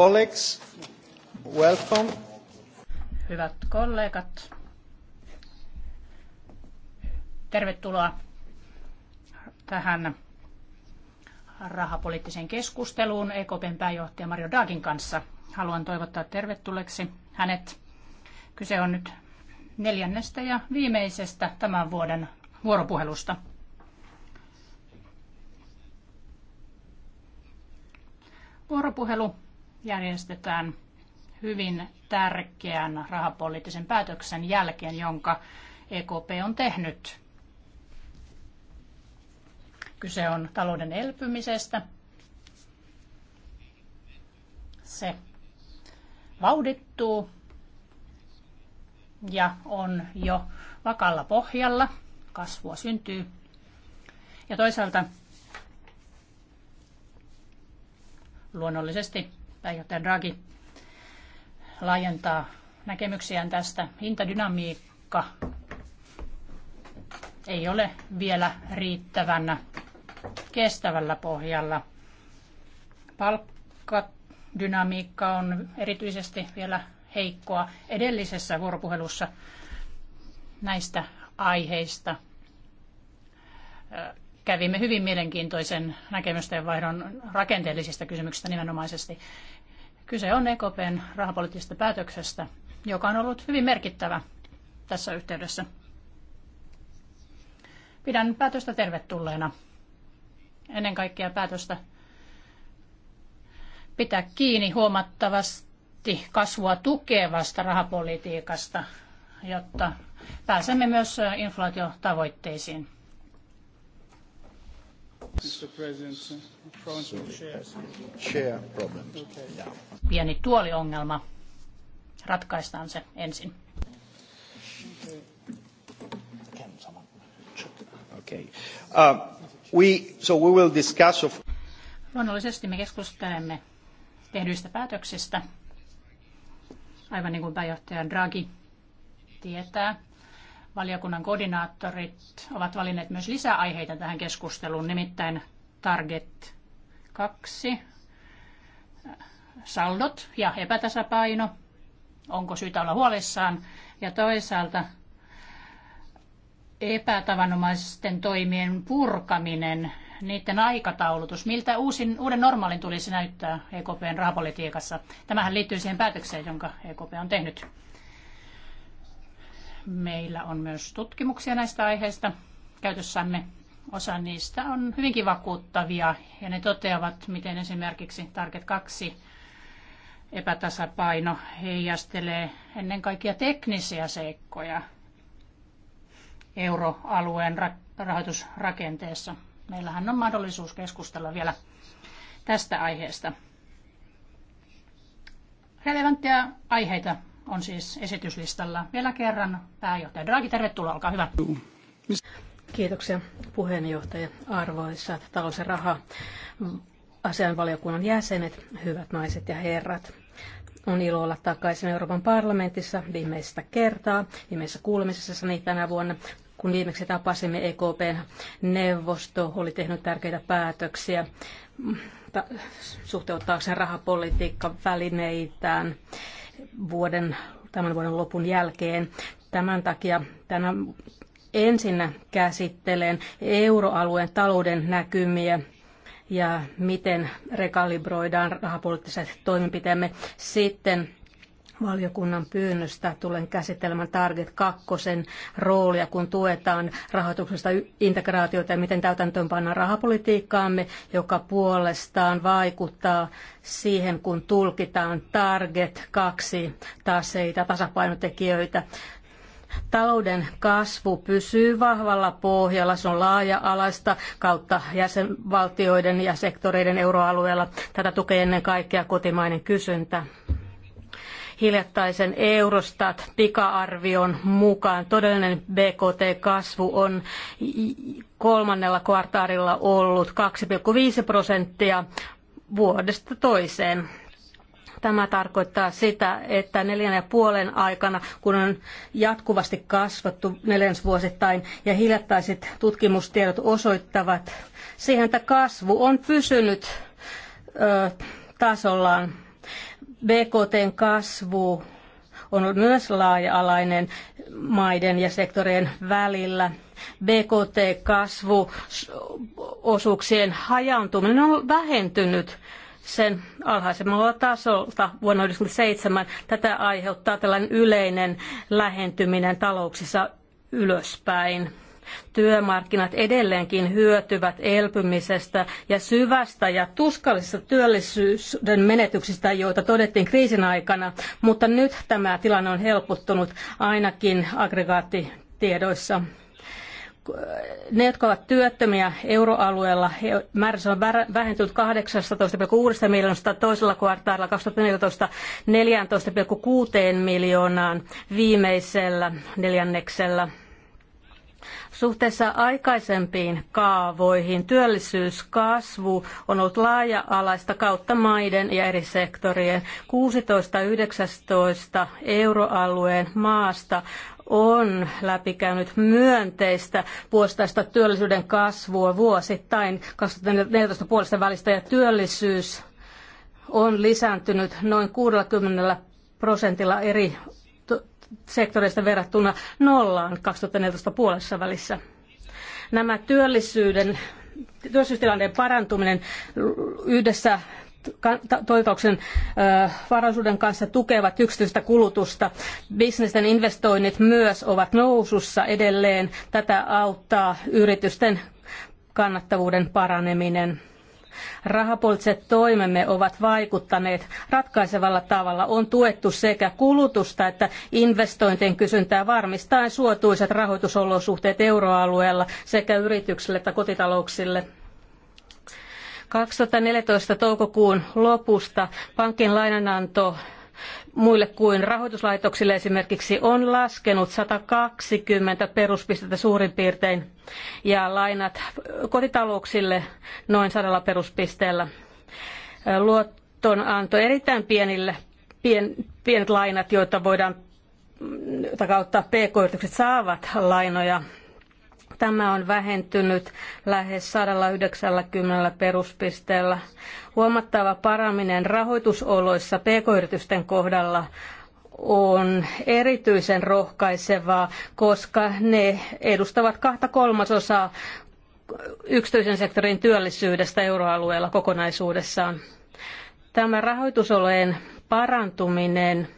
colleagues, welcome. Hyvät kollegat, tervetuloa tähän rahapoliittiseen keskusteluun EKPn pääjohtaja Mario Dagin kanssa. Haluan toivottaa tervetulleeksi hänet. Kyse on nyt neljännestä ja viimeisestä tämän vuoden vuoropuhelusta. Vuoropuhelu järjestetään hyvin tärkeän rahapoliittisen päätöksen jälkeen, jonka EKP on tehnyt. Kyse on talouden elpymisestä. Se vauhdittuu ja on jo vakalla pohjalla. Kasvua syntyy. Ja toisaalta luonnollisesti Joten Draghi laajentaa näkemyksiään tästä. Hintadynamiikka ei ole vielä riittävänä kestävällä pohjalla. Palkkadynamiikka on erityisesti vielä heikkoa. Edellisessä vuoropuhelussa näistä aiheista kävimme hyvin mielenkiintoisen näkemysten vaihdon rakenteellisista kysymyksistä nimenomaisesti. Kyse on EKPn rahapoliittisesta päätöksestä, joka on ollut hyvin merkittävä tässä yhteydessä. Pidän päätöstä tervetulleena. Ennen kaikkea päätöstä pitää kiinni huomattavasti kasvua tukevasta rahapolitiikasta, jotta pääsemme myös inflaatiotavoitteisiin. Uh, Pieni tuoliongelma. Ratkaistaan se ensin. Uh, we, so we will discuss of... Luonnollisesti me keskustelemme tehdyistä päätöksistä, aivan niin kuin pääjohtaja Draghi tietää Valiokunnan koordinaattorit ovat valinneet myös lisäaiheita tähän keskusteluun, nimittäin Target 2, saldot ja epätasapaino, onko syytä olla huolissaan, ja toisaalta epätavanomaisten toimien purkaminen, niiden aikataulutus, miltä uusin, uuden normaalin tulisi näyttää EKPn rahapolitiikassa. Tämähän liittyy siihen päätökseen, jonka EKP on tehnyt. Meillä on myös tutkimuksia näistä aiheista käytössämme. Osa niistä on hyvinkin vakuuttavia ja ne toteavat, miten esimerkiksi Target 2 epätasapaino heijastelee ennen kaikkea teknisiä seikkoja euroalueen rahoitusrakenteessa. Meillähän on mahdollisuus keskustella vielä tästä aiheesta relevantteja aiheita on siis esityslistalla. Vielä kerran pääjohtaja Draghi, tervetuloa, olkaa hyvä. Kiitoksia puheenjohtaja, arvoisat talous- ja raha asianvaliokunnan jäsenet, hyvät naiset ja herrat. On ilo olla takaisin Euroopan parlamentissa viimeistä kertaa, viimeisessä kuulemisessani tänä vuonna kun viimeksi tapasimme EKPn neuvosto, oli tehnyt tärkeitä päätöksiä mm, suhteuttaakseen rahapolitiikka välineitään vuoden, tämän vuoden lopun jälkeen. Tämän takia tänä ensinnä käsittelen euroalueen talouden näkymiä ja miten rekalibroidaan rahapoliittiset toimenpiteemme. Sitten valiokunnan pyynnöstä tulen käsittelemään Target 2 roolia, kun tuetaan rahoituksesta integraatiota ja miten täytäntöönpannaan rahapolitiikkaamme, joka puolestaan vaikuttaa siihen, kun tulkitaan Target 2 taseita, tasapainotekijöitä. Talouden kasvu pysyy vahvalla pohjalla, se on laaja-alaista kautta jäsenvaltioiden ja sektoreiden euroalueella. Tätä tukee ennen kaikkea kotimainen kysyntä hiljattaisen Eurostat pikaarvion mukaan todellinen BKT-kasvu on kolmannella kvartaalilla ollut 2,5 prosenttia vuodesta toiseen. Tämä tarkoittaa sitä, että neljän ja puolen aikana, kun on jatkuvasti kasvattu neljänsvuosittain ja hiljattaiset tutkimustiedot osoittavat siihen, että kasvu on pysynyt ö, tasollaan BKTn kasvu on myös laaja-alainen maiden ja sektorien välillä. BKT-kasvu osuuksien hajaantuminen on vähentynyt sen alhaisemmalla tasolta vuonna 1997. Tätä aiheuttaa tällainen yleinen lähentyminen talouksissa ylöspäin. Työmarkkinat edelleenkin hyötyvät elpymisestä ja syvästä ja tuskallisesta työllisyyden menetyksistä, joita todettiin kriisin aikana, mutta nyt tämä tilanne on helpottunut ainakin aggregaattitiedoissa ne, jotka ovat työttömiä euroalueella, määrässä on vähentynyt 18,6 miljoonasta toisella kvartaalilla 2014 14,6 miljoonaan viimeisellä neljänneksellä. Suhteessa aikaisempiin kaavoihin työllisyyskasvu on ollut laaja-alaista kautta maiden ja eri sektorien. 16-19 euroalueen maasta on läpikäynyt myönteistä vuosittaista työllisyyden kasvua vuosittain 2014 puolesta välistä ja työllisyys on lisääntynyt noin 60 prosentilla eri sektoreista verrattuna nollaan 2014 puolessa välissä. Nämä työllisyyden, työllisyystilanteen parantuminen yhdessä toivotuksen varaisuuden kanssa tukevat yksityistä kulutusta. Bisnesten investoinnit myös ovat nousussa edelleen. Tätä auttaa yritysten kannattavuuden paraneminen rahapoliittiset toimemme ovat vaikuttaneet ratkaisevalla tavalla. On tuettu sekä kulutusta että investointien kysyntää varmistaen suotuisat rahoitusolosuhteet euroalueella sekä yrityksille että kotitalouksille. 2014 toukokuun lopusta pankin lainananto muille kuin rahoituslaitoksille esimerkiksi on laskenut 120 peruspistettä suurin piirtein ja lainat kotitalouksille noin 100 peruspisteellä. Luottonanto erittäin pienille, pien, pienet lainat, joita voidaan mm, kautta pk-yritykset saavat lainoja Tämä on vähentynyt lähes 190 peruspisteellä. Huomattava paraminen rahoitusoloissa pk-yritysten kohdalla on erityisen rohkaisevaa, koska ne edustavat kahta kolmasosaa yksityisen sektorin työllisyydestä euroalueella kokonaisuudessaan. Tämä rahoitusolojen parantuminen –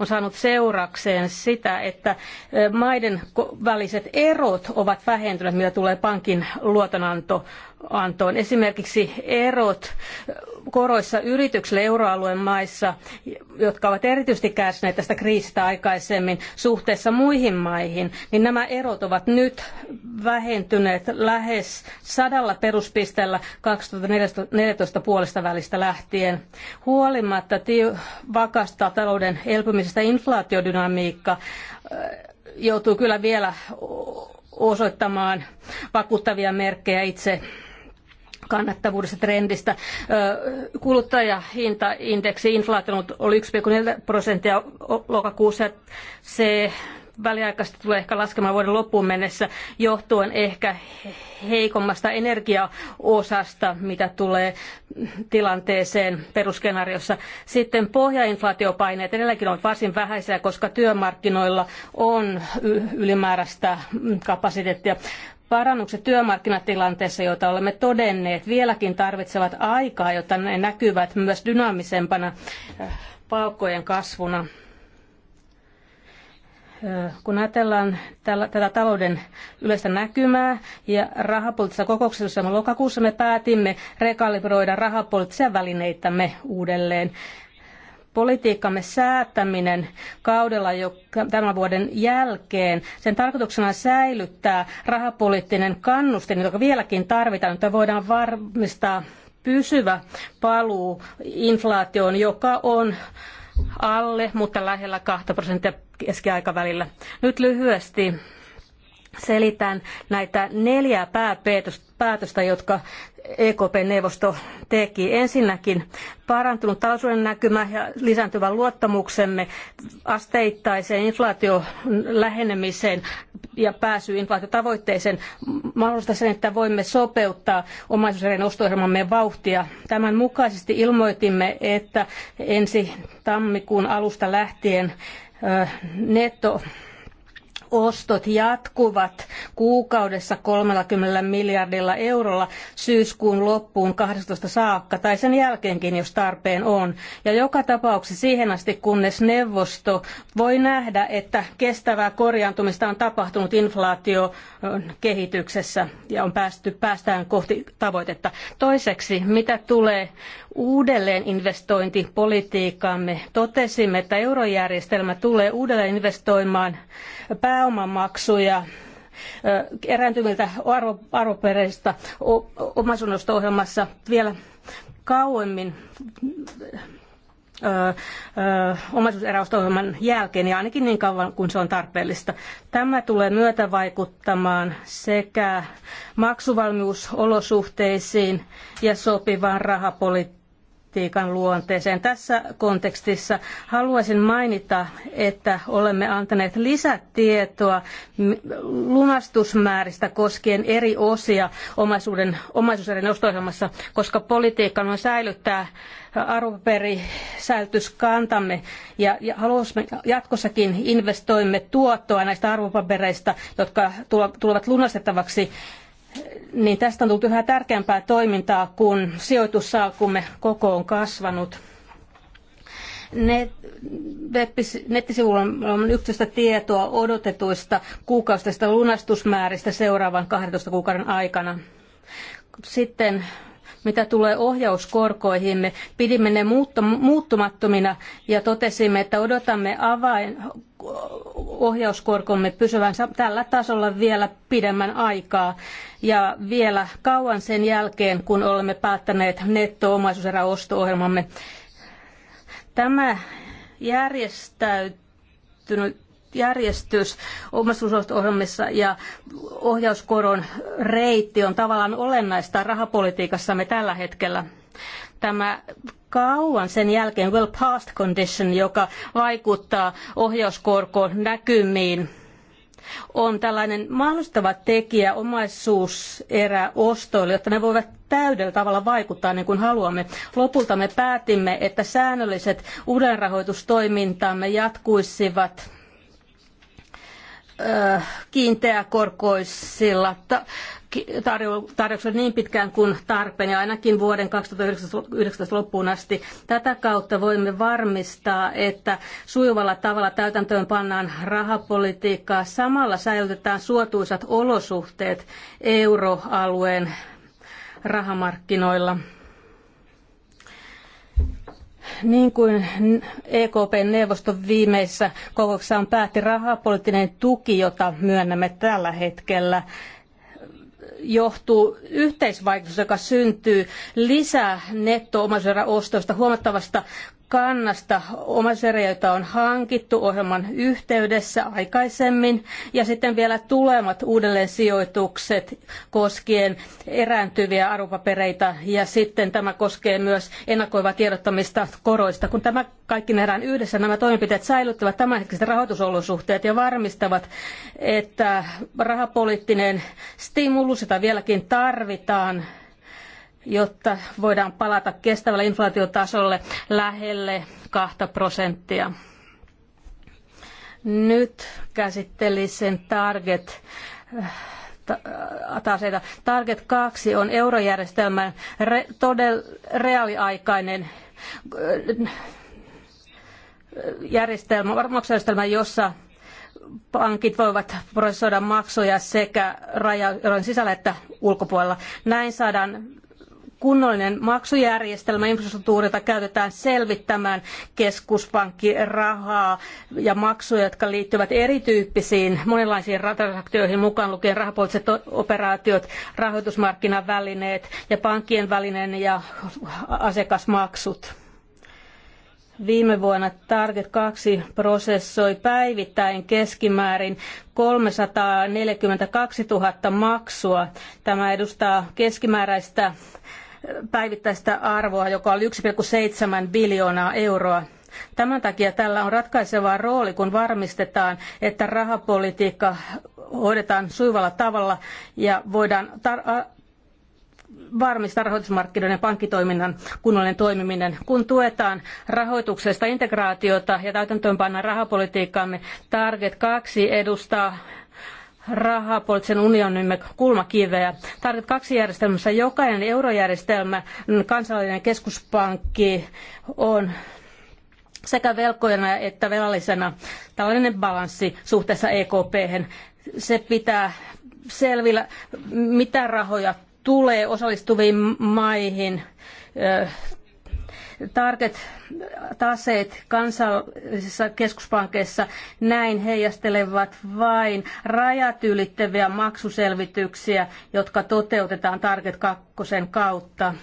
on saanut seurakseen sitä, että eh, maiden väliset erot ovat vähentyneet, mitä tulee pankin luotonantoon antoon. Esimerkiksi erot koroissa yrityksille euroalueen maissa, jotka ovat erityisesti kärsineet tästä kriisistä aikaisemmin suhteessa muihin maihin, niin nämä erot ovat nyt vähentyneet lähes sadalla peruspisteellä 2014 puolesta välistä lähtien. Huolimatta vakasta talouden elpymisestä inflaatiodynamiikka äh, joutuu kyllä vielä osoittamaan vakuuttavia merkkejä itse kannattavuudesta trendistä. Kuluttajahintaindeksi inflaatio oli 1,4 prosenttia lokakuussa. se väliaikaisesti tulee ehkä laskemaan vuoden loppuun mennessä johtuen ehkä heikommasta energiaosasta, mitä tulee tilanteeseen peruskenaariossa. Sitten pohjainflaatiopaineet edelläkin ovat varsin vähäisiä, koska työmarkkinoilla on ylimääräistä kapasiteettia parannukset työmarkkinatilanteessa, joita olemme todenneet, vieläkin tarvitsevat aikaa, jotta ne näkyvät myös dynaamisempana äh, palkkojen kasvuna. Äh, kun ajatellaan tätä talouden yleistä näkymää ja rahapoliittisessa kokouksessa lokakuussa me päätimme rekalibroida rahapoliittisia välineitämme uudelleen politiikkamme säätäminen kaudella jo tämän vuoden jälkeen. Sen tarkoituksena on säilyttää rahapoliittinen kannustin, joka vieläkin tarvitaan, jotta voidaan varmistaa pysyvä paluu inflaatioon, joka on alle, mutta lähellä 2 prosenttia keskiaikavälillä. Nyt lyhyesti selitän näitä neljää pääpeetosta päätöstä, jotka EKP-neuvosto teki. Ensinnäkin parantunut talouden näkymä ja lisääntyvä luottamuksemme asteittaiseen inflaation lähenemiseen ja pääsy inflaatiotavoitteeseen mahdollistaa sen, että voimme sopeuttaa omaisuuserien osto-ohjelmamme vauhtia. Tämän mukaisesti ilmoitimme, että ensi tammikuun alusta lähtien netto ostot jatkuvat kuukaudessa 30 miljardilla eurolla syyskuun loppuun 12 saakka tai sen jälkeenkin, jos tarpeen on. Ja joka tapauksessa siihen asti, kunnes neuvosto voi nähdä, että kestävää korjaantumista on tapahtunut kehityksessä ja on päästy, päästään kohti tavoitetta. Toiseksi, mitä tulee uudelleeninvestointipolitiikkaamme. Totesimme, että eurojärjestelmä tulee uudelleeninvestoimaan pääomamaksuja erääntyviltä arvo, arvopereistä omaisuunosto-ohjelmassa vielä kauemmin omaisuuseräystohjelman jälkeen ja ainakin niin kauan kuin se on tarpeellista. Tämä tulee myötävaikuttamaan sekä maksuvalmiusolosuhteisiin ja sopivaan rahapolitiikkaan politiikan luonteeseen. Tässä kontekstissa haluaisin mainita, että olemme antaneet lisätietoa lunastusmääristä koskien eri osia omaisuuden, omaisuuserien ostoisemassa, koska politiikka on säilyttää arvopaperisäilytyskantamme ja, ja haluaisimme jatkossakin investoimme tuottoa näistä arvopapereista, jotka tulevat lunastettavaksi niin tästä on tullut yhä tärkeämpää toimintaa, kun me koko on kasvanut. Net, nettisivulla on yksityistä tietoa odotetuista kuukausittaisista lunastusmääristä seuraavan 12 kuukauden aikana. Sitten mitä tulee ohjauskorkoihimme, pidimme ne muuttumattomina ja totesimme, että odotamme avain ohjauskorkomme pysyvän tällä tasolla vielä pidemmän aikaa ja vielä kauan sen jälkeen, kun olemme päättäneet netto-omaisuuseräosto-ohjelmamme. Tämä järjestäytynyt järjestys omaisuusohjelmissa ja ohjauskoron reitti on tavallaan olennaista rahapolitiikassamme tällä hetkellä. Tämä kauan sen jälkeen well past condition, joka vaikuttaa ohjauskorkoon näkymiin, on tällainen mahdollistava tekijä omaisuuserä ostoille, jotta ne voivat täydellä tavalla vaikuttaa niin kuin haluamme. Lopulta me päätimme, että säännölliset uudelleenrahoitustoimintamme jatkuisivat kiinteäkorkoisilla tarjouksella niin pitkään kuin tarpeen ja ainakin vuoden 2019 loppuun asti. Tätä kautta voimme varmistaa, että sujuvalla tavalla täytäntöön pannaan rahapolitiikkaa. Samalla säilytetään suotuisat olosuhteet euroalueen rahamarkkinoilla. Niin kuin EKPn neuvosto viimeisessä kokouksessaan päätti, rahapoliittinen tuki, jota myönnämme tällä hetkellä, johtuu yhteisvaikutus, joka syntyy lisää nettoomaisuuden ostoista huomattavasta kannasta omaiseriä, joita on hankittu ohjelman yhteydessä aikaisemmin, ja sitten vielä tulemat uudelleensijoitukset koskien erääntyviä arvopapereita, ja sitten tämä koskee myös ennakoivaa tiedottamista koroista. Kun tämä kaikki nähdään yhdessä, nämä toimenpiteet säilyttävät tämänhetkiset rahoitusolosuhteet ja varmistavat, että rahapoliittinen stimulus, jota vieläkin tarvitaan, jotta voidaan palata kestävälle inflaatiotasolle lähelle 2 prosenttia. Nyt käsittelisin target äh, taseita. Target 2 on eurojärjestelmän re, todell, reaaliaikainen äh, järjestelmä, maksujärjestelmä, jossa pankit voivat prosessoida maksuja sekä rajojen sisällä että ulkopuolella. Näin saadaan kunnollinen maksujärjestelmä, infrastruktuurita käytetään selvittämään keskuspankkirahaa ja maksuja, jotka liittyvät erityyppisiin monenlaisiin transaktioihin mukaan lukien rahapoliittiset operaatiot, rahoitusmarkkinavälineet ja pankkien välinen ja asiakasmaksut. Viime vuonna Target 2 prosessoi päivittäin keskimäärin 342 000 maksua. Tämä edustaa keskimääräistä päivittäistä arvoa, joka oli 1,7 biljoonaa euroa. Tämän takia tällä on ratkaiseva rooli, kun varmistetaan, että rahapolitiikka hoidetaan sujuvalla tavalla ja voidaan varmistaa rahoitusmarkkinoiden ja pankkitoiminnan kunnollinen toimiminen. Kun tuetaan rahoituksesta integraatiota ja täytäntöönpannaan rahapolitiikkaamme, Target 2 edustaa rahapoliittisen unionimme kulmakiveä. Tarvit kaksi järjestelmässä. Jokainen eurojärjestelmä, kansallinen keskuspankki on sekä velkojana että velallisena tällainen balanssi suhteessa EKP. hen Se pitää selvillä, mitä rahoja tulee osallistuviin maihin target taseet kansallisissa keskuspankeissa näin heijastelevat vain rajat ylittäviä maksuselvityksiä, jotka toteutetaan target kakkosen kautta.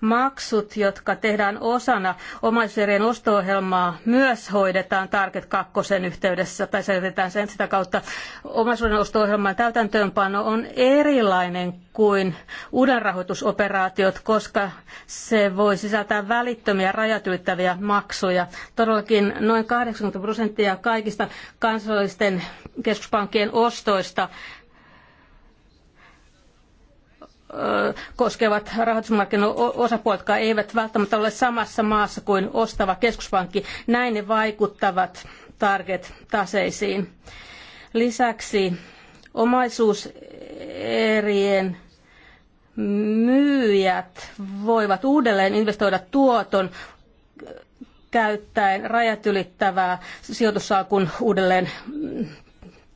Maksut, jotka tehdään osana omaisuuserien osto-ohjelmaa, myös hoidetaan Target 2 yhteydessä tai selvitetään sen sitä kautta. Omaisuuden osto-ohjelman täytäntöönpano on erilainen kuin uuden rahoitusoperaatiot, koska se voi sisältää välittömiä rajat ylittäviä maksuja. Todellakin noin 80 prosenttia kaikista kansallisten keskuspankkien ostoista koskevat rahoitusmarkkinaosapuolet, jotka eivät välttämättä ole samassa maassa kuin ostava keskuspankki. Näin ne vaikuttavat target-taseisiin. Lisäksi omaisuuserien myyjät voivat uudelleen investoida tuoton käyttäen rajat ylittävää sijoitussalkun uudelleen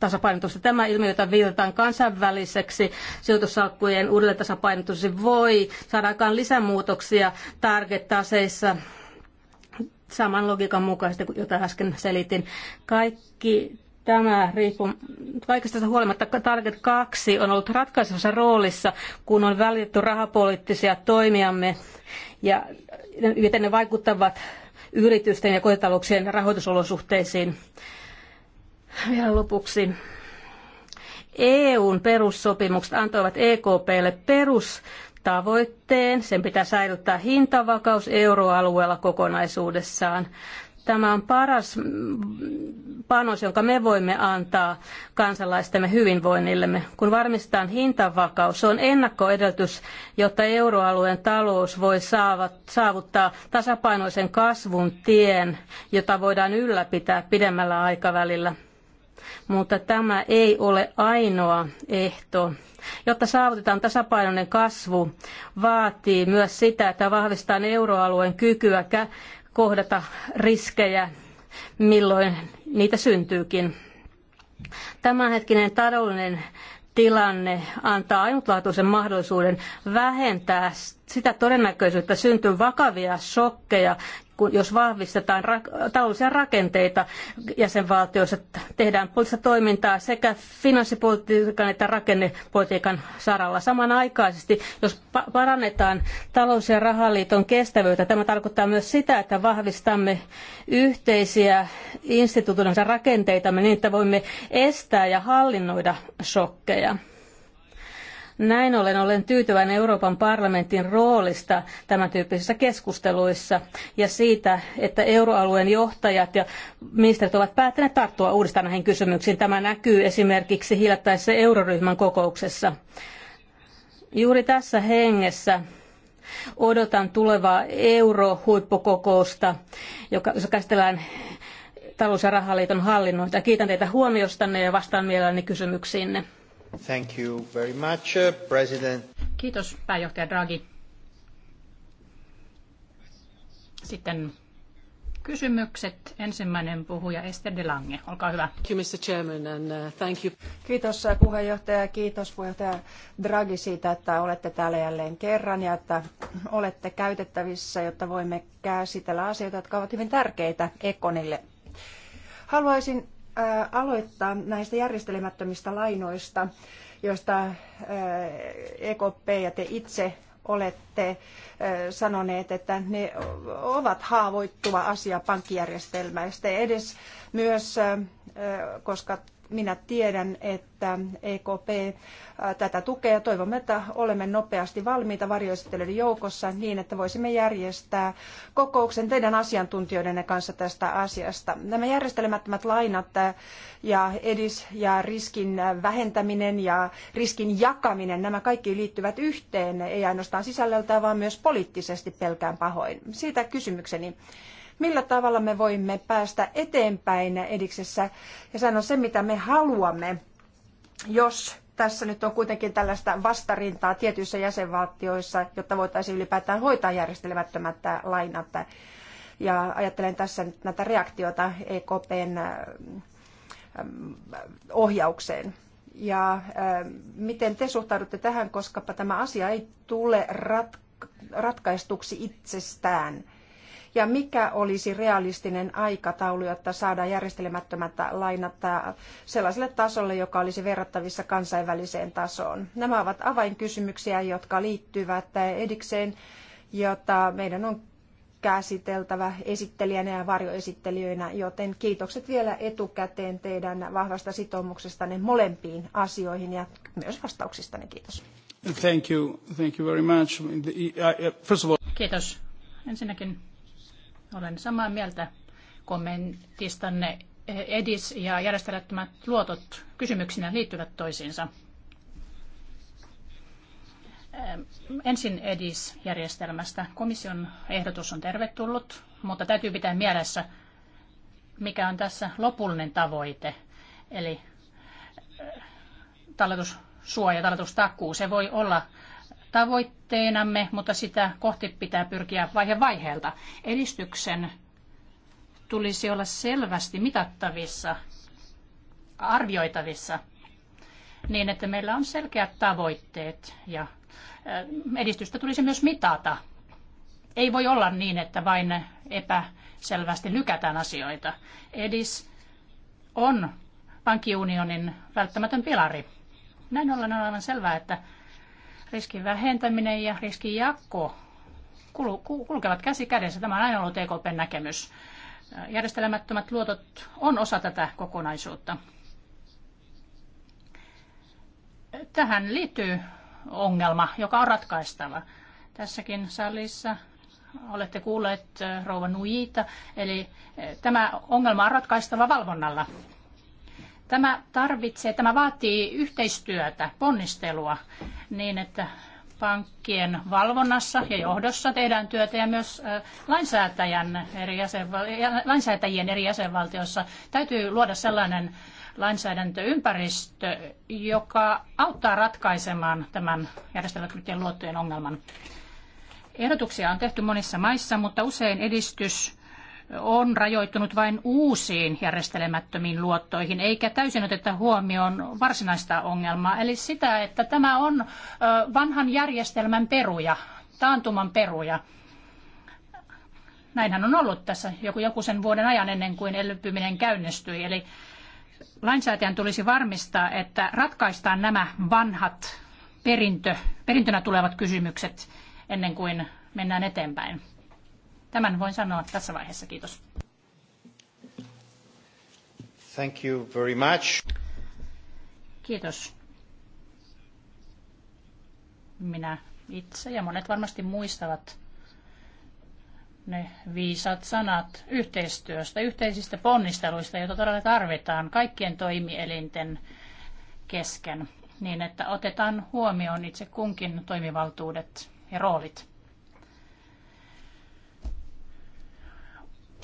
tasapainotusta. Tämä ilmiö, jota viitataan kansainväliseksi sijoitussalkkujen uudelleen tasapainotus, voi saada aikaan lisämuutoksia target-taseissa saman logiikan mukaisesti, jota äsken selitin. Kaikki tämä riippuu, kaikesta tästä huolimatta Target 2 on ollut ratkaisevassa roolissa, kun on välitetty rahapoliittisia toimiamme ja miten ne vaikuttavat yritysten ja kotitalouksien rahoitusolosuhteisiin. Vielä lopuksi. EUn perussopimukset antoivat EKPlle perustavoitteen. Sen pitää säilyttää hintavakaus euroalueella kokonaisuudessaan. Tämä on paras panos, jonka me voimme antaa kansalaistemme hyvinvoinnillemme. Kun varmistetaan hintavakaus, se on ennakkoedellytys, jotta euroalueen talous voi saavuttaa tasapainoisen kasvun tien, jota voidaan ylläpitää pidemmällä aikavälillä – mutta tämä ei ole ainoa ehto. Jotta saavutetaan tasapainoinen kasvu, vaatii myös sitä, että vahvistetaan euroalueen kykyä kohdata riskejä, milloin niitä syntyykin. Tämänhetkinen taloudellinen tilanne antaa ainutlaatuisen mahdollisuuden vähentää sitä todennäköisyyttä syntyy vakavia shokkeja, kun, jos vahvistetaan ra- taloudellisia rakenteita jäsenvaltioissa, tehdään poliittista toimintaa sekä finanssipolitiikan että rakennepolitiikan saralla. Samanaikaisesti, jos pa- parannetaan talous- ja rahaliiton kestävyyttä, tämä tarkoittaa myös sitä, että vahvistamme yhteisiä instituutioiden rakenteitamme niin, että voimme estää ja hallinnoida shokkeja. Näin ollen olen tyytyväinen Euroopan parlamentin roolista tämän tyyppisissä keskusteluissa ja siitä, että euroalueen johtajat ja ministerit ovat päättäneet tarttua uudestaan näihin kysymyksiin. Tämä näkyy esimerkiksi hiljattaisessa euroryhmän kokouksessa. Juuri tässä hengessä odotan tulevaa eurohuippukokousta, joka, jossa käsitellään talous- ja rahaliiton hallinnointia. Kiitän teitä huomiostanne ja vastaan mielelläni kysymyksiinne. Thank you very much, uh, President. Kiitos pääjohtaja Draghi. Sitten kysymykset. Ensimmäinen puhuja Ester de Lange. Olkaa hyvä. Thank you, Mr. Chairman, and uh, thank you. Kiitos uh, puheenjohtaja. Kiitos puheenjohtaja Draghi siitä, että olette täällä jälleen kerran ja että olette käytettävissä, jotta voimme käsitellä asioita, jotka ovat hyvin tärkeitä Ekonille. Haluaisin aloittaa näistä järjestelemättömistä lainoista, joista EKP ja te itse olette sanoneet, että ne ovat haavoittuva asia pankkijärjestelmästä edes myös, koska minä tiedän, että EKP äh, tätä tukee ja toivomme, että olemme nopeasti valmiita varjoesittelyiden joukossa niin, että voisimme järjestää kokouksen teidän asiantuntijoidenne kanssa tästä asiasta. Nämä järjestelemättömät lainat äh, ja edis ja riskin äh, vähentäminen ja riskin jakaminen, nämä kaikki liittyvät yhteen, ei ainoastaan sisällöltään, vaan myös poliittisesti pelkään pahoin. Siitä kysymykseni millä tavalla me voimme päästä eteenpäin ediksessä ja sanoa se, mitä me haluamme, jos tässä nyt on kuitenkin tällaista vastarintaa tietyissä jäsenvaltioissa, jotta voitaisiin ylipäätään hoitaa järjestelemättömät lainat. Ja ajattelen tässä nyt näitä reaktioita EKPn ohjaukseen. Ja miten te suhtaudutte tähän, koska tämä asia ei tule ratkaistuksi itsestään – ja mikä olisi realistinen aikataulu, jotta saadaan järjestelemättömät lainat äh, sellaiselle tasolle, joka olisi verrattavissa kansainväliseen tasoon. Nämä ovat avainkysymyksiä, jotka liittyvät edikseen, jota meidän on käsiteltävä esittelijänä ja varjoesittelijöinä, joten kiitokset vielä etukäteen teidän vahvasta sitoumuksestanne molempiin asioihin ja myös vastauksistanne. Kiitos. Thank you. Thank you very much. First of all... Kiitos. Ensinnäkin olen samaa mieltä kommentistanne. Eh, EDIS ja järjestelmät luotot kysymyksinä liittyvät toisiinsa. Ensin EDIS-järjestelmästä. Komission ehdotus on tervetullut, mutta täytyy pitää mielessä, mikä on tässä lopullinen tavoite. Eli eh, talletussuoja, talletustakuu, se voi olla tavoitteenamme, mutta sitä kohti pitää pyrkiä vaihe vaiheelta. Edistyksen tulisi olla selvästi mitattavissa, arvioitavissa, niin että meillä on selkeät tavoitteet ja äh, edistystä tulisi myös mitata. Ei voi olla niin, että vain epäselvästi lykätään asioita. Edis on pankkiunionin välttämätön pilari. Näin ollen on aivan selvää, että riskin vähentäminen ja riskin jakko kulkevat käsi kädessä. Tämä on aina ollut EKPn näkemys. Järjestelemättömät luotot on osa tätä kokonaisuutta. Tähän liittyy ongelma, joka on ratkaistava. Tässäkin salissa olette kuulleet eh, rouva Nuita, eli eh, tämä ongelma on ratkaistava valvonnalla. Tämä tarvitsee, tämä vaatii yhteistyötä, ponnistelua niin, että pankkien valvonnassa ja johdossa tehdään työtä ja myös lainsäätäjän eri jäsenval- lainsäätäjien eri jäsenvaltioissa täytyy luoda sellainen lainsäädäntöympäristö, joka auttaa ratkaisemaan tämän järjestelmäkryptien luottojen ongelman. Ehdotuksia on tehty monissa maissa, mutta usein edistys on rajoittunut vain uusiin järjestelemättömiin luottoihin, eikä täysin oteta huomioon varsinaista ongelmaa, eli sitä, että tämä on vanhan järjestelmän peruja, taantuman peruja. Näinhän on ollut tässä joku, joku sen vuoden ajan ennen kuin elpyminen käynnistyi, eli lainsäätäjän tulisi varmistaa, että ratkaistaan nämä vanhat perintö, perintönä tulevat kysymykset ennen kuin mennään eteenpäin. Tämän voin sanoa tässä vaiheessa. Kiitos. Thank you very much. Kiitos. Minä itse ja monet varmasti muistavat ne viisat sanat yhteistyöstä, yhteisistä ponnisteluista, joita todella tarvitaan kaikkien toimielinten kesken, niin että otetaan huomioon itse kunkin toimivaltuudet ja roolit.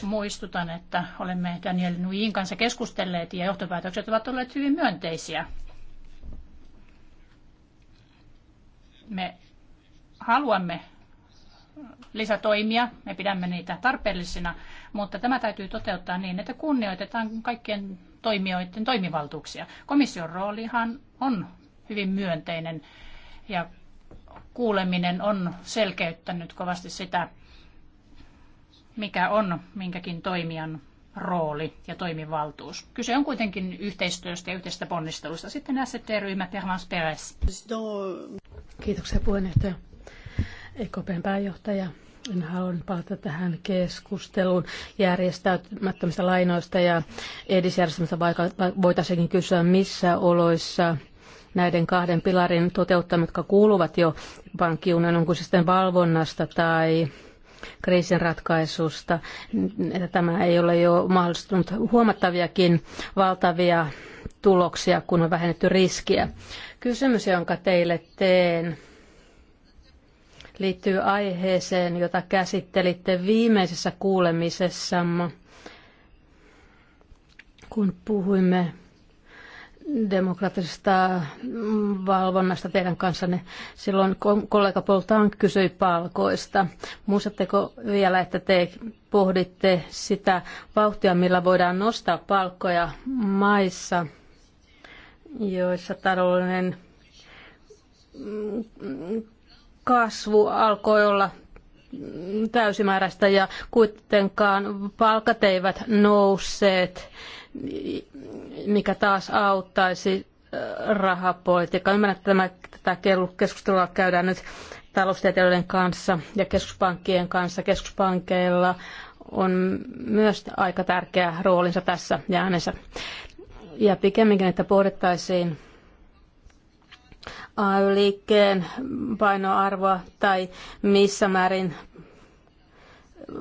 muistutan, että olemme Daniel Nujin kanssa keskustelleet ja johtopäätökset ovat olleet hyvin myönteisiä. Me haluamme lisätoimia, me pidämme niitä tarpeellisina, mutta tämä täytyy toteuttaa niin, että kunnioitetaan kaikkien toimijoiden toimivaltuuksia. Komission roolihan on hyvin myönteinen ja kuuleminen on selkeyttänyt kovasti sitä, mikä on minkäkin toimijan rooli ja toimivaltuus. Kyse on kuitenkin yhteistyöstä ja yhteistä ponnistelusta. Sitten ST-ryhmä Termans Peres. Kiitoksia puheenjohtaja. EKPn pääjohtaja. En halua palata tähän keskusteluun järjestäytymättömistä lainoista ja edisjärjestelmistä, vaikka voitaisiinkin kysyä missä oloissa näiden kahden pilarin toteuttamat, jotka kuuluvat jo pankkiunan, onko se sitten valvonnasta tai kriisin ratkaisusta, että tämä ei ole jo mahdollistunut huomattaviakin valtavia tuloksia, kun on vähennetty riskiä. Kysymys, jonka teille teen, liittyy aiheeseen, jota käsittelitte viimeisessä kuulemisessamme, kun puhuimme demokraattisesta valvonnasta teidän kanssanne. Silloin kollega Tank kysyi palkoista. Muistatteko vielä, että te pohditte sitä vauhtia, millä voidaan nostaa palkkoja maissa, joissa taloudellinen mm, kasvu alkoi olla täysimääräistä ja kuitenkaan palkat eivät nousseet mikä taas auttaisi äh, rahapolitiikkaa. Ymmärrän, että tämä, tätä keskustelua käydään nyt taloustieteilijöiden kanssa ja keskuspankkien kanssa. Keskuspankeilla on myös aika tärkeä roolinsa tässä ja Ja pikemminkin, että pohdittaisiin AY-liikkeen painoarvoa tai missä määrin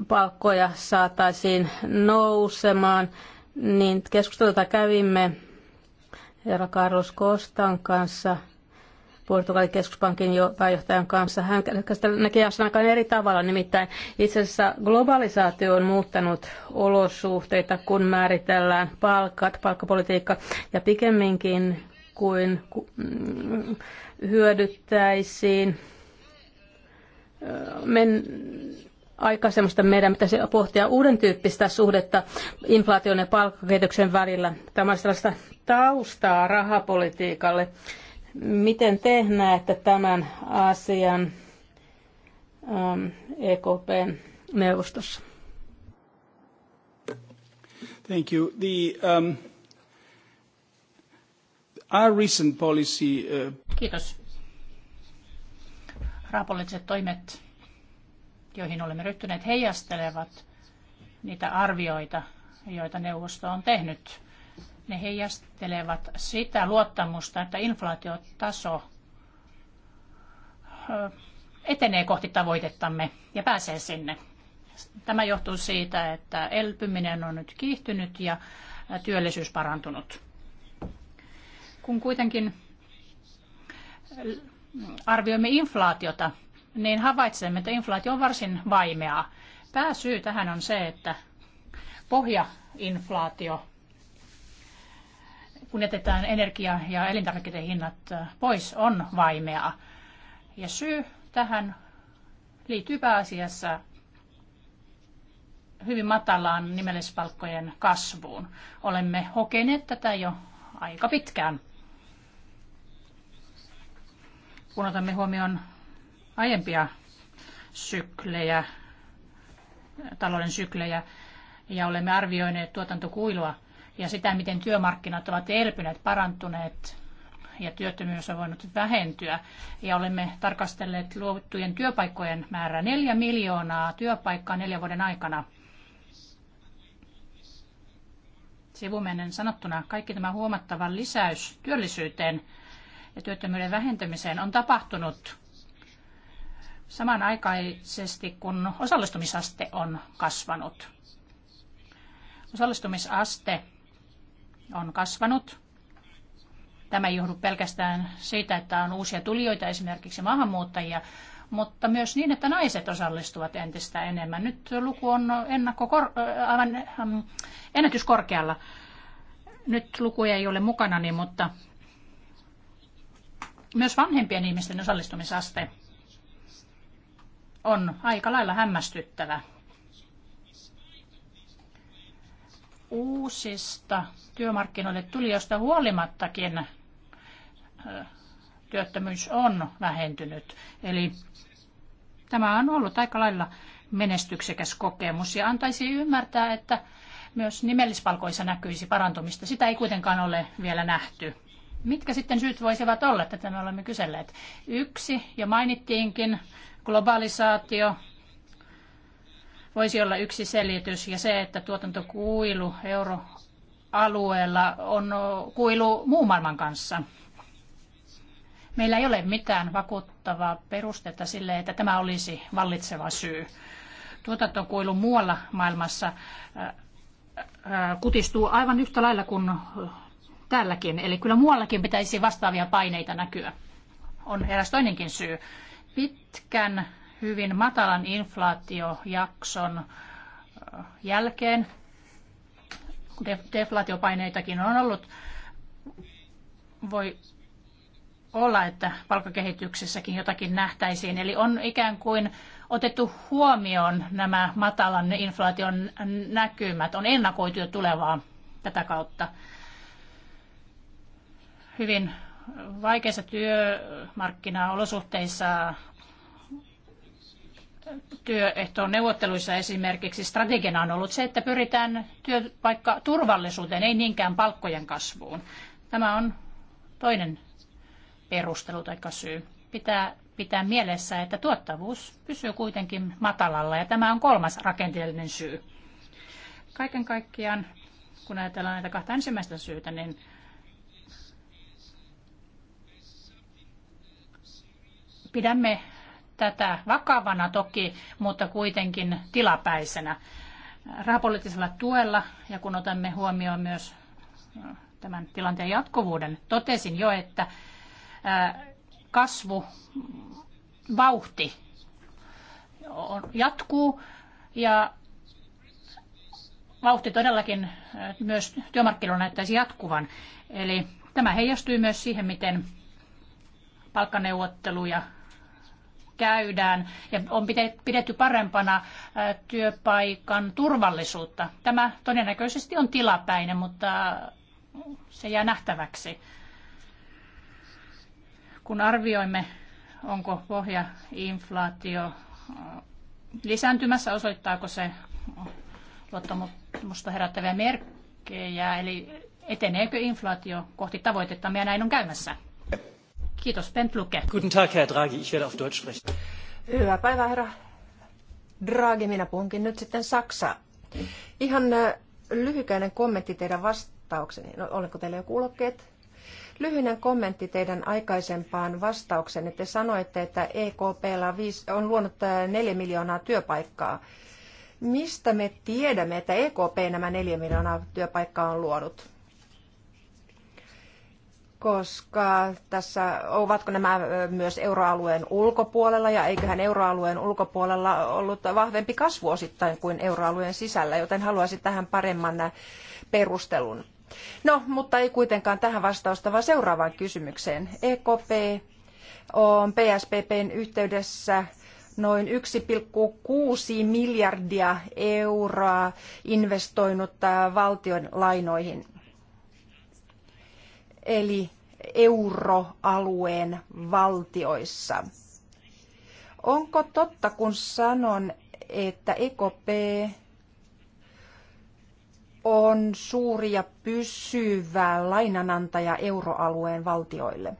palkkoja saataisiin nousemaan niin, keskustelua kävimme herra Carlos Kostan kanssa, Portugalin keskuspankin pääjohtajan kanssa. Hän näkee asian aika eri tavalla, nimittäin itse asiassa globalisaatio on muuttanut olosuhteita, kun määritellään palkat, palkkapolitiikka ja pikemminkin kuin mm, hyödyttäisiin men, semmoista meidän pitäisi pohtia uuden tyyppistä suhdetta inflaation ja palkkakehityksen välillä. Tämä on sellaista taustaa rahapolitiikalle. Miten te näette tämän asian ähm, EKPn neuvostossa? Thank you. The, um, our recent policy, uh... Kiitos. Rahapoliittiset toimet joihin olemme ryhtyneet, heijastelevat niitä arvioita, joita neuvosto on tehnyt. Ne heijastelevat sitä luottamusta, että inflaatiotaso etenee kohti tavoitettamme ja pääsee sinne. Tämä johtuu siitä, että elpyminen on nyt kiihtynyt ja työllisyys parantunut. Kun kuitenkin arvioimme inflaatiota, niin havaitsemme, että inflaatio on varsin vaimeaa. Pääsyy tähän on se, että pohjainflaatio, kun jätetään energia- ja elintarvikkeiden hinnat pois, on vaimeaa. Ja syy tähän liittyy pääasiassa hyvin matalaan nimellispalkkojen kasvuun. Olemme hokeneet tätä jo aika pitkään. Kun otamme huomioon aiempia syklejä, talouden syklejä, ja olemme arvioineet tuotantokuilua ja sitä, miten työmarkkinat ovat elpyneet, parantuneet ja työttömyys on voinut vähentyä. Ja olemme tarkastelleet luovuttujen työpaikkojen määrää. Neljä miljoonaa työpaikkaa neljän vuoden aikana. Sivumennen sanottuna kaikki tämä huomattava lisäys työllisyyteen ja työttömyyden vähentämiseen on tapahtunut samanaikaisesti, kun osallistumisaste on kasvanut. Osallistumisaste on kasvanut. Tämä ei johdu pelkästään siitä, että on uusia tulijoita, esimerkiksi maahanmuuttajia, mutta myös niin, että naiset osallistuvat entistä enemmän. Nyt luku on ennakkokor- äh, aivan ähm, ennätyskorkealla. Nyt lukuja ei ole mukana, mutta myös vanhempien ihmisten osallistumisaste on aika lailla hämmästyttävä. Uusista työmarkkinoille tulijoista huolimattakin työttömyys on vähentynyt. Eli tämä on ollut aika lailla menestyksekäs kokemus ja antaisi ymmärtää, että myös nimellispalkoissa näkyisi parantumista. Sitä ei kuitenkaan ole vielä nähty. Mitkä sitten syyt voisivat olla, tätä me olemme kyselleet. Yksi, ja mainittiinkin, Globalisaatio voisi olla yksi selitys ja se, että tuotantokuilu euroalueella on kuilu muun maailman kanssa. Meillä ei ole mitään vakuuttavaa perustetta sille, että tämä olisi vallitseva syy. Tuotantokuilu muualla maailmassa äh, äh, kutistuu aivan yhtä lailla kuin täälläkin. Eli kyllä muuallakin pitäisi vastaavia paineita näkyä. On eräs toinenkin syy, pitkän, hyvin matalan inflaatiojakson jälkeen, deflaatiopaineitakin on ollut, voi olla, että palkkakehityksessäkin jotakin nähtäisiin. Eli on ikään kuin otettu huomioon nämä matalan inflaation näkymät, on ennakoitu jo tulevaa tätä kautta. Hyvin vaikeissa työmarkkinaolosuhteissa työehtoon neuvotteluissa esimerkiksi strategiana on ollut se, että pyritään työpaikka turvallisuuteen, ei niinkään palkkojen kasvuun. Tämä on toinen perustelu tai syy. Pitää pitää mielessä, että tuottavuus pysyy kuitenkin matalalla ja tämä on kolmas rakenteellinen syy. Kaiken kaikkiaan, kun ajatellaan näitä kahta ensimmäistä syytä, niin Pidämme tätä vakavana toki, mutta kuitenkin tilapäisenä rahapoliittisella tuella ja kun otamme huomioon myös äh, tämän tilanteen jatkuvuuden, totesin jo, että äh, kasvu, vauhti jatkuu ja vauhti todellakin äh, myös työmarkkinoilla näyttäisi jatkuvan. Eli tämä heijastuu myös siihen, miten palkkaneuvotteluja käydään ja on pidetty parempana äh, työpaikan turvallisuutta. Tämä todennäköisesti on tilapäinen, mutta se jää nähtäväksi. Kun arvioimme, onko pohjainflaatio äh, lisääntymässä, osoittaako se luottamusta herättäviä merkkejä, eli eteneekö inflaatio kohti tavoitetta, ja näin on käymässä. Kiitos, Bent Luke. Guten Tag, Herr Draghi. Ich werde auf Deutsch sprechen. Hyvää päivää, herra Draghi. Minä puhunkin nyt sitten Saksaa. Ihan äh, lyhykäinen kommentti teidän vastaukseni. No, oliko teillä jo kuulokkeet? Lyhyinen kommentti teidän aikaisempaan vastauksenne. Te sanoitte, että EKP on luonut 4 äh, miljoonaa työpaikkaa. Mistä me tiedämme, että EKP nämä 4 miljoonaa työpaikkaa on luonut? koska tässä ovatko nämä myös euroalueen ulkopuolella ja eiköhän euroalueen ulkopuolella ollut vahvempi kasvu osittain kuin euroalueen sisällä, joten haluaisin tähän paremman perustelun. No, mutta ei kuitenkaan tähän vastausta, vaan seuraavaan kysymykseen. EKP on PSPPn yhteydessä noin 1,6 miljardia euroa investoinut valtion lainoihin eli euroalueen valtioissa. Onko totta, kun sanon, että EKP on suuri ja pysyvä lainanantaja euroalueen valtioille?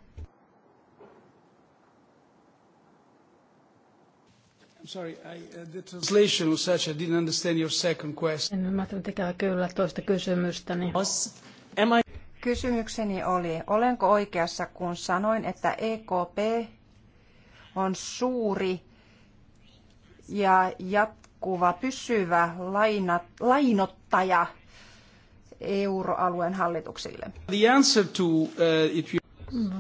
Sorry, uh, the translation was such I didn't understand your second question. En ymmärtänyt ikään kyllä toista kysymystäni. Niin... Kysymykseni oli, olenko oikeassa, kun sanoin, että EKP on suuri ja jatkuva pysyvä lainat, lainottaja euroalueen hallituksille? The answer to, uh, if you...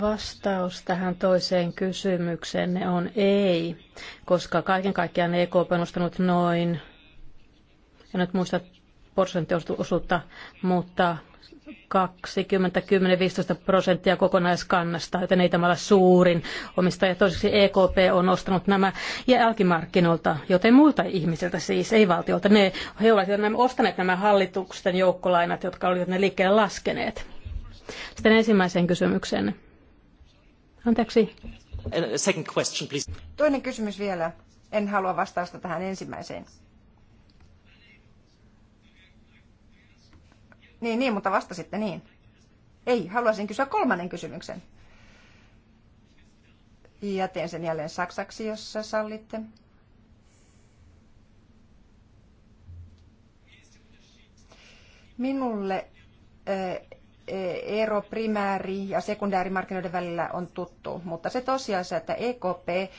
Vastaus tähän toiseen kysymykseen on ei, koska kaiken kaikkiaan EKP on nostanut noin, en nyt muista prosenttiosuutta, mutta 20-10-15 prosenttia kokonaiskannasta, joten ei tämä ole suurin omistaja. Toiseksi EKP on ostanut nämä jälkimarkkinoilta, joten muilta ihmisiltä siis, ei valtiolta. Ne, he ovat jo ostaneet nämä hallituksen joukkolainat, jotka olivat ne liikkeelle laskeneet. Sitten ensimmäiseen kysymykseen. Anteeksi. Second question, please. Toinen kysymys vielä. En halua vastausta tähän ensimmäiseen. Niin, niin, mutta sitten niin. Ei, haluaisin kysyä kolmannen kysymyksen. Ja teen sen jälleen saksaksi, jos sä sallitte. Minulle eh, eh, ero primääri- ja sekundäärimarkkinoiden välillä on tuttu, mutta se tosiasia, että EKP eh,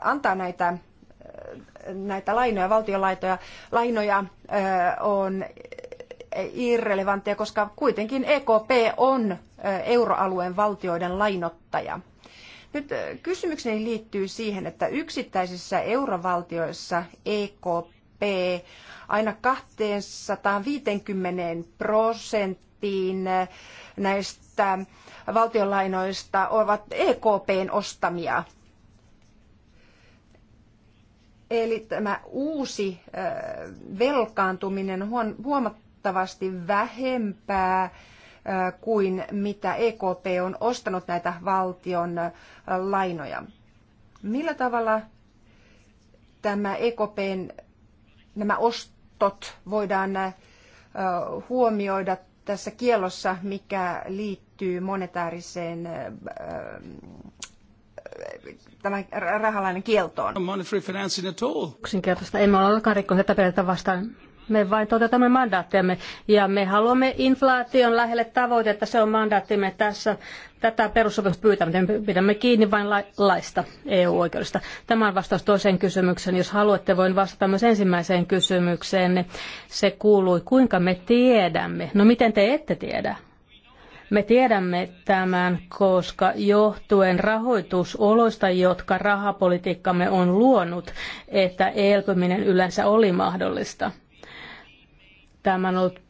antaa näitä näitä lainoja, valtionlaitoja, lainoja on irrelevantteja, koska kuitenkin EKP on euroalueen valtioiden lainottaja. Nyt kysymykseni liittyy siihen, että yksittäisissä eurovaltioissa EKP aina 250 prosenttiin näistä valtionlainoista ovat EKPn ostamia Eli tämä uusi velkaantuminen on huomattavasti vähempää kuin mitä EKP on ostanut näitä valtion lainoja. Millä tavalla tämä EKPn nämä ostot voidaan huomioida tässä kielossa, mikä liittyy monetaariseen tämä rahalainen kieltoon. Yksinkertaista emme ole ollenkaan rikkoneet tätä periaatetta vastaan. Me vain toteutamme mandaattiamme ja me haluamme inflaation lähelle tavoitetta. Se on mandaattimme tässä. Tätä perussopimusta pyytämme. Me pidämme kiinni vain laista EU-oikeudesta. Tämä on vastaus toiseen kysymykseen. Jos haluatte, voin vastata myös ensimmäiseen kysymykseen. Se kuului, kuinka me tiedämme. No miten te ette tiedä? Me tiedämme tämän, koska johtuen rahoitusoloista, jotka rahapolitiikkamme on luonut, että elpyminen yleensä oli mahdollista. Tämä on ollut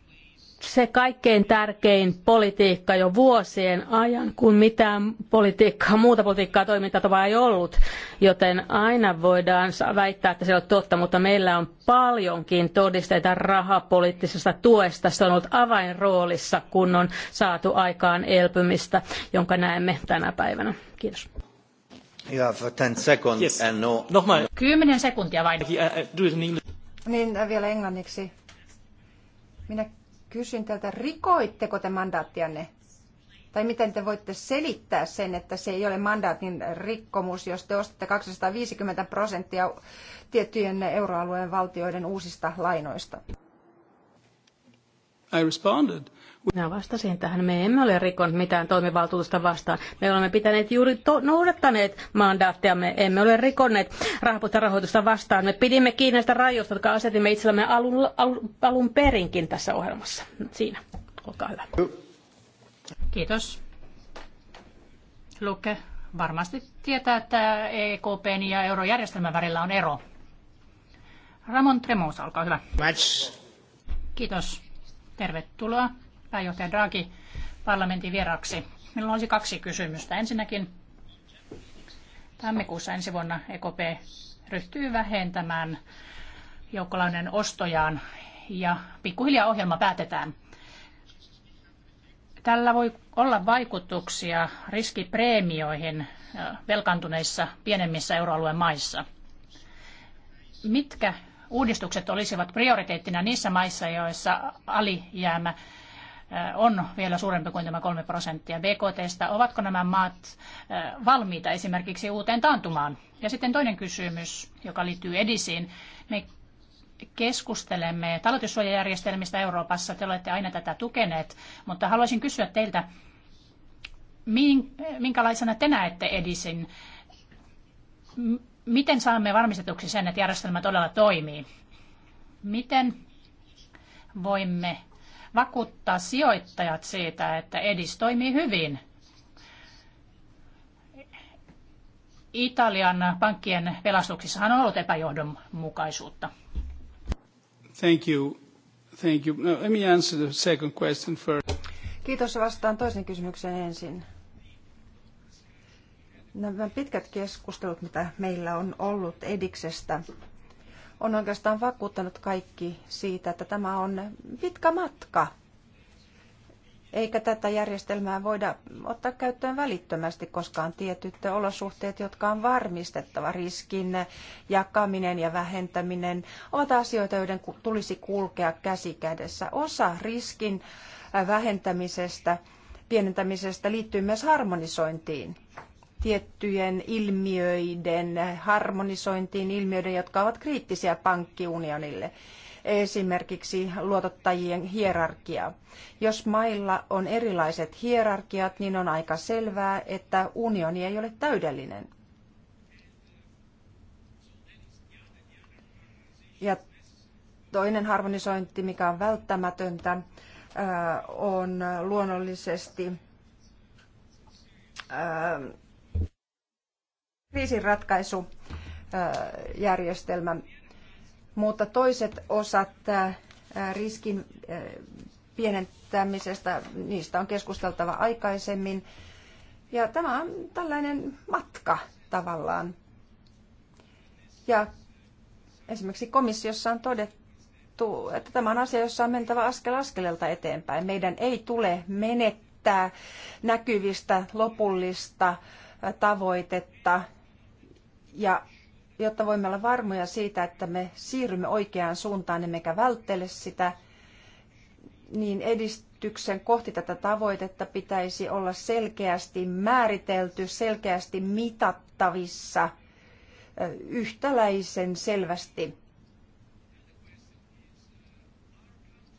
se kaikkein tärkein politiikka jo vuosien ajan, kun mitään politiikkaa, muuta politiikkaa toimintatapaa ei ollut, joten aina voidaan väittää, että se on totta, mutta meillä on paljonkin todisteita rahapoliittisesta tuesta. Se on ollut avainroolissa, kun on saatu aikaan elpymistä, jonka näemme tänä päivänä. Kiitos. You have 10 seconds yes. and no... Kymmenen sekuntia vain. Uh, uh, niin vielä englanniksi. Minä kysyn teiltä, rikoitteko te mandaattianne? Tai miten te voitte selittää sen, että se ei ole mandaatin rikkomus, jos te ostatte 250 prosenttia tiettyjen euroalueen valtioiden uusista lainoista? I responded. Minä vastasin tähän. Me emme ole rikonut mitään toimivaltuutusta vastaan. Me olemme pitäneet juuri to- noudattaneet me Emme ole rikonneet rahapuutta rahoitusta vastaan. Me pidimme kiinni näistä rajoista, jotka asetimme itsellämme alun, alun, alun perinkin tässä ohjelmassa. Siinä. Olkaa hyvä. Kiitos. Luke varmasti tietää, että EKPn ja eurojärjestelmän välillä on ero. Ramon Tremous, olkaa hyvä. Match. Kiitos. Tervetuloa pääjohtaja Draghi parlamentin vieraksi. Minulla olisi kaksi kysymystä. Ensinnäkin tammikuussa ensi vuonna EKP ryhtyy vähentämään joukkolainen ostojaan ja pikkuhiljaa ohjelma päätetään. Tällä voi olla vaikutuksia riskipreemioihin velkantuneissa pienemmissä euroalueen maissa. Mitkä uudistukset olisivat prioriteettina niissä maissa, joissa alijäämä on vielä suurempi kuin tämä 3 prosenttia BKTstä. Ovatko nämä maat valmiita esimerkiksi uuteen taantumaan? Ja sitten toinen kysymys, joka liittyy edisiin. Me keskustelemme talletussuojajärjestelmistä Euroopassa. Te olette aina tätä tukeneet, mutta haluaisin kysyä teiltä, minkälaisena te näette edisin? Miten saamme varmistetuksi sen, että järjestelmä todella toimii? Miten voimme vakuuttaa sijoittajat siitä, että EDIS toimii hyvin. Italian pankkien pelastuksissa on ollut epäjohdonmukaisuutta. Thank you. Thank you. No, let me answer the second question first. Kiitos. Vastaan toisen kysymykseen ensin. Nämä pitkät keskustelut, mitä meillä on ollut Ediksestä, on oikeastaan vakuuttanut kaikki siitä, että tämä on pitkä matka. Eikä tätä järjestelmää voida ottaa käyttöön välittömästi, koska on tietyt olosuhteet, jotka on varmistettava. Riskin jakaminen ja vähentäminen ovat asioita, joiden tulisi kulkea käsi kädessä. Osa riskin äh, vähentämisestä, pienentämisestä liittyy myös harmonisointiin tiettyjen ilmiöiden harmonisointiin, ilmiöiden, jotka ovat kriittisiä pankkiunionille esimerkiksi luotottajien hierarkia. Jos mailla on erilaiset hierarkiat, niin on aika selvää, että unioni ei ole täydellinen. Ja toinen harmonisointi, mikä on välttämätöntä, on luonnollisesti kriisinratkaisujärjestelmä, mutta toiset osat äh, riskin äh, pienentämisestä, niistä on keskusteltava aikaisemmin. Ja tämä on tällainen matka tavallaan. Ja esimerkiksi komissiossa on todettu, että tämä on asia, jossa on mentävä askel askeleelta eteenpäin. Meidän ei tule menettää näkyvistä lopullista äh, tavoitetta ja jotta voimme olla varmoja siitä, että me siirrymme oikeaan suuntaan emmekä välttele sitä, niin edistyksen kohti tätä tavoitetta pitäisi olla selkeästi määritelty, selkeästi mitattavissa, yhtäläisen selvästi.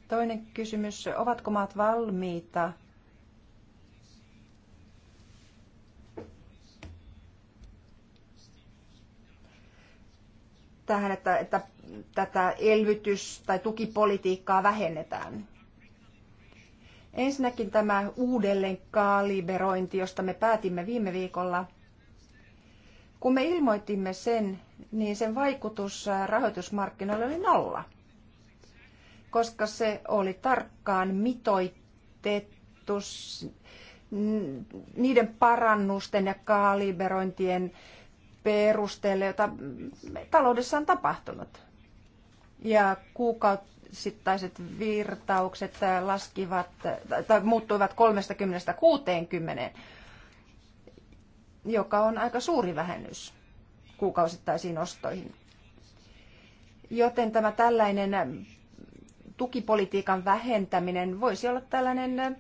Toinen kysymys, ovatko maat valmiita tähän, että, että tätä elvytys- tai tukipolitiikkaa vähennetään? Ensinnäkin tämä uudelleen kaliberointi, josta me päätimme viime viikolla. Kun me ilmoitimme sen, niin sen vaikutus rahoitusmarkkinoille oli nolla, koska se oli tarkkaan mitoitettu niiden parannusten ja kaliberointien perusteelle, jota taloudessa on tapahtunut. Ja kuukausittaiset virtaukset laskivat tai muuttuivat 30 60, joka on aika suuri vähennys kuukausittaisiin ostoihin. Joten tämä tällainen tukipolitiikan vähentäminen voisi olla tällainen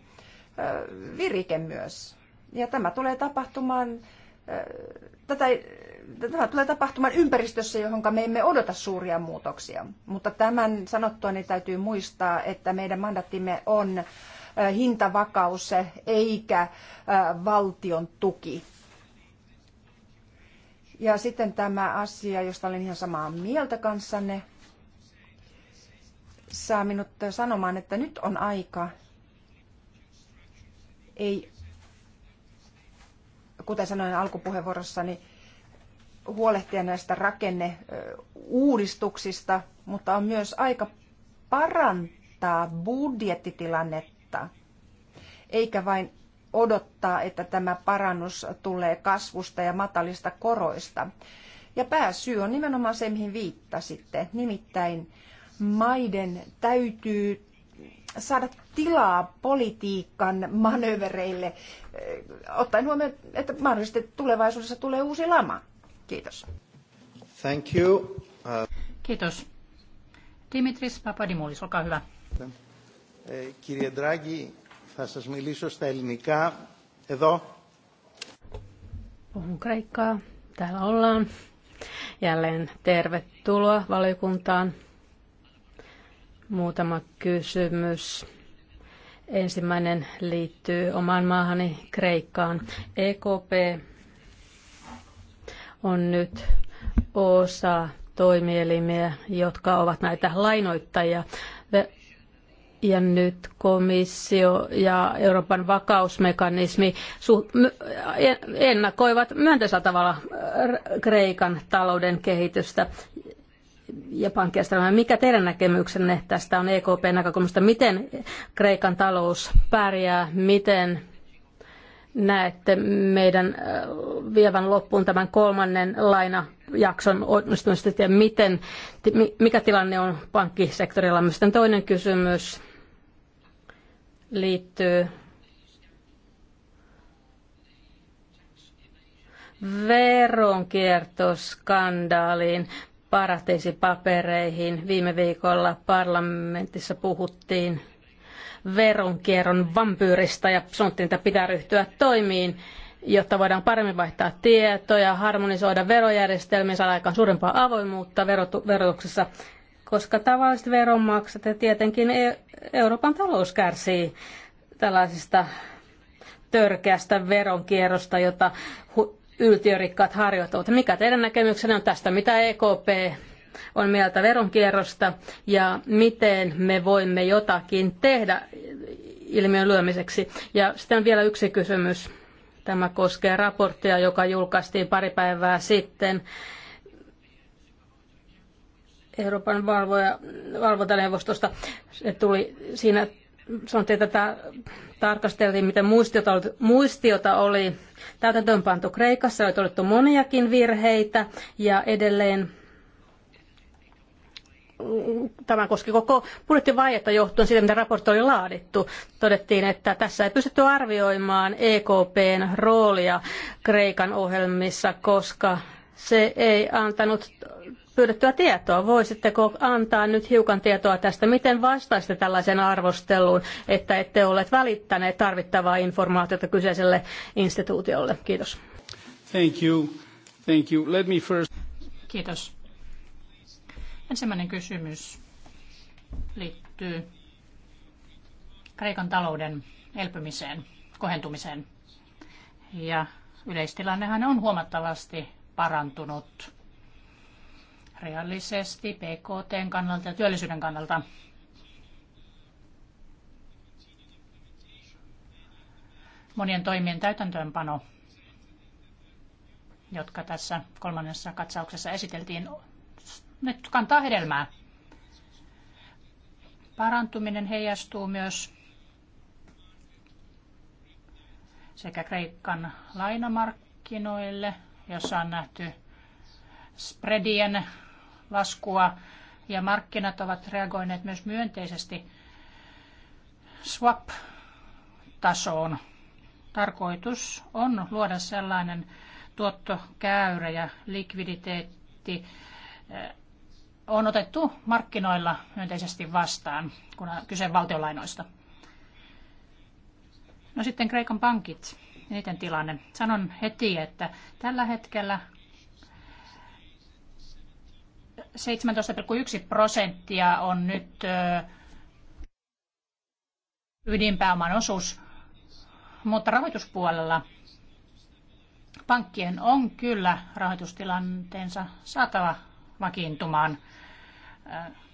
virike myös. Ja tämä tulee tapahtumaan, tätä tämä tulee tapahtumaan ympäristössä, johon me emme odota suuria muutoksia. Mutta tämän sanottua niin täytyy muistaa, että meidän mandattimme on hintavakaus eikä valtion tuki. Ja sitten tämä asia, josta olen ihan samaa mieltä kanssanne, saa minut sanomaan, että nyt on aika, ei, kuten sanoin alkupuheenvuorossani, huolehtia näistä rakenneuudistuksista, mutta on myös aika parantaa budjettitilannetta, eikä vain odottaa, että tämä parannus tulee kasvusta ja matalista koroista. Ja pääsyy on nimenomaan se, mihin viittasitte, nimittäin maiden täytyy saada tilaa politiikan manövereille, eh, ottaen huomioon, että mahdollisesti tulevaisuudessa tulee uusi lama. Kiitos. Thank you. Uh, Kiitos. Dimitris Papadimoulis, olkaa hyvä. Eh, κύριε Ντράγκη, θα σας μιλήσω στα ελληνικά. Puhun kreikkaa. Täällä ollaan. Jälleen tervetuloa valiokuntaan. Muutama kysymys. Ensimmäinen liittyy omaan maahani Kreikkaan. EKP on nyt osa toimielimiä, jotka ovat näitä lainoittajia. Ja nyt komissio ja Euroopan vakausmekanismi ennakoivat myönteisellä tavalla äh, Kreikan talouden kehitystä ja pankkijärjestelmää. Mikä teidän näkemyksenne tästä on EKP näkökulmasta? Miten Kreikan talous pärjää? Miten näette meidän vievän loppuun tämän kolmannen lainajakson onnistumista ja miten, mikä tilanne on pankkisektorilla. Sitten toinen kysymys liittyy veronkiertoskandaaliin, paratiisipapereihin. Viime viikolla parlamentissa puhuttiin veronkierron vampyyristä ja sanottiin, että pitää ryhtyä toimiin, jotta voidaan paremmin vaihtaa tietoja, harmonisoida verojärjestelmiä, saada aikaan suurempaa avoimuutta verotuksessa, koska tavalliset veronmaksajat ja tietenkin e-, Euroopan talous kärsii tällaisista törkeästä veronkierrosta, jota yltiörikkaat harjoittavat. Mikä teidän näkemyksenne on tästä? Mitä EKP on mieltä veronkierrosta ja miten me voimme jotakin tehdä ilmiön lyömiseksi. Ja sitten on vielä yksi kysymys. Tämä koskee raporttia, joka julkaistiin pari päivää sitten. Euroopan valvoja, valvontaneuvostosta. Se tuli siinä, sanottiin, että tarkasteltiin, miten muistiota oli, muistiota oli täytäntöönpantu Kreikassa, oli todettu moniakin virheitä ja edelleen tämä koski koko budjettivajetta johtuen siitä, mitä raportti oli laadittu. Todettiin, että tässä ei pystytty arvioimaan EKPn roolia Kreikan ohjelmissa, koska se ei antanut pyydettyä tietoa. Voisitteko antaa nyt hiukan tietoa tästä, miten vastaisitte tällaiseen arvosteluun, että ette ole välittäneet tarvittavaa informaatiota kyseiselle instituutiolle? Kiitos. Thank you. Thank you. Let me first... Kiitos. Ensimmäinen kysymys liittyy Kreikan talouden elpymiseen, kohentumiseen. Ja yleistilannehan on huomattavasti parantunut reaalisesti PKTn kannalta ja työllisyyden kannalta. Monien toimien täytäntöönpano, jotka tässä kolmannessa katsauksessa esiteltiin, nyt kantaa hedelmää. Parantuminen heijastuu myös sekä Kreikan lainamarkkinoille, jossa on nähty spreadien laskua ja markkinat ovat reagoineet myös myönteisesti swap-tasoon. Tarkoitus on luoda sellainen tuottokäyrä ja likviditeetti on otettu markkinoilla myönteisesti vastaan, kun on kyse valtionlainoista. No sitten Kreikan pankit, niiden tilanne. Sanon heti, että tällä hetkellä 17,1 prosenttia on nyt ydinpääoman osuus, mutta rahoituspuolella pankkien on kyllä rahoitustilanteensa saatava vakiintumaan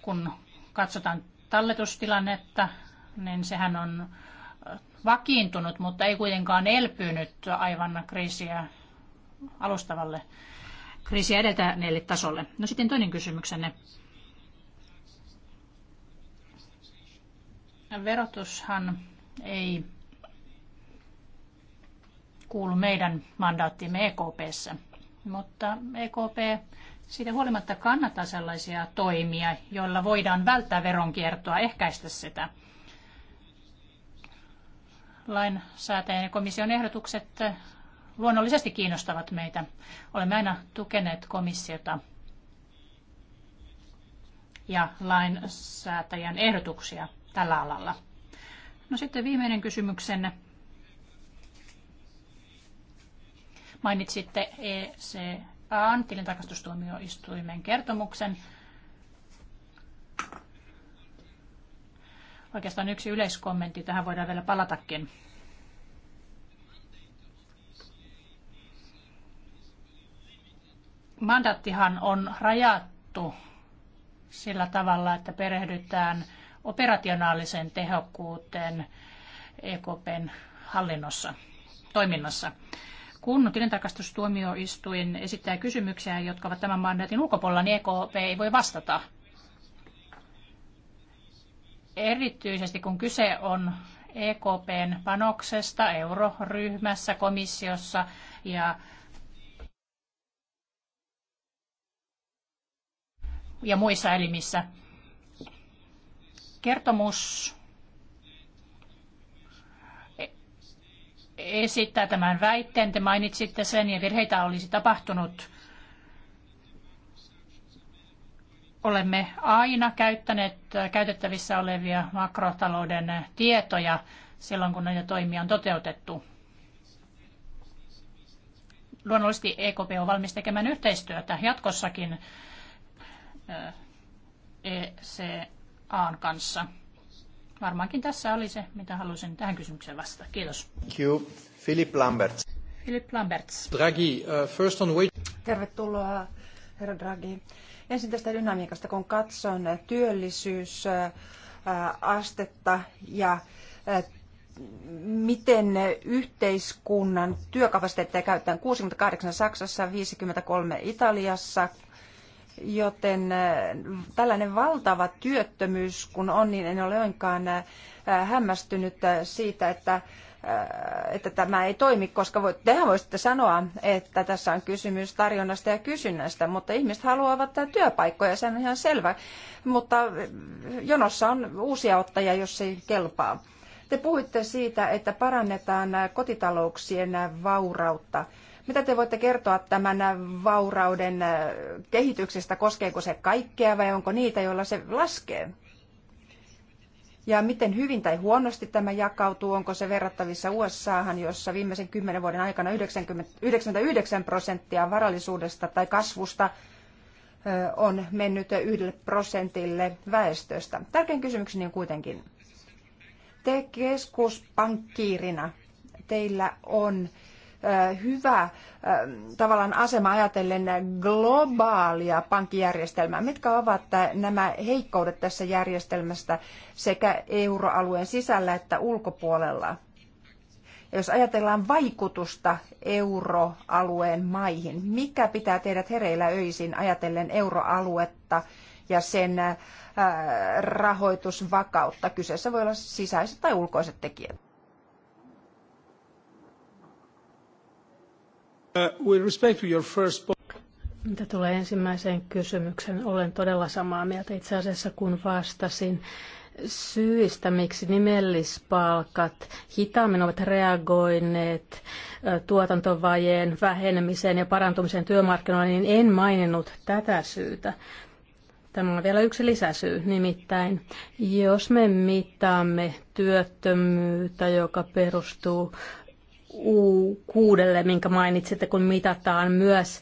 kun katsotaan talletustilannetta, niin sehän on vakiintunut, mutta ei kuitenkaan elpynyt aivan kriisiä alustavalle kriisiä edeltäneelle tasolle. No sitten toinen kysymyksenne. Verotushan ei kuulu meidän mandaattimme EKPssä, mutta EKP siitä huolimatta kannattaa sellaisia toimia, joilla voidaan välttää veronkiertoa, ehkäistä sitä. Lainsäätäjän ja komission ehdotukset luonnollisesti kiinnostavat meitä. Olemme aina tukeneet komissiota ja lainsäätäjän ehdotuksia tällä alalla. No sitten viimeinen kysymyksenne. Mainitsitte EC Aan tilintarkastustuomioistuimen kertomuksen. Oikeastaan yksi yleiskommentti, tähän voidaan vielä palatakin. Mandaattihan on rajattu sillä tavalla, että perehdytään operationaaliseen tehokkuuteen EKPn hallinnossa, toiminnassa kun tilintarkastustuomioistuin esittää kysymyksiä, jotka ovat tämän mandaatin ulkopuolella, niin EKP ei voi vastata. Erityisesti kun kyse on EKPn panoksesta euroryhmässä, komissiossa ja ja muissa elimissä. Kertomus esittää tämän väitteen. Te mainitsitte sen ja virheitä olisi tapahtunut. Olemme aina käyttäneet käytettävissä olevia makrotalouden tietoja silloin, kun näitä toimia on toteutettu. Luonnollisesti EKP on valmis tekemään yhteistyötä jatkossakin ECAn kanssa. Varmaankin tässä oli se, mitä halusin tähän kysymykseen vastata. Kiitos. Thank you. Philip Lambert. Philip Lamberts. Draghi, uh, first on wait. Tervetuloa, herra Draghi. Ensin tästä dynamiikasta, kun katson työllisyysastetta uh, ja uh, miten yhteiskunnan työkapasiteettia käytetään 68 Saksassa, 53 Italiassa, Joten äh, tällainen valtava työttömyys, kun on, niin en ole lainkaan äh, hämmästynyt äh, siitä, että, että tämä ei toimi, koska voit, tehän voisitte sanoa, että tässä on kysymys tarjonnasta ja kysynnästä, mutta ihmiset haluavat työpaikkoja, se on ihan selvä. Mutta jonossa on uusia ottajia, jos ei kelpaa. Te puhuitte siitä, että parannetaan kotitalouksien vaurautta. Mitä te voitte kertoa tämän vaurauden äh, kehityksestä? Koskeeko se kaikkea vai onko niitä, joilla se laskee? Ja miten hyvin tai huonosti tämä jakautuu? Onko se verrattavissa USAhan, jossa viimeisen kymmenen vuoden aikana 90, 99 prosenttia varallisuudesta tai kasvusta äh, on mennyt yhdelle prosentille väestöstä? Tärkein kysymykseni on kuitenkin, te keskuspankkiirina, teillä on hyvä tavallaan asema ajatellen globaalia pankkijärjestelmää. Mitkä ovat nämä heikkoudet tässä järjestelmästä sekä euroalueen sisällä että ulkopuolella? Ja jos ajatellaan vaikutusta euroalueen maihin, mikä pitää tehdä hereillä öisin ajatellen euroaluetta ja sen rahoitusvakautta? Kyseessä voi olla sisäiset tai ulkoiset tekijät. Uh, Mitä tulee ensimmäiseen kysymykseen, olen todella samaa mieltä itse asiassa, kun vastasin syistä, miksi nimellispalkat hitaammin ovat reagoineet uh, tuotantovajeen vähenemiseen ja parantumiseen työmarkkinoilla, niin en maininnut tätä syytä. Tämä on vielä yksi lisäsyy, nimittäin jos me mittaamme työttömyyttä, joka perustuu U6, minkä että kun mitataan myös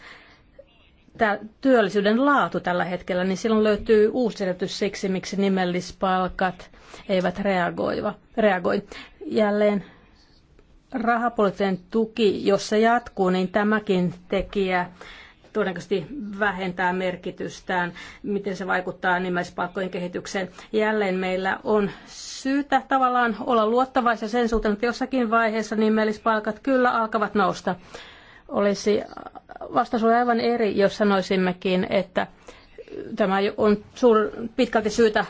työllisyyden laatu tällä hetkellä, niin silloin löytyy uusi selitys siksi, miksi nimellispalkat eivät reagoiva, reagoi. Jälleen rahapoliittinen tuki, jos se jatkuu, niin tämäkin tekijä todennäköisesti vähentää merkitystään, miten se vaikuttaa nimellispalkkojen kehitykseen. Jälleen meillä on syytä tavallaan olla luottavaisia sen suhteen, että jossakin vaiheessa nimellispalkat kyllä alkavat nousta. Olisi vastaus aivan eri, jos sanoisimmekin, että tämä on suur, pitkälti syytä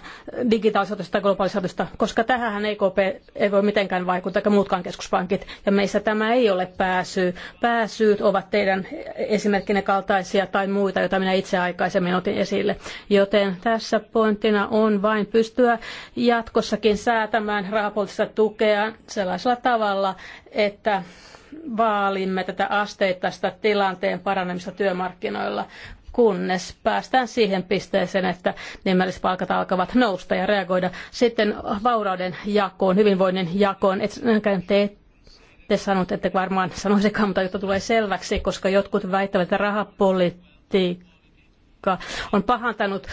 digitaalisuudesta ja globaalisoitusta, koska tähän EKP ei voi mitenkään vaikuttaa, eikä muutkaan keskuspankit. Ja meissä tämä ei ole pääsyy. Pääsyyt ovat teidän esimerkkinä kaltaisia tai muita, joita minä itse aikaisemmin otin esille. Joten tässä pointtina on vain pystyä jatkossakin säätämään rahapoliittista tukea sellaisella tavalla, että vaalimme tätä asteittaista tilanteen paranemista työmarkkinoilla kunnes päästään siihen pisteeseen, että nimellispalkat alkavat nousta ja reagoida sitten vaurauden jakoon, hyvinvoinnin jakoon. Et, te, te sanotte, että varmaan sanoisikaan, mutta jotta tulee selväksi, koska jotkut väittävät, että rahapolitiikka on pahentanut,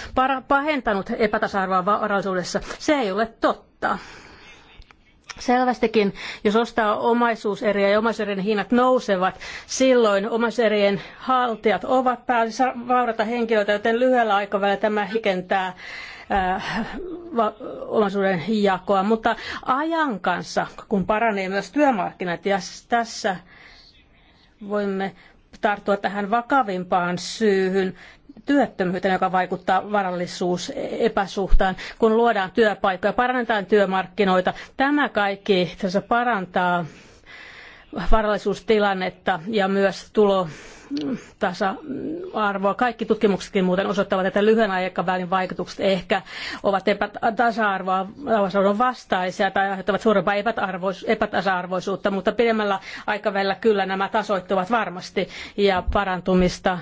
pahentanut epätasa-arvoa varallisuudessa. Se ei ole totta. Selvästikin, jos ostaa omaisuuseriä ja omaisuuden hinnat nousevat, silloin omaisuuserien haltijat ovat pääasiassa vaurata henkilöitä, joten lyhyellä aikavälillä tämä hikentää äh, omaisuuden jakoa, mutta ajan kanssa, kun paranee myös työmarkkinat, ja tässä voimme tarttua tähän vakavimpaan syyhyn, työttömyyteen, joka vaikuttaa varallisuus epäsuhtaan, kun luodaan työpaikkoja, parannetaan työmarkkinoita. Tämä kaikki parantaa varallisuustilannetta ja myös tulo tasa-arvoa. Kaikki tutkimuksetkin muuten osoittavat, että lyhyen aikavälin vaikutukset ehkä ovat epätasa-arvoa vastaisia tai aiheuttavat suurempaa epätasa-arvoisuutta, mutta pidemmällä aikavälillä kyllä nämä tasoittuvat varmasti ja parantumista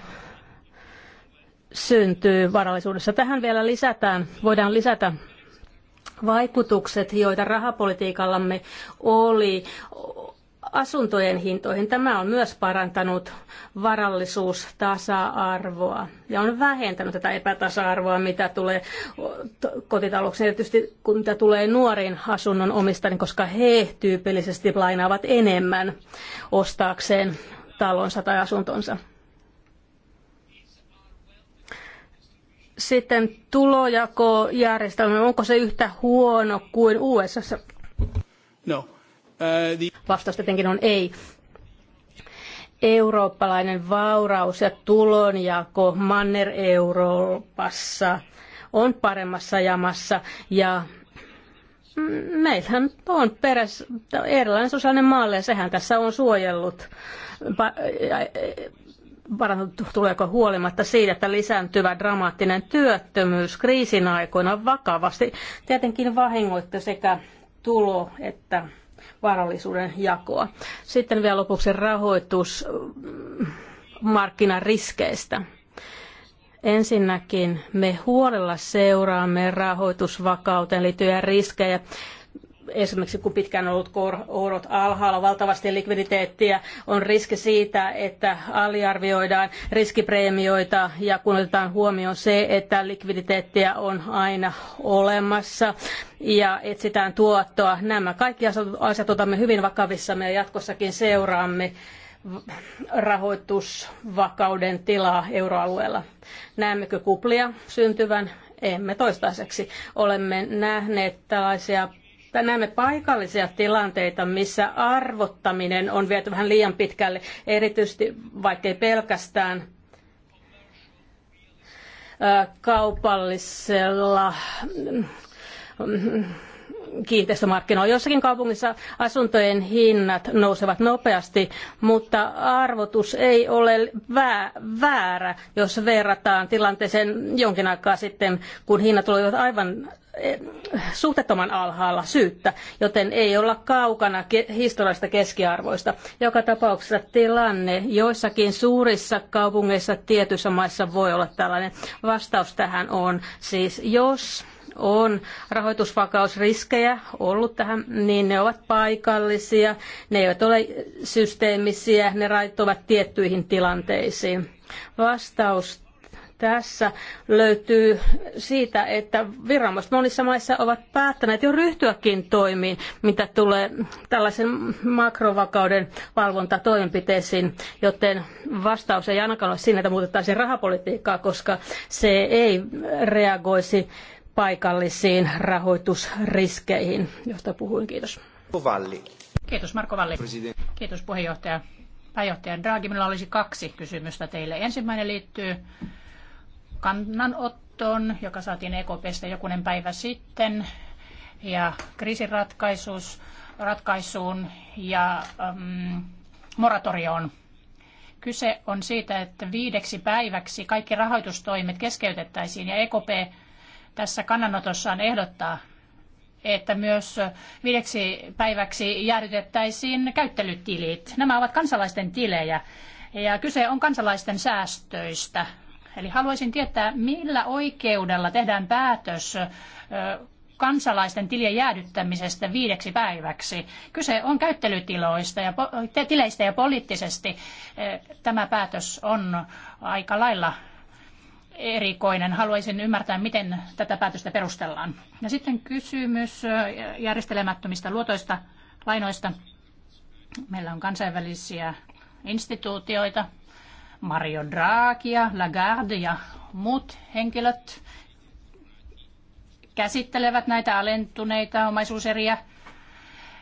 syntyy varallisuudessa. Tähän vielä lisätään, voidaan lisätä vaikutukset, joita rahapolitiikallamme oli asuntojen hintoihin. Tämä on myös parantanut varallisuustasa-arvoa ja on vähentänyt tätä epätasa-arvoa, mitä tulee kotitalouksiin, erityisesti kun mitä tulee nuoriin asunnon omistajiin, koska he tyypillisesti lainaavat enemmän ostaakseen talonsa tai asuntonsa. sitten tulojakojärjestelmä, onko se yhtä huono kuin USA? No. Uh, the... Vastaus tietenkin on ei. Eurooppalainen vauraus ja tulonjako Manner-Euroopassa on paremmassa jamassa ja meillähän on peräs erilainen sosiaalinen maalle ja sehän tässä on suojellut parantunut tuleeko huolimatta siitä, että lisääntyvä dramaattinen työttömyys kriisin aikoina vakavasti tietenkin vahingoitti sekä tulo että varallisuuden jakoa. Sitten vielä lopuksi rahoitus mm, markkinariskeistä. Ensinnäkin me huolella seuraamme rahoitusvakauteen liittyviä riskejä esimerkiksi kun pitkään on ollut korot alhaalla, valtavasti likviditeettiä, on riski siitä, että aliarvioidaan riskipreemioita ja kun otetaan huomioon se, että likviditeettiä on aina olemassa ja etsitään tuottoa. Nämä kaikki asiat otamme hyvin vakavissamme ja jatkossakin seuraamme rahoitusvakauden tilaa euroalueella. Näemmekö kuplia syntyvän? Emme toistaiseksi. Olemme nähneet tällaisia näemme paikallisia tilanteita, missä arvottaminen on viety vähän liian pitkälle, erityisesti vaikkei pelkästään kaupallisella mm, kiinteistömarkkinoilla. Jossakin kaupungissa asuntojen hinnat nousevat nopeasti, mutta arvotus ei ole väärä, jos verrataan tilanteeseen jonkin aikaa sitten, kun hinnat olivat aivan suhteettoman alhaalla syyttä, joten ei olla kaukana historiallisista keskiarvoista. Joka tapauksessa tilanne joissakin suurissa kaupungeissa tietyissä maissa voi olla tällainen. Vastaus tähän on siis, jos on rahoitusvakausriskejä ollut tähän, niin ne ovat paikallisia, ne eivät ole systeemisiä, ne rajoittuvat tiettyihin tilanteisiin. Vastaus tässä löytyy siitä, että viranomaiset monissa maissa ovat päättäneet jo ryhtyäkin toimiin, mitä tulee tällaisen makrovakauden valvontatoimenpiteisiin, joten vastaus ei ainakaan ole siinä, että muutettaisiin rahapolitiikkaa, koska se ei reagoisi paikallisiin rahoitusriskeihin, josta puhuin. Kiitos. Kiitos Marko Valli. Kiitos puheenjohtaja. Pääjohtaja Draghi, minulla olisi kaksi kysymystä teille. Ensimmäinen liittyy kannanottoon, joka saatiin EKPstä jokunen päivä sitten, ja kriisiratkaisuun ja ähm, moratorioon. Kyse on siitä, että viideksi päiväksi kaikki rahoitustoimet keskeytettäisiin ja EKP tässä kannanotossaan ehdottaa, että myös viideksi päiväksi jäädytettäisiin käyttelytilit. Nämä ovat kansalaisten tilejä ja kyse on kansalaisten säästöistä Eli haluaisin tietää, millä oikeudella tehdään päätös kansalaisten tilien jäädyttämisestä viideksi päiväksi. Kyse on käyttelytiloista ja tileistä ja poliittisesti tämä päätös on aika lailla erikoinen. Haluaisin ymmärtää, miten tätä päätöstä perustellaan. Ja sitten kysymys järjestelemättömistä luotoista, lainoista. Meillä on kansainvälisiä instituutioita, Mario Draghia, Lagarde ja muut henkilöt käsittelevät näitä alentuneita omaisuuseriä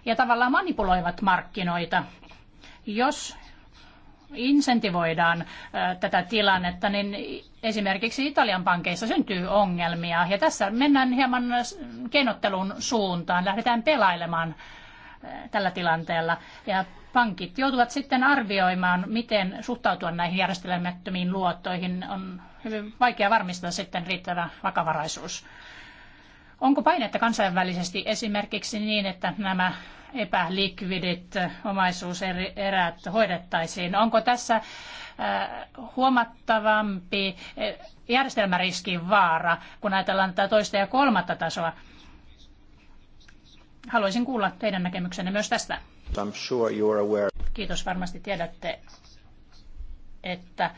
ja tavallaan manipuloivat markkinoita. Jos insentivoidaan tätä tilannetta, niin esimerkiksi Italian pankeissa syntyy ongelmia. Ja tässä mennään hieman keinottelun suuntaan, lähdetään pelailemaan tällä tilanteella. Ja pankit joutuvat sitten arvioimaan, miten suhtautua näihin järjestelemättömiin luottoihin. On hyvin vaikea varmistaa sitten riittävä vakavaraisuus. Onko painetta kansainvälisesti esimerkiksi niin, että nämä epälikvidit omaisuuserät hoidettaisiin? Onko tässä äh, huomattavampi äh, järjestelmäriskin vaara, kun ajatellaan tätä toista ja kolmatta tasoa? Haluaisin kuulla teidän näkemyksenne myös tästä. I'm sure aware. Kiitos, varmasti tiedätte, että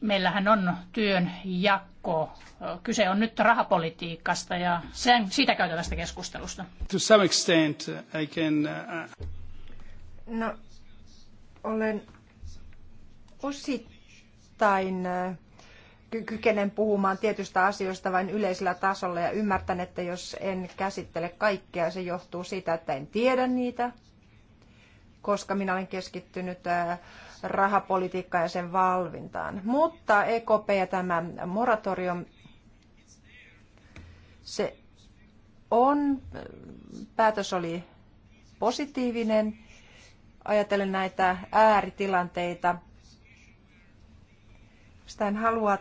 meillähän on työn jakko. Kyse on nyt rahapolitiikasta ja sen, siitä käytävästä keskustelusta. To some extent I can... Uh, no, olen osittain uh, kykenen puhumaan tietystä asioista vain yleisellä tasolla ja ymmärtän, että jos en käsittele kaikkea, se johtuu siitä, että en tiedä niitä, koska minä olen keskittynyt äh, rahapolitiikkaan ja sen valvintaan. Mutta EKP ja tämä moratorium, se on, äh, päätös oli positiivinen, ajatellen näitä ääritilanteita. Sitä en halua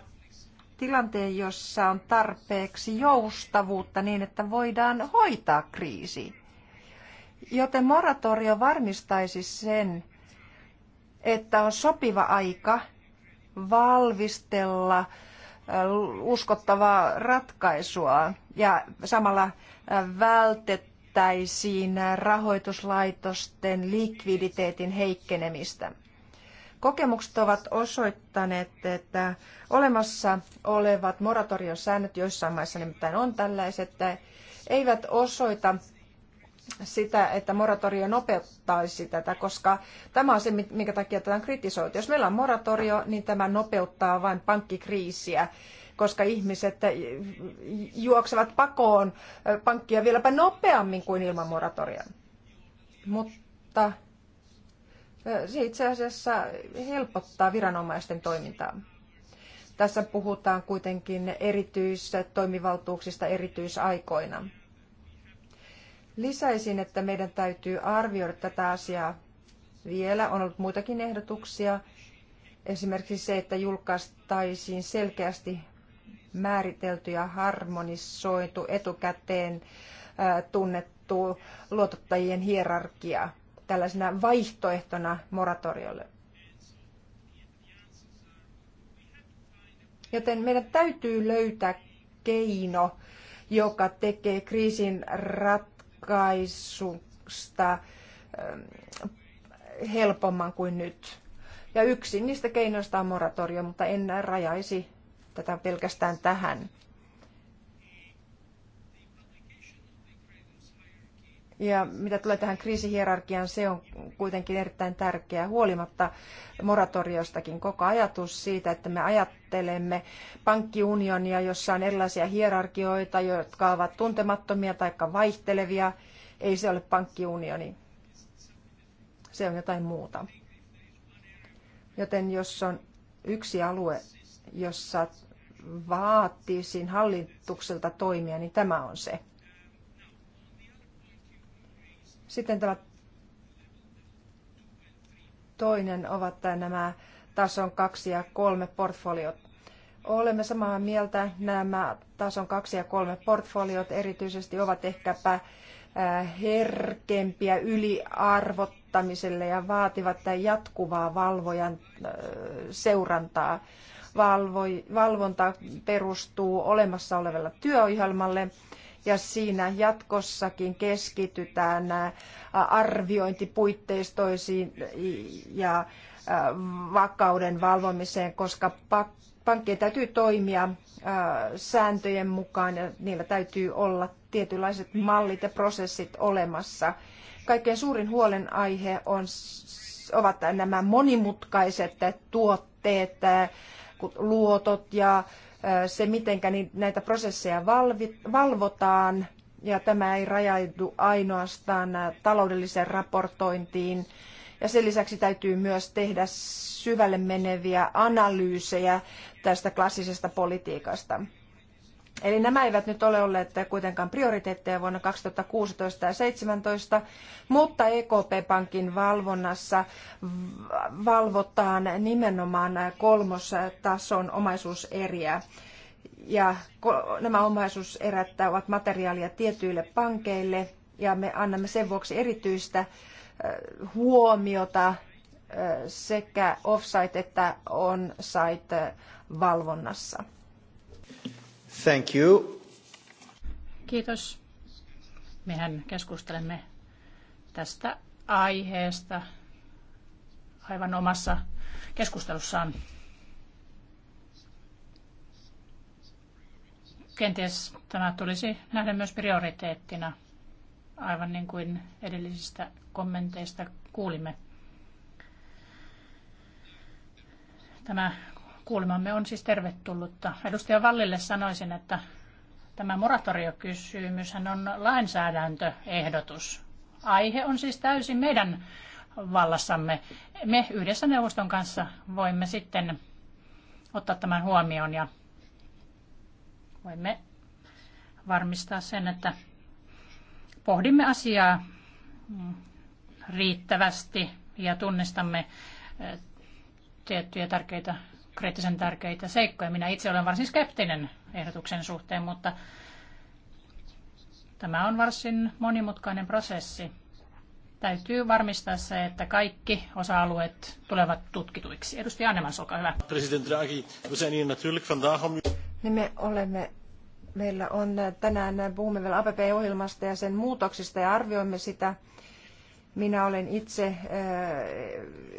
tilanteen, jossa on tarpeeksi joustavuutta niin, että voidaan hoitaa kriisi. Joten moratorio varmistaisi sen, että on sopiva aika valvistella äh, uskottavaa ratkaisua ja samalla äh, vältettäisiin rahoituslaitosten likviditeetin heikkenemistä. Kokemukset ovat osoittaneet, että olemassa olevat moratoriosäännöt, joissain maissa nimittäin on tällaiset, eivät osoita sitä, että moratorio nopeuttaisi tätä, koska tämä on se, minkä takia tätä on kritisoitu. Jos meillä on moratorio, niin tämä nopeuttaa vain pankkikriisiä, koska ihmiset juoksevat pakoon pankkia vieläpä nopeammin kuin ilman moratoria, Mutta se itse asiassa helpottaa viranomaisten toimintaa. Tässä puhutaan kuitenkin erityistoimivaltuuksista erityisaikoina. Lisäisin, että meidän täytyy arvioida tätä asiaa vielä. On ollut muitakin ehdotuksia. Esimerkiksi se, että julkaistaisiin selkeästi määritelty ja harmonisoitu etukäteen tunnettu luotottajien hierarkia tällaisena vaihtoehtona moratoriolle. Joten meidän täytyy löytää keino, joka tekee kriisin ratkaisusta ähm, helpomman kuin nyt. Ja yksi niistä keinoista on moratorio, mutta en rajaisi tätä pelkästään tähän. Ja mitä tulee tähän kriisihierarkiaan, se on kuitenkin erittäin tärkeää huolimatta moratoriostakin. Koko ajatus siitä, että me ajattelemme pankkiunionia, jossa on erilaisia hierarkioita, jotka ovat tuntemattomia tai vaihtelevia, ei se ole pankkiunioni. Se on jotain muuta. Joten jos on yksi alue, jossa vaatisin hallitukselta toimia, niin tämä on se. Sitten tämä toinen ovat nämä tason kaksi ja kolme portfoliot. Olemme samaa mieltä, nämä tason kaksi ja kolme portfoliot erityisesti ovat ehkäpä herkempiä yliarvottamiselle ja vaativat jatkuvaa valvojan seurantaa. valvonta perustuu olemassa olevalle työohjelmalle ja siinä jatkossakin keskitytään arviointipuitteistoisiin ja vakauden valvomiseen, koska pankkien täytyy toimia sääntöjen mukaan ja niillä täytyy olla tietynlaiset mallit ja prosessit olemassa. Kaikkein suurin huolenaihe on, ovat nämä monimutkaiset tuotteet, luotot ja se, miten näitä prosesseja valvotaan, ja tämä ei rajaudu ainoastaan taloudelliseen raportointiin. Ja sen lisäksi täytyy myös tehdä syvälle meneviä analyysejä tästä klassisesta politiikasta. Eli nämä eivät nyt ole olleet kuitenkaan prioriteetteja vuonna 2016 ja 2017, mutta EKP-pankin valvonnassa valvotaan nimenomaan kolmostason omaisuuseriä. Ja nämä omaisuuserät ovat materiaalia tietyille pankeille ja me annamme sen vuoksi erityistä huomiota sekä offsite että onsite valvonnassa. Thank you. Kiitos. Mehän keskustelemme tästä aiheesta aivan omassa keskustelussaan. Kenties tämä tulisi nähdä myös prioriteettina, aivan niin kuin edellisistä kommenteista kuulimme. Tämä kuulemamme on siis tervetullutta. Edustaja Vallille sanoisin, että tämä moratoriokysymys on lainsäädäntöehdotus. Aihe on siis täysin meidän vallassamme. Me yhdessä neuvoston kanssa voimme sitten ottaa tämän huomioon ja voimme varmistaa sen, että pohdimme asiaa riittävästi ja tunnistamme eh, tiettyjä tärkeitä kriittisen tärkeitä seikkoja. Minä itse olen varsin skeptinen ehdotuksen suhteen, mutta tämä on varsin monimutkainen prosessi. Täytyy varmistaa se, että kaikki osa-alueet tulevat tutkituiksi. Edustaja Anneman, olkaa hyvä. President Draghi, Niin me olemme Meillä on tänään puhumme vielä APP-ohjelmasta ja sen muutoksista ja arvioimme sitä. Minä olen itse äh,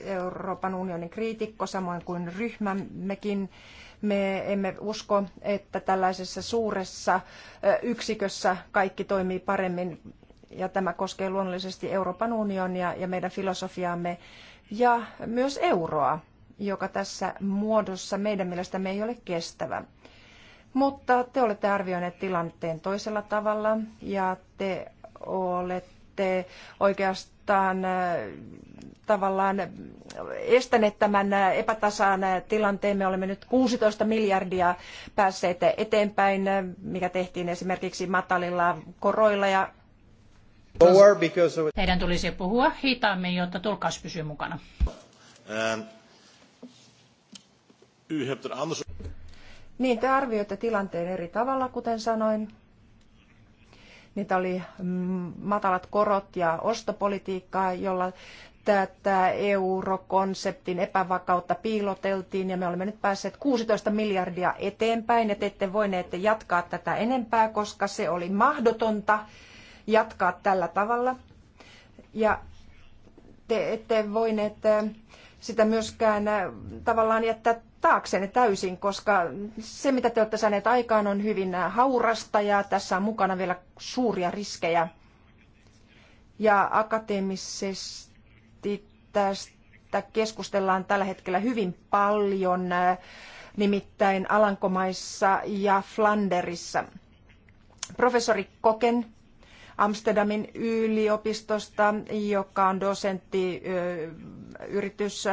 Euroopan unionin kriitikko, samoin kuin ryhmämmekin. Me emme usko, että tällaisessa suuressa äh, yksikössä kaikki toimii paremmin, ja tämä koskee luonnollisesti Euroopan unionia ja meidän filosofiaamme ja myös euroa, joka tässä muodossa meidän mielestämme ei ole kestävä. Mutta te olette arvioineet tilanteen toisella tavalla ja te olette te oikeastaan tavallaan estäneet tämän epätasaan tilanteen. Me olemme nyt 16 miljardia päässeet eteenpäin, mikä tehtiin esimerkiksi matalilla koroilla ja teidän tulisi puhua hitaammin, jotta tulkaus pysyy mukana. Niin, te arvioitte tilanteen eri tavalla, kuten sanoin. Niitä oli mm, matalat korot ja ostopolitiikkaa, jolla tätä eurokonseptin epävakautta piiloteltiin ja me olemme nyt päässeet 16 miljardia eteenpäin ja te ette voineet jatkaa tätä enempää, koska se oli mahdotonta jatkaa tällä tavalla. Ja te ette voineet äh, sitä myöskään äh, tavallaan jättää taaksenne täysin, koska se, mitä te olette saaneet aikaan, on hyvin haurasta ja tässä on mukana vielä suuria riskejä. Ja akateemisesti tästä keskustellaan tällä hetkellä hyvin paljon, nimittäin Alankomaissa ja Flanderissa. Professori Koken Amsterdamin yliopistosta, joka on dosentti yritys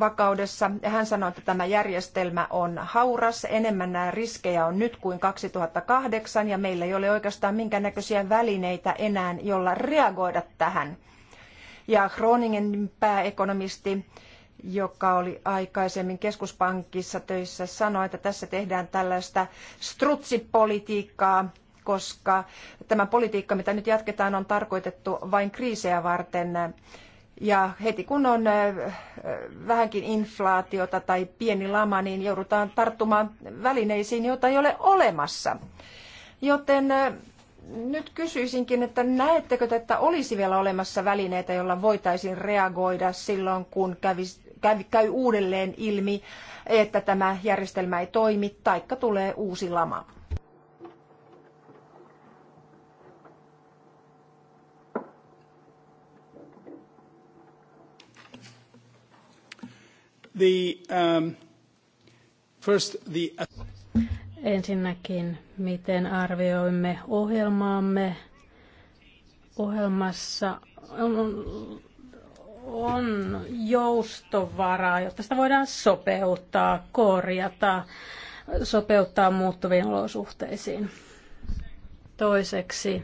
vakaudessa. Hän sanoi, että tämä järjestelmä on hauras, enemmän nämä riskejä on nyt kuin 2008 ja meillä ei ole oikeastaan minkäännäköisiä välineitä enää, jolla reagoida tähän. Ja Groningen pääekonomisti joka oli aikaisemmin keskuspankissa töissä, sanoi, että tässä tehdään tällaista strutsipolitiikkaa, koska tämä politiikka, mitä nyt jatketaan, on tarkoitettu vain kriisejä varten ja heti kun on vähänkin inflaatiota tai pieni lama, niin joudutaan tarttumaan välineisiin, joita ei ole olemassa. Joten nyt kysyisinkin, että näettekö, että olisi vielä olemassa välineitä, joilla voitaisiin reagoida silloin, kun kävis, kävi, käy uudelleen ilmi, että tämä järjestelmä ei toimi, taikka tulee uusi lama? Um, Ensinnäkin, miten arvioimme ohjelmaamme. Ohjelmassa on, on, on joustovaraa, jotta sitä voidaan sopeuttaa, korjata, sopeuttaa muuttuviin olosuhteisiin. Toiseksi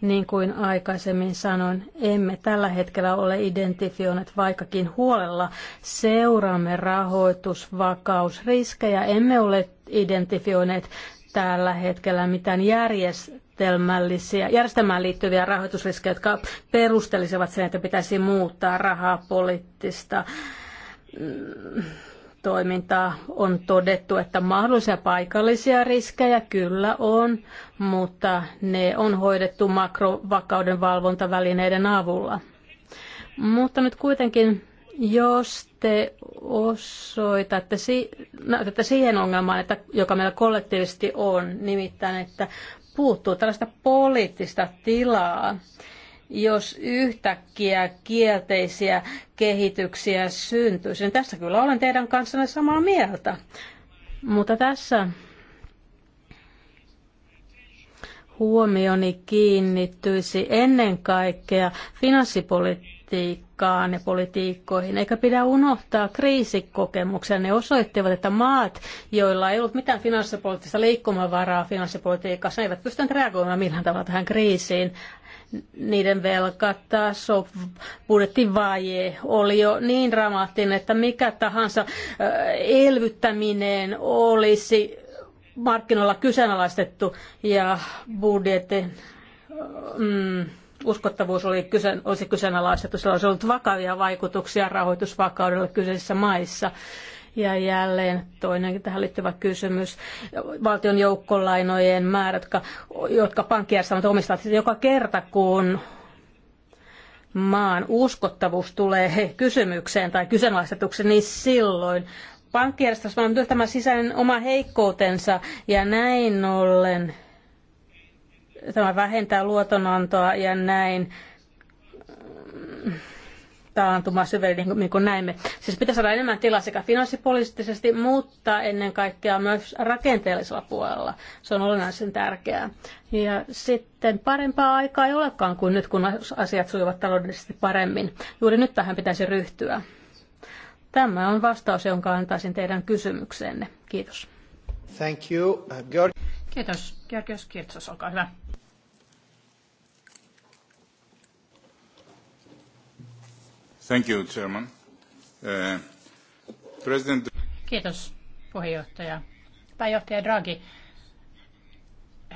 niin kuin aikaisemmin sanoin, emme tällä hetkellä ole identifioineet, vaikkakin huolella seuraamme rahoitusvakausriskejä. Emme ole identifioineet tällä hetkellä mitään järjestelmällisiä, järjestelmään liittyviä rahoitusriskejä, jotka perustelisivat sen, että pitäisi muuttaa rahapoliittista mm, toimintaa. On todettu, että mahdollisia paikallisia riskejä kyllä on, mutta ne on hoidettu makrovakauden valvontavälineiden avulla. Mutta nyt kuitenkin, jos te osoitatte, näytätte siihen ongelmaan, että, joka meillä kollektiivisesti on, nimittäin, että puuttuu tällaista poliittista tilaa, jos yhtäkkiä kielteisiä kehityksiä syntyisi. Niin tässä kyllä olen teidän kanssanne samaa mieltä. Mutta tässä huomioni kiinnittyisi ennen kaikkea finanssipolitiikkaan ja politiikkoihin, eikä pidä unohtaa kriisikokemuksia. Ne osoittivat, että maat, joilla ei ollut mitään finanssipoliittista liikkumavaraa finanssipolitiikassa, eivät pystyneet reagoimaan millään tavalla tähän kriisiin niiden velkataso, budjettivaje oli jo niin dramaattinen, että mikä tahansa elvyttäminen olisi markkinoilla kyseenalaistettu ja budjetin mm, uskottavuus oli kyse, olisi kyseenalaistettu. Sillä olisi ollut vakavia vaikutuksia rahoitusvakaudelle kyseisissä maissa. Ja jälleen toinen tähän liittyvä kysymys. Valtion joukkolainojen määrät, jotka, jotka pankkijärjestelmät omistavat siis joka kerta, kun maan uskottavuus tulee kysymykseen tai kyseenalaistetuksi, niin silloin pankkijärjestelmä on myös tämä sisäinen oma heikkoutensa ja näin ollen tämä vähentää luotonantoa ja näin taantuma syveli, niin kuin, niin kuin näimme. Siis pitäisi saada enemmän tilaa sekä finanssipoliittisesti, mutta ennen kaikkea myös rakenteellisella puolella. Se on olennaisen tärkeää. Ja sitten parempaa aikaa ei olekaan kuin nyt, kun asiat sujuvat taloudellisesti paremmin. Juuri nyt tähän pitäisi ryhtyä. Tämä on vastaus, jonka antaisin teidän kysymykseenne. Kiitos. Thank you. Georg... Kiitos. Georgios Kirtsos, olkaa hyvä. Thank you, uh, Pääjohtaja Draghi,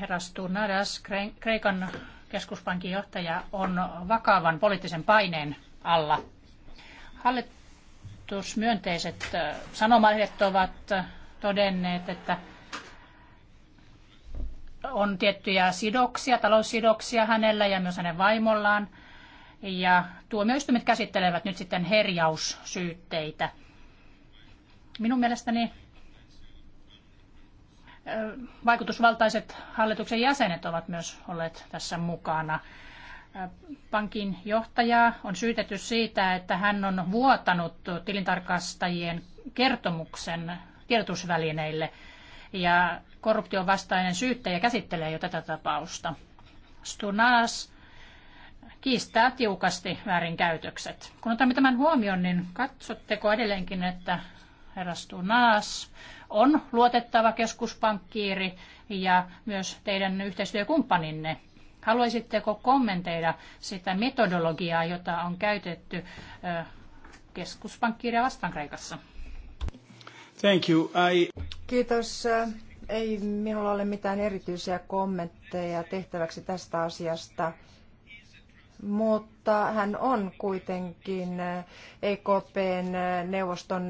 herra stournaras Kreikan keskuspankin johtaja, on vakavan poliittisen paineen alla. Hallitusmyönteiset sanomalehdet ovat todenneet, että on tiettyjä sidoksia, taloussidoksia hänellä ja myös hänen vaimollaan – ja tuomioistumit käsittelevät nyt sitten herjaussyytteitä. Minun mielestäni vaikutusvaltaiset hallituksen jäsenet ovat myös olleet tässä mukana. Pankin johtaja on syytetty siitä, että hän on vuotanut tilintarkastajien kertomuksen tiedotusvälineille ja korruption vastainen syyttäjä käsittelee jo tätä tapausta. Stunas kiistää tiukasti väärinkäytökset. Kun otamme tämän huomioon, niin katsotteko edelleenkin, että herra Stunas on luotettava keskuspankkiiri ja myös teidän yhteistyökumppaninne? Haluaisitteko kommenteida sitä metodologiaa, jota on käytetty keskuspankkiiriä vastaan Kreikassa? Thank you. I... Kiitos. Ei minulla ole mitään erityisiä kommentteja tehtäväksi tästä asiasta mutta hän on kuitenkin EKPn neuvoston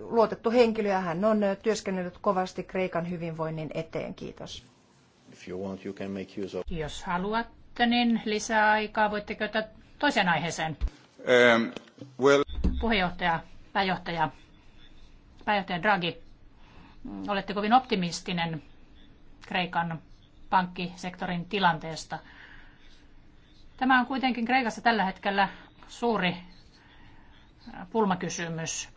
luotettu henkilö ja hän on työskennellyt kovasti Kreikan hyvinvoinnin eteen. Kiitos. Want, Jos haluatte, niin lisää aikaa voitte käyttää toiseen aiheeseen. Um, well... Puheenjohtaja, pääjohtaja, pääjohtaja Draghi, olette kovin optimistinen Kreikan pankkisektorin tilanteesta – Tämä on kuitenkin Kreikassa tällä hetkellä suuri pulmakysymys.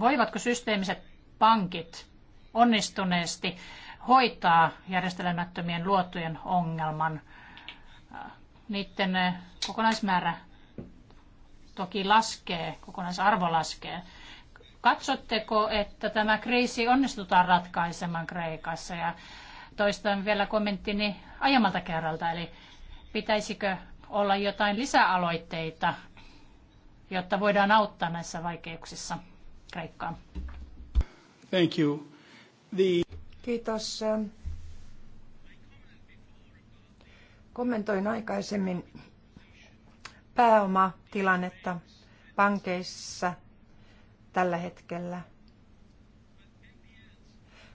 Voivatko systeemiset pankit onnistuneesti hoitaa järjestelemättömien luottojen ongelman? Niiden kokonaismäärä toki laskee, kokonaisarvo laskee. Katsotteko, että tämä kriisi onnistutaan ratkaisemaan Kreikassa? Ja toistan vielä kommenttini aiemmalta kerralta, eli Pitäisikö olla jotain lisäaloitteita, jotta voidaan auttaa näissä vaikeuksissa Kreikkaa? Thank you. The... Kiitos. Kommentoin aikaisemmin pääomatilannetta pankeissa tällä hetkellä.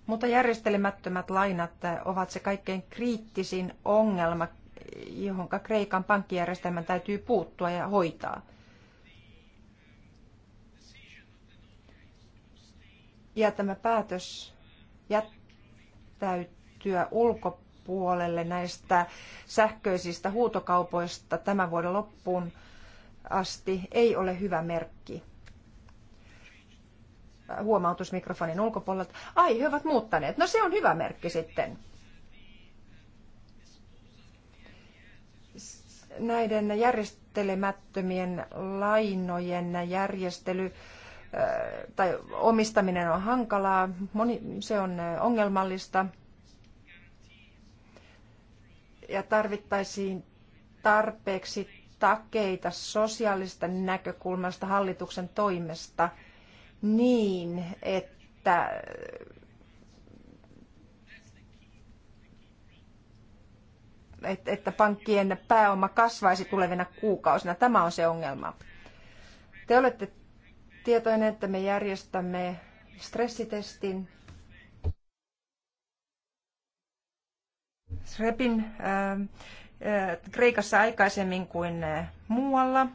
Mutta järjestelemättömät lainat ovat se kaikkein kriittisin ongelma johon Kreikan pankkijärjestelmän täytyy puuttua ja hoitaa. Ja tämä päätös jättäytyä ulkopuolelle näistä sähköisistä huutokaupoista tämän vuoden loppuun asti ei ole hyvä merkki. Huomautus mikrofonin ulkopuolelta. Ai, he ovat muuttaneet. No se on hyvä merkki sitten. näiden järjestelemättömien lainojen järjestely äh, tai omistaminen on hankalaa, moni, se on äh, ongelmallista ja tarvittaisiin tarpeeksi takeita sosiaalista näkökulmasta hallituksen toimesta niin, että että pankkien pääoma kasvaisi tulevina kuukausina. Tämä on se ongelma. Te olette tietoinen, että me järjestämme stressitestin SREPin ähm, äh, Kreikassa aikaisemmin kuin äh, muualla.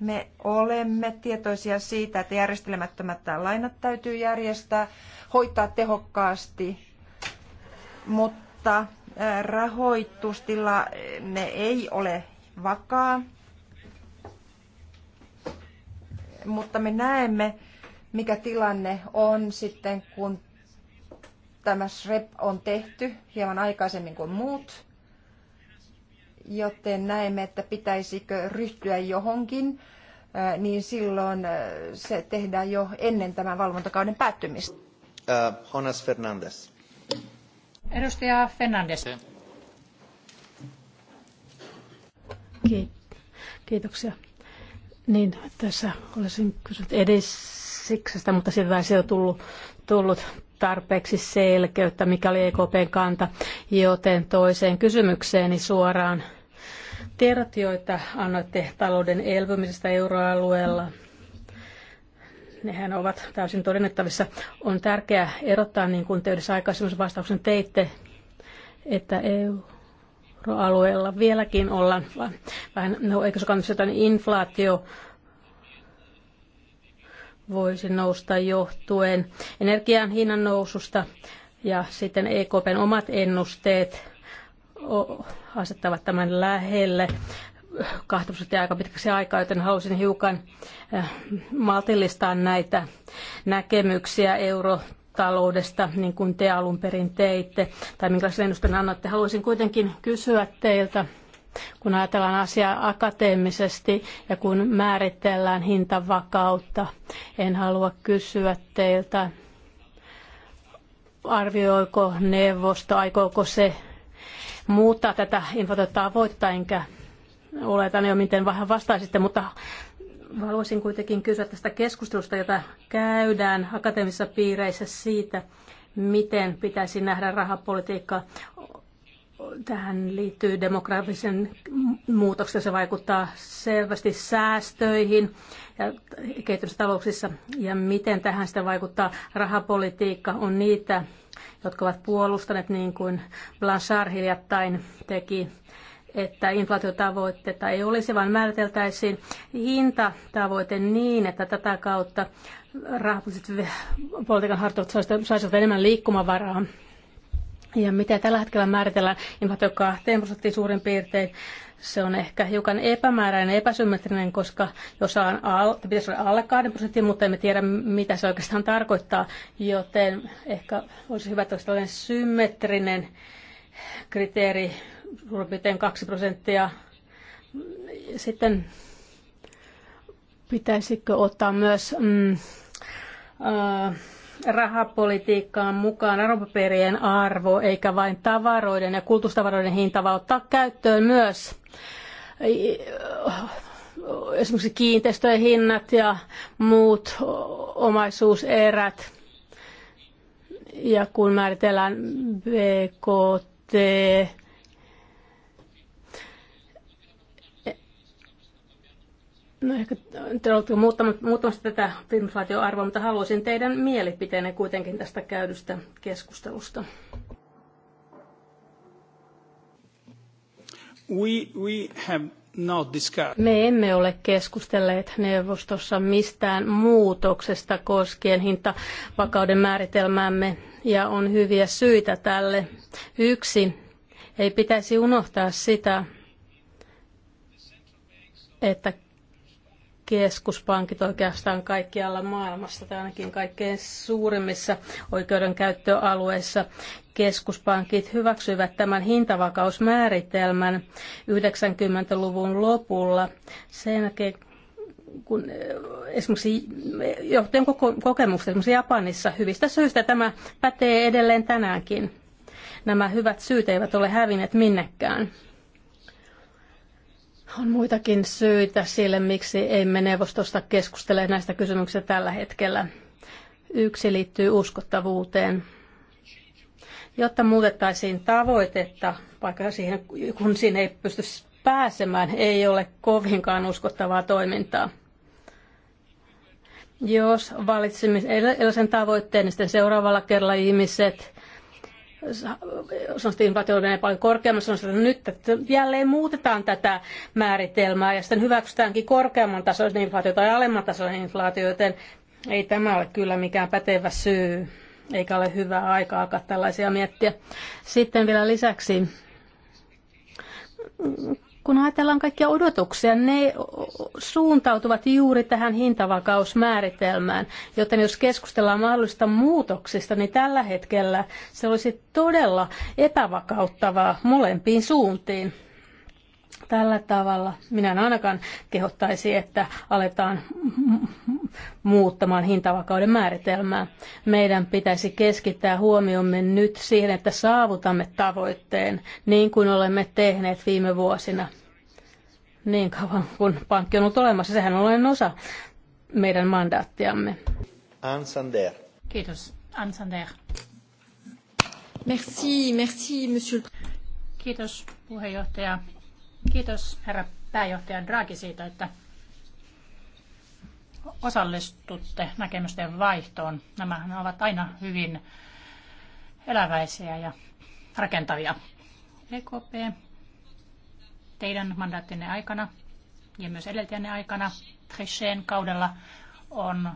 Me olemme tietoisia siitä, että järjestelemättömät lainat täytyy järjestää, hoitaa tehokkaasti, mutta rahoitustila ne ei ole vakaa, mutta me näemme, mikä tilanne on sitten, kun tämä SREP on tehty hieman aikaisemmin kuin muut, joten näemme, että pitäisikö ryhtyä johonkin, äh, niin silloin äh, se tehdään jo ennen tämän valvontakauden päättymistä. Uh, Jonas Fernandes. Edustaja Fernandes. Kiitoksia. Niin, tässä olisin kysynyt edisiksestä, mutta sillä ei ole tullut, tullut tarpeeksi selkeyttä, mikä oli EKPn kanta, joten toiseen kysymykseeni suoraan. Tiedot, joita annoitte talouden elpymisestä euroalueella nehän ovat täysin todennettavissa. On tärkeää erottaa, niin kuin te yhdessä aikaisemmassa vastauksen teitte, että EU alueella vieläkin ollaan vähän, no eikö se kannata jotain inflaatio voisi nousta johtuen energian hinnan noususta ja sitten EKPn omat ennusteet asettavat tämän lähelle kahta prosenttia aika pitkäksi aikaa, joten halusin hiukan äh, maltillistaa näitä näkemyksiä eurotaloudesta, niin kuin te alun perin teitte, tai minkälaisen ennusten annoitte. Haluaisin kuitenkin kysyä teiltä, kun ajatellaan asiaa akateemisesti ja kun määritellään hintavakautta, en halua kysyä teiltä, arvioiko neuvosto, aikooko se muuttaa tätä infotavoitetta, enkä oletan jo, miten vähän vastaisitte, mutta haluaisin kuitenkin kysyä tästä keskustelusta, jota käydään akateemisissa piireissä siitä, miten pitäisi nähdä rahapolitiikka. Tähän liittyy demografisen muutoksen, se vaikuttaa selvästi säästöihin ja kehitystalouksissa. Ja miten tähän sitä vaikuttaa rahapolitiikka on niitä, jotka ovat puolustaneet, niin kuin Blanchard hiljattain teki että inflaatiotavoitteita ei olisi, vaan määriteltäisiin hintatavoite niin, että tätä kautta rahapuoliset politiikan harjoittajat saisivat enemmän liikkumavaraa. Ja mitä tällä hetkellä määritellään inflaatio kahteen prosenttiin suurin piirtein, se on ehkä hiukan epämääräinen, epäsymmetrinen, koska jos on al, pitäisi olla alle 2 prosenttia, mutta emme tiedä, mitä se oikeastaan tarkoittaa, joten ehkä olisi hyvä, että olisi symmetrinen kriteeri suurin piirtein 2 prosenttia. Sitten pitäisikö ottaa myös mm, äh, rahapolitiikkaan mukaan arvopaperien arvo, eikä vain tavaroiden ja kultustavaroiden hinta, vaan ottaa käyttöön myös äh, esimerkiksi kiinteistöjen hinnat ja muut omaisuuserät. Ja kun määritellään BKT, No ehkä te olette muuttamassa tätä inflaatioarvoa, mutta haluaisin teidän mielipiteenne kuitenkin tästä käydystä keskustelusta. We, we have not discussed. Me emme ole keskustelleet neuvostossa mistään muutoksesta koskien hintavakauden määritelmäämme ja on hyviä syitä tälle. Yksi, ei pitäisi unohtaa sitä, että keskuspankit oikeastaan kaikkialla maailmassa tai ainakin kaikkein suurimmissa oikeudenkäyttöalueissa keskuspankit hyväksyivät tämän hintavakausmääritelmän 90-luvun lopulla. Sen jälkeen kun eh, esimerkiksi johtajan kokemukset esimerkiksi Japanissa hyvistä syistä tämä pätee edelleen tänäänkin. Nämä hyvät syyt eivät ole hävinneet minnekään. On muitakin syitä sille, miksi emme neuvostosta keskustele näistä kysymyksistä tällä hetkellä. Yksi liittyy uskottavuuteen. Jotta muutettaisiin tavoitetta, vaikka siihen, kun siinä ei pysty pääsemään, ei ole kovinkaan uskottavaa toimintaa. Jos valitsimme edellisen tavoitteen, niin sitten seuraavalla kerralla ihmiset sanotaan, että inflaatio menee paljon korkeammassa, sanotaan, että nyt että jälleen muutetaan tätä määritelmää ja sitten hyväksytäänkin korkeamman tasoisen inflaatio tai alemman tasoinen inflaatio, joten ei tämä ole kyllä mikään pätevä syy, eikä ole hyvä aika alkaa tällaisia miettiä. Sitten vielä lisäksi kun ajatellaan kaikkia odotuksia, ne suuntautuvat juuri tähän hintavakausmääritelmään. Joten jos keskustellaan mahdollisista muutoksista, niin tällä hetkellä se olisi todella epävakauttavaa molempiin suuntiin. Tällä tavalla minä en ainakaan kehottaisi, että aletaan muuttamaan hintavakauden määritelmää. Meidän pitäisi keskittää huomiomme nyt siihen, että saavutamme tavoitteen, niin kuin olemme tehneet viime vuosina niin kauan kuin pankki on ollut olemassa. Sehän on ollut osa meidän mandaattiamme. Ansander. Kiitos. Ansander. Merci, merci, monsieur. Kiitos puheenjohtaja. Kiitos herra pääjohtaja Draghi siitä, että osallistutte näkemysten vaihtoon. Nämä ovat aina hyvin eläväisiä ja rakentavia. EKP teidän mandaattinne aikana ja myös edeltäjänne aikana Trichén kaudella on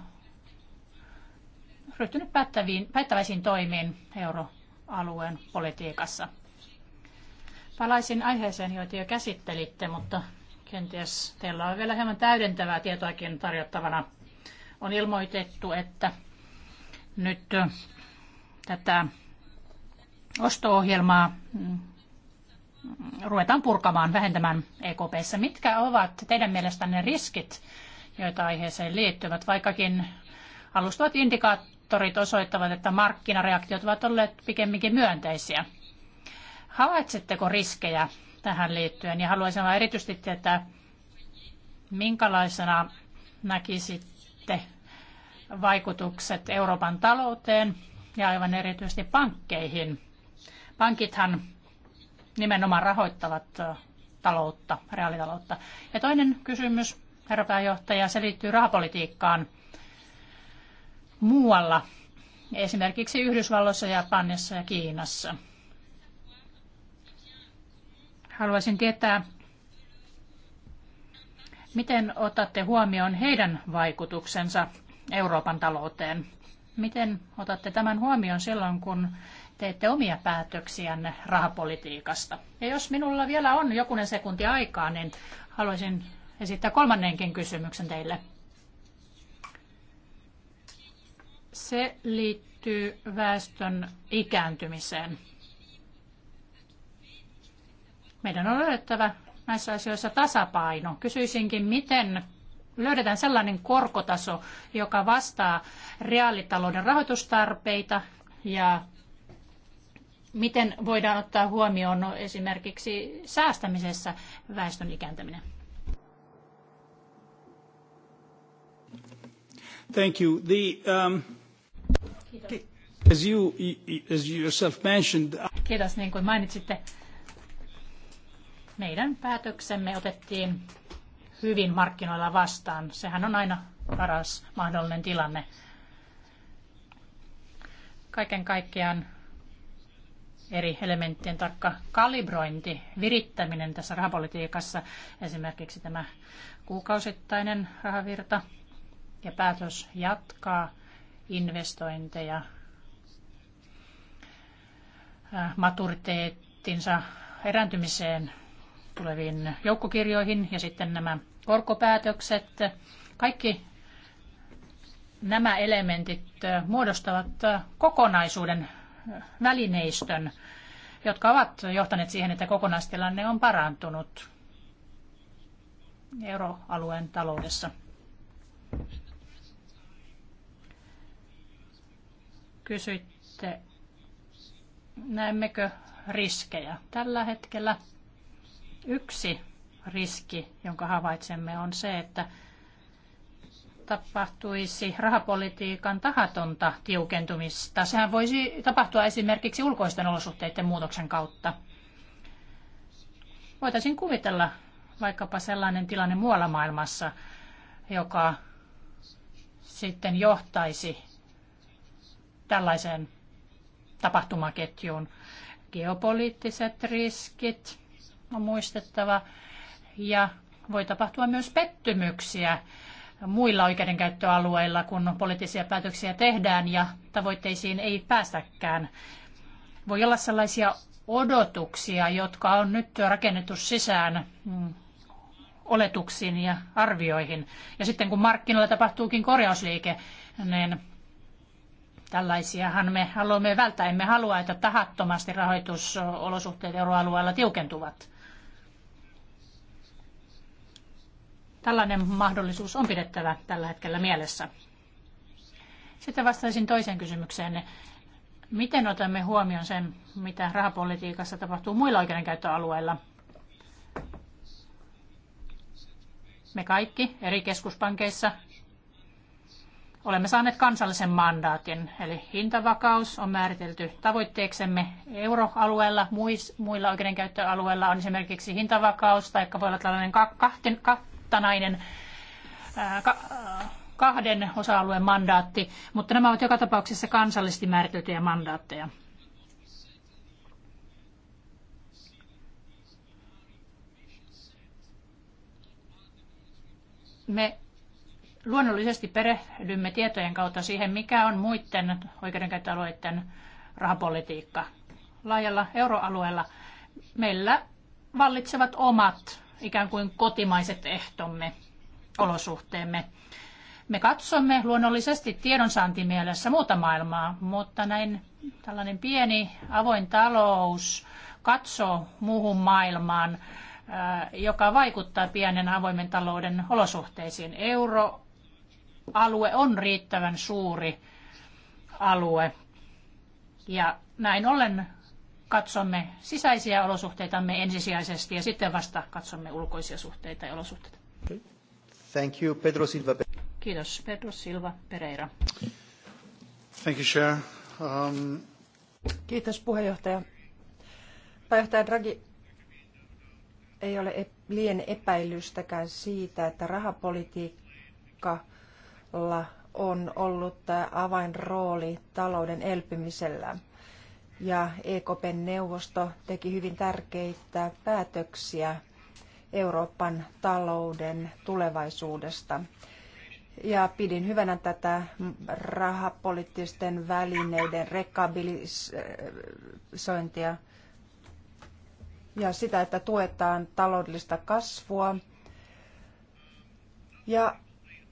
ryhtynyt päättäviin, päättäväisiin toimiin euroalueen politiikassa. Palaisin aiheeseen, joita jo käsittelitte, mutta kenties teillä on vielä hieman täydentävää tietoakin tarjottavana. On ilmoitettu, että nyt tätä osto-ohjelmaa ruvetaan purkamaan, vähentämään EKPssä. Mitkä ovat teidän mielestänne riskit, joita aiheeseen liittyvät, vaikkakin alustavat indikaattorit osoittavat, että markkinareaktiot ovat olleet pikemminkin myönteisiä. Havaitsetteko riskejä tähän liittyen ja haluaisin vain erityisesti tietää, minkälaisena näkisitte vaikutukset Euroopan talouteen ja aivan erityisesti pankkeihin. Pankithan nimenomaan rahoittavat taloutta, reaalitaloutta. Ja toinen kysymys, herra pääjohtaja, se liittyy rahapolitiikkaan muualla, esimerkiksi Yhdysvalloissa, Japanissa ja Kiinassa. Haluaisin tietää, miten otatte huomioon heidän vaikutuksensa Euroopan talouteen? Miten otatte tämän huomioon silloin, kun teette omia päätöksiänne rahapolitiikasta. Ja jos minulla vielä on jokunen sekunti aikaa, niin haluaisin esittää kolmannenkin kysymyksen teille. Se liittyy väestön ikääntymiseen. Meidän on löydettävä näissä asioissa tasapaino. Kysyisinkin, miten löydetään sellainen korkotaso, joka vastaa reaalitalouden rahoitustarpeita ja miten voidaan ottaa huomioon esimerkiksi säästämisessä väestön ikääntyminen? Thank you. The, um, As you, as you yourself mentioned... Uh, Kiitos, niin kuin mainitsitte. Meidän päätöksemme otettiin hyvin markkinoilla vastaan. Sehän on aina paras mahdollinen tilanne. Kaiken kaikkiaan eri elementtien tarkka kalibrointi, virittäminen tässä rahapolitiikassa, esimerkiksi tämä kuukausittainen rahavirta ja päätös jatkaa investointeja maturiteettinsa erääntymiseen tuleviin joukkokirjoihin ja sitten nämä korkopäätökset. Kaikki nämä elementit muodostavat kokonaisuuden välineistön, jotka ovat johtaneet siihen, että kokonaistilanne on parantunut euroalueen taloudessa. Kysyitte, näemmekö riskejä? Tällä hetkellä yksi riski, jonka havaitsemme, on se, että tapahtuisi rahapolitiikan tahatonta tiukentumista. Sehän voisi tapahtua esimerkiksi ulkoisten olosuhteiden muutoksen kautta. Voitaisiin kuvitella vaikkapa sellainen tilanne muualla maailmassa, joka sitten johtaisi tällaiseen tapahtumaketjuun. Geopoliittiset riskit on muistettava ja voi tapahtua myös pettymyksiä muilla oikeudenkäyttöalueilla, kun poliittisia päätöksiä tehdään ja tavoitteisiin ei päästäkään. Voi olla sellaisia odotuksia, jotka on nyt rakennettu sisään mm, oletuksiin ja arvioihin. Ja sitten kun markkinoilla tapahtuukin korjausliike, niin tällaisiahan me haluamme välttää. Emme halua, että tahattomasti rahoitusolosuhteet euroalueella tiukentuvat. Tällainen mahdollisuus on pidettävä tällä hetkellä mielessä. Sitten vastaisin toiseen kysymykseen. Miten otamme huomioon sen, mitä rahapolitiikassa tapahtuu muilla oikeudenkäyttöalueilla? Me kaikki eri keskuspankeissa olemme saaneet kansallisen mandaatin, eli hintavakaus on määritelty tavoitteeksemme euroalueella, muilla oikeudenkäyttöalueilla on esimerkiksi hintavakaus, tai voi olla tällainen kahtanainen kahden osa-alueen mandaatti, mutta nämä ovat joka tapauksessa kansallisesti määriteltyjä mandaatteja. Me luonnollisesti perehdymme tietojen kautta siihen, mikä on muiden oikeudenkäyttöalueiden rahapolitiikka. Laajalla euroalueella meillä vallitsevat omat ikään kuin kotimaiset ehtomme, olosuhteemme. Me katsomme luonnollisesti tiedonsaantimielessä muuta maailmaa, mutta näin tällainen pieni avoin talous katsoo muuhun maailmaan, äh, joka vaikuttaa pienen avoimen talouden olosuhteisiin. Euroalue on riittävän suuri alue ja näin ollen katsomme sisäisiä olosuhteitamme ensisijaisesti ja sitten vasta katsomme ulkoisia suhteita ja olosuhteita. Thank you, Pedro Silva. Kiitos, Pedro Silva Pereira. Thank you, Chair. Um... Kiitos puheenjohtaja. Pääjohtaja Draghi, ei ole liian epäilystäkään siitä, että rahapolitiikalla on ollut avainrooli talouden elpymisellä – ja EKPn neuvosto teki hyvin tärkeitä päätöksiä Euroopan talouden tulevaisuudesta. Ja pidin hyvänä tätä rahapoliittisten välineiden rekabilisointia ja sitä, että tuetaan taloudellista kasvua. Ja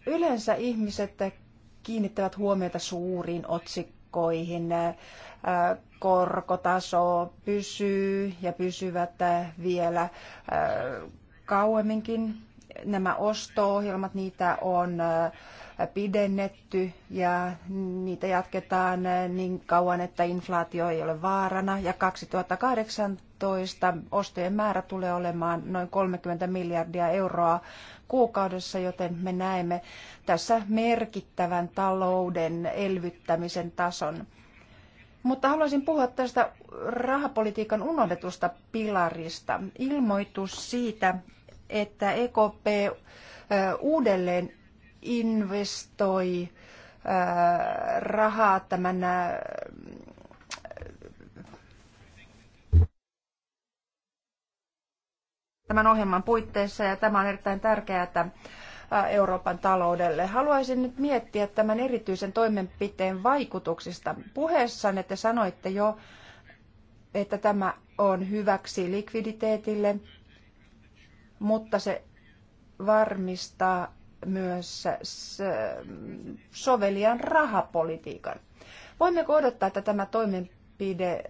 yleensä ihmiset kiinnittävät huomiota suuriin otsikkoihin, korkotaso pysyy ja pysyvät vielä äh, kauemminkin. Nämä osto-ohjelmat, niitä on äh, pidennetty ja niitä jatketaan äh, niin kauan, että inflaatio ei ole vaarana. Ja 2018 ostojen määrä tulee olemaan noin 30 miljardia euroa kuukaudessa, joten me näemme tässä merkittävän talouden elvyttämisen tason. Mutta haluaisin puhua tästä rahapolitiikan unohdetusta pilarista. Ilmoitus siitä, että EKP uudelleen investoi rahaa tämän tämän ohjelman puitteissa ja tämä on erittäin tärkeää, että Äh, Euroopan taloudelle. Haluaisin nyt miettiä tämän erityisen toimenpiteen vaikutuksista. Puheessanne että sanoitte jo, että tämä on hyväksi likviditeetille, mutta se varmistaa myös sovelian rahapolitiikan. Voimmeko odottaa, että tämä toimenpide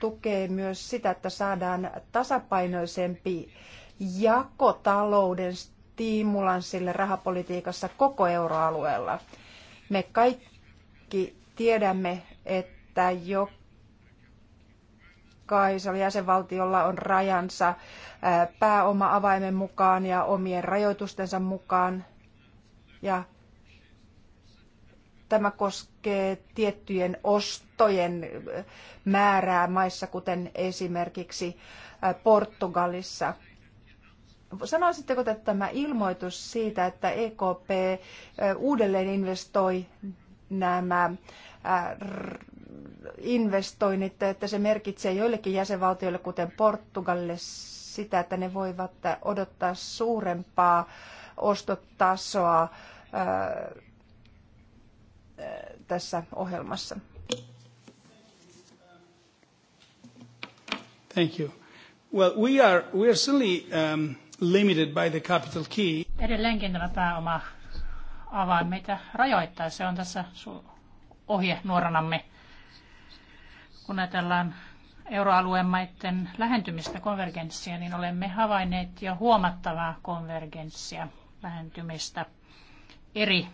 tukee myös sitä, että saadaan tasapainoisempi jako talouden stimulanssille rahapolitiikassa koko euroalueella. Me kaikki tiedämme, että jokaisella jäsenvaltiolla on rajansa pääoma-avaimen mukaan ja omien rajoitustensa mukaan. Ja tämä koskee tiettyjen ostojen määrää maissa, kuten esimerkiksi Portugalissa. Sanoisitteko, että tämä ilmoitus siitä, että EKP uudelleen investoi nämä investoinnit, että se merkitsee joillekin jäsenvaltioille, kuten Portugalille, sitä, että ne voivat odottaa suurempaa ostotasoa tässä ohjelmassa. Thank you. Well, we are, we are certainly um, limited by the capital key. Edelleenkin tämä pääoma avain meitä rajoittaa. Se on tässä ohje nuoranamme, kun ajatellaan euroalueen maiden lähentymistä konvergenssia, niin olemme havainneet jo huomattavaa konvergenssia lähentymistä eri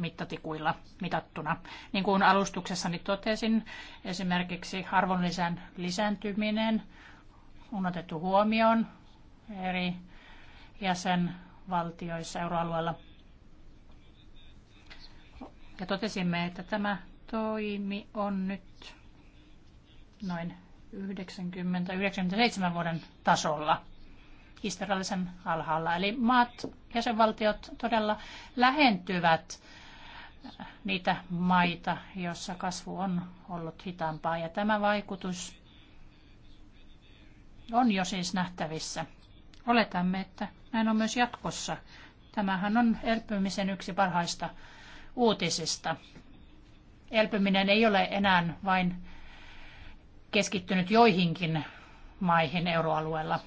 mittatikuilla mitattuna. Niin kuin alustuksessani totesin, esimerkiksi arvonlisän lisääntyminen on otettu huomioon eri jäsenvaltioissa euroalueella. Ja totesimme, että tämä toimi on nyt noin 90-97 vuoden tasolla historiallisen alhaalla. Eli maat, jäsenvaltiot todella lähentyvät niitä maita, joissa kasvu on ollut hitaampaa. Ja tämä vaikutus on jo siis nähtävissä. Oletamme, että näin on myös jatkossa. Tämähän on elpymisen yksi parhaista uutisista. Elpyminen ei ole enää vain keskittynyt joihinkin maihin euroalueella.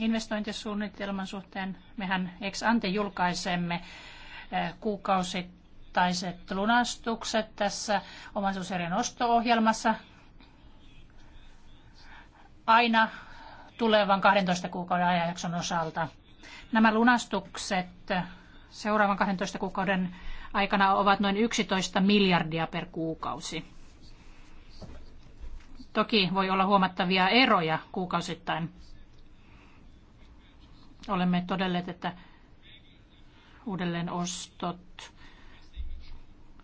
Investointisuunnitelman suhteen mehän ex ante julkaisemme eh, kuukausittaiset lunastukset tässä omaisuuserien osto-ohjelmassa. Aina tulevan 12 kuukauden ajanjakson osalta. Nämä lunastukset seuraavan 12 kuukauden aikana ovat noin 11 miljardia per kuukausi. Toki voi olla huomattavia eroja kuukausittain. Olemme todelleet, että uudelleenostot